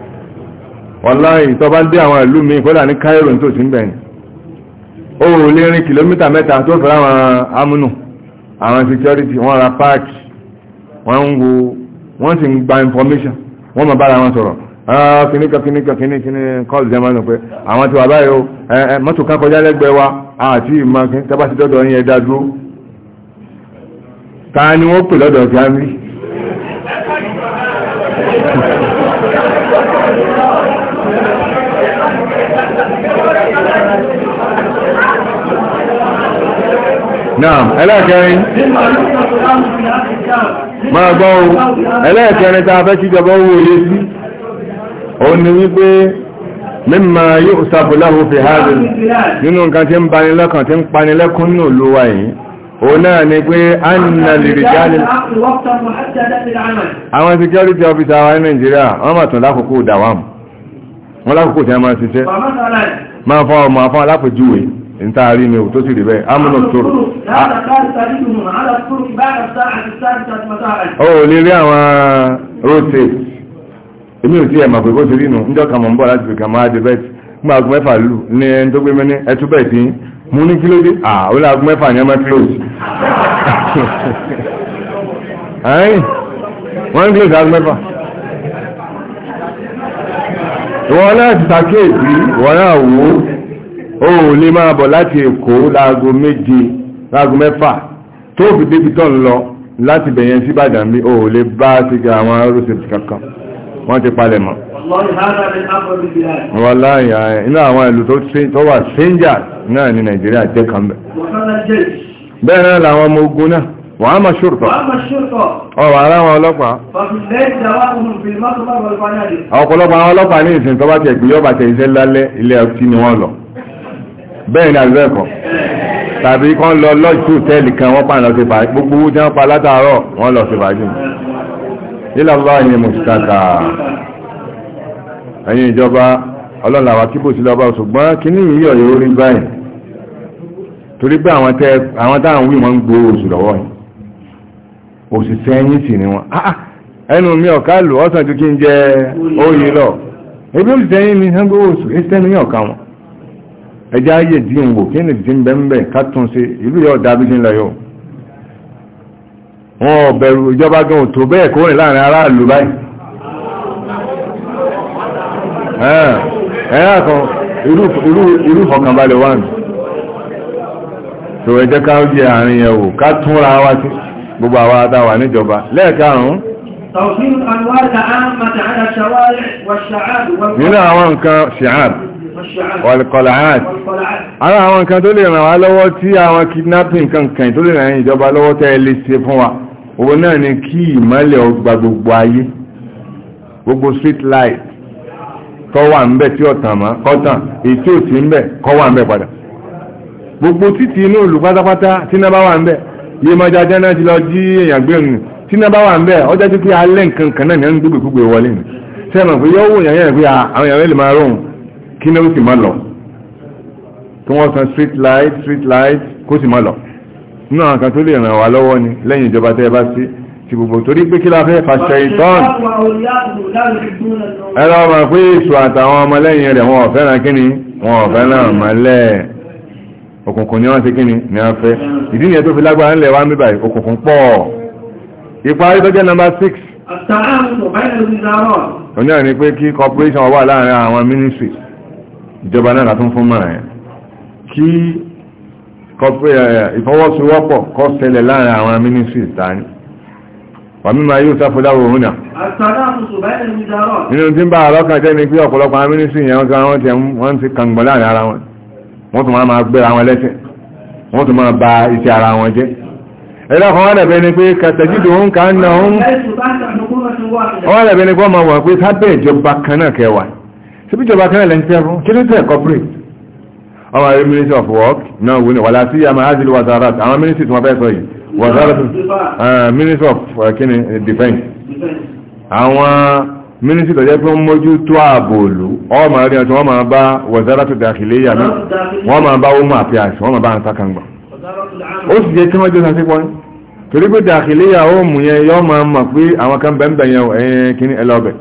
A: wàláhì tó bá dé àwọn ìlú mi kódà ní Cairo tó sí ń bẹ̀rẹ̀ ó rò lé rin kìlómítà mẹ́ta tó fẹ́ àwọn amúnù àwọn security wọ́n ra páàkì wọ́n ń wo wọ́n sì ń gba information wọ́n máa bára wọn sọ̀rọ̀ Ah, kìnníkan kìnníkan kìnníkan kọ́ọ̀lù jẹ́ máa ń pẹ́ àwọn tí wà báyìí o eh, eh, mọ́tò kan kọjá lẹ́gbẹ̀ẹ́ wa àti ìmọ̀ kí tábà sí dọ́dọ̀ yẹn dá dúró ta ni wọ́n pè lọ́dọ̀ tí a ń rí náà ẹlẹ́ẹ̀kẹrin
B: máa gbọ́ ohun ẹlẹ́ẹ̀kẹrin
A: ta fẹ́ kíjọba owó oyé sí òun ni wípé mímọ̀ yóò sàbòláhù fi hàbìn nínú nǹkan tí ń bani lọ́kàn tí ń pani lẹ́kún nù lówà yìí òun náà ni pé a ń nà lè rí jáde àwọn security officer wa ní Nàìjíríà wọ́n mà tún lákòókò dàwàm wọ́n lákòókò tí a máa ṣiṣẹ́ máa fọ́ ọmọ afọ́ alápòjúwe ntaari ni o tó sì rí bẹ́ẹ̀ amúnà tóró. ó lè rí àwọn rotate èmi ò tí ẹ̀ mọ̀ pé kó ti rí nù níjọ́ kan mọ̀ ń bọ̀ láti fi kàn máa dé bẹ́ẹ̀tì nígbà agun mẹ́fà lù ní ẹni tó gbé mi ní ẹtú bẹ́ẹ̀ tí mú ní kí ló dé à ó lé agun mẹ́fà ní ọmọ close
B: ẹ̀yìn wọ́n ń close agun mẹ́fà
A: ìwọ̀n náà ti sàkéèsì wò ó lè máa bọ̀ láti èkó láago méje láago mẹ́fà tó fi débi tọ́ lọ láti bẹ̀yẹn sí Ìbàdàn bí ó lè bá ti ga àwọn aerosafety kankan wọ́n ti palẹ̀ mọ́ wọ́n láyà inú àwọn ìlú tó wà ṣíńjà náà ní nàìjíríà jẹ́ kan bẹ̀ bẹ́ẹ̀ náà làwọn ọmọ ogun náà wọ́n á máa ṣòrùtọ̀ ọ̀rọ̀ ara àwọn ọlọ́pàá
C: ọ̀pọ̀lọpọ̀ àwọn ọlọ́pàá ní
A: ìsìn tó bá tẹ̀ pé yọ́bà tẹ̀ iṣẹ́ lálẹ́ ilé ọtí ni wọ́n lọ bẹ́ẹ̀ ni àbẹ́ẹ̀kọ́ tàbí kán lọ lọ́jì tó tẹ́ẹ̀lì kan wọ́n pààlọ́ sí fàájì gbogbo owó tí wọ́n pa látàárọ̀ wọ́n lọ sí fàájì nílàlá ìní mùsùtàkà ẹ̀yin ìjọba ọlọ́làwà kí bò sí lọ́bá ṣùgbọ́n kí ní ìyí ọ̀yọ́ orí báyìí torí pé àwọn táwọn wí wọ́n ń gbó oṣù lọ́wọ́ yìí òṣìṣẹ́ sì ni wọ́n ah, ah, ẹnu mi ọ̀ká lò ọ́sàn tó kí ń jẹ lọ ebi òṣìṣẹ́ ẹ̀yìn ni hàn gbó oṣù ẹ̀ṣẹ́ ọ̀ká wọn ẹjá kí ní ti ń wọn ò bẹ̀rù ìjọba gan tó bẹ́ẹ̀ kó rìn láàrin aráàlú báyìí
B: ẹ̀yà kan irú fọkànbalẹ̀ wà nù
A: tó ẹ jẹ́ ká jẹ́ àárín yẹn wò ká túnra wá sí gbogbo àwọn adáwà níjọba lẹ́ẹ̀karùn-ún
C: nínú àwọn nǹkan
A: ṣìhàn wàlùkọ̀láàt ara àwọn nǹkan tó lè ràn wá lọ́wọ́ tí àwọn kidnapping kankan tó lè ràn ìjọba lọ́wọ́ tẹ́ lè ṣe fún wa òun náà ni kí ìmọ́lẹ̀ ọgbà gbogbo ayé gbogbo street light kọ́ wà ń bẹ̀ tí ọ̀tàn mọ́ kọ́tàn ètí òtí ń bẹ̀ padà gbogbo titi inú patapata pátápátá tíná bá wà ń bẹ̀ yé máa náà ti lọ jí èèyàn gbé òun bá wà ń bẹ̀ ọjọ́ tí pé alẹ́ nǹkan kan náà ní àwọn gbogbo gbogbo wọlé ni yọ́wọ́ pé àwọn èèyàn lọ tí wọ́n san street light street light lọ náà kan tó lè ràn wá lọ́wọ́ ni lẹ́yìn ìjọba tẹ́ bá sí ti gbogbo torí pé kí la fẹ́ fàṣẹ ìtọ́n ẹ̀rọ ọmọ pé èṣù àtàwọn ọmọ lẹ́yìn rẹ̀ wọn ò fẹ́ràn kíni wọn ò fẹ́ràn mọ́lẹ̀ òkùnkùn ni wọ́n ti kíni ni wọ́n fẹ́ ìdí nìyẹn tó fi lágbára ńlẹ̀ wá ń bíbà òkùnkùn pọ̀ ìparí tó jẹ́ number six òní àní pé kí corporation wà láàrin àwọn ministry ìjọba náà látún fún mọ́ ẹ̀ kí ìfọwọ́sowọ́pọ̀ kó ṣẹlẹ̀ láàrin àwọn mínísírì tani wàmímọ̀ yóò sáfúdáwò húnà nínú tí ń bá àlọ́kà jẹ́ ní pé ọ̀pọ̀lọpọ̀ àwọn mínísírì yẹn wọ́n ti wọ́n ti kàngbọ̀ láàrin ara wọn wọ́n tún máa gbéra wọn lẹ́sẹ̀ wọ́n tún máa bà iṣẹ́ ara wọn jẹ́ ẹ̀lọ́kọ̀ wọ́n dẹ̀bẹ̀ ni pé kàtàjídò ń ká ń na ń wọ́n dẹ̀bẹ̀ ni pé ọmọ wọn pé sábẹ́ ìjọba kan náà kẹwàá síbíjọba kan náà lẹ́ńtẹ́rún kí ló tẹ̀ corporate ọmọ rí ministry of work náà wọ́n wà láti àmà ájìlú wazarat àwọn ministry tí wọ́n fẹ́ sọ yìí wazarat uh, ministry of uh, kini uh, defense àwọn ministry tó jẹ́ pé wọ́n mójú tó ààbò òlú ọmọ rí ọ̀tún wọ́n máa bá wazarat dakhiliya náà
B: wọ́n máa bá ọmọ
A: àti àṣì wọ́n máa bá ń sákàngbà ó sì jẹ́ tí wọ́n jẹ́ sasípọ́ ní torí pé dakhiliya ó mú yẹn yọ́ máa mọ̀ pé àwọn kan bẹ̀m̀bẹ̀ yẹn ẹ̀yẹn kí ní ẹlọ́bẹ̀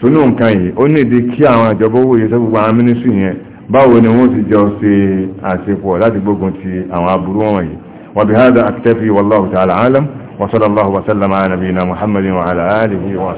A: sónú nǹkan yìí ó nídìí kí àwọn àjọbọ̀ wòye sọ gbogbo àwọn báwo ni wọ́n ti jọ ṣe àṣepọ̀ láti gbógun ti àwọn aburú wọ̀nyí wa bihadha aktafi wallahu ta'ala alam wa sallallahu wa sallama ala nabiyina muhammadin wa ala alihi wa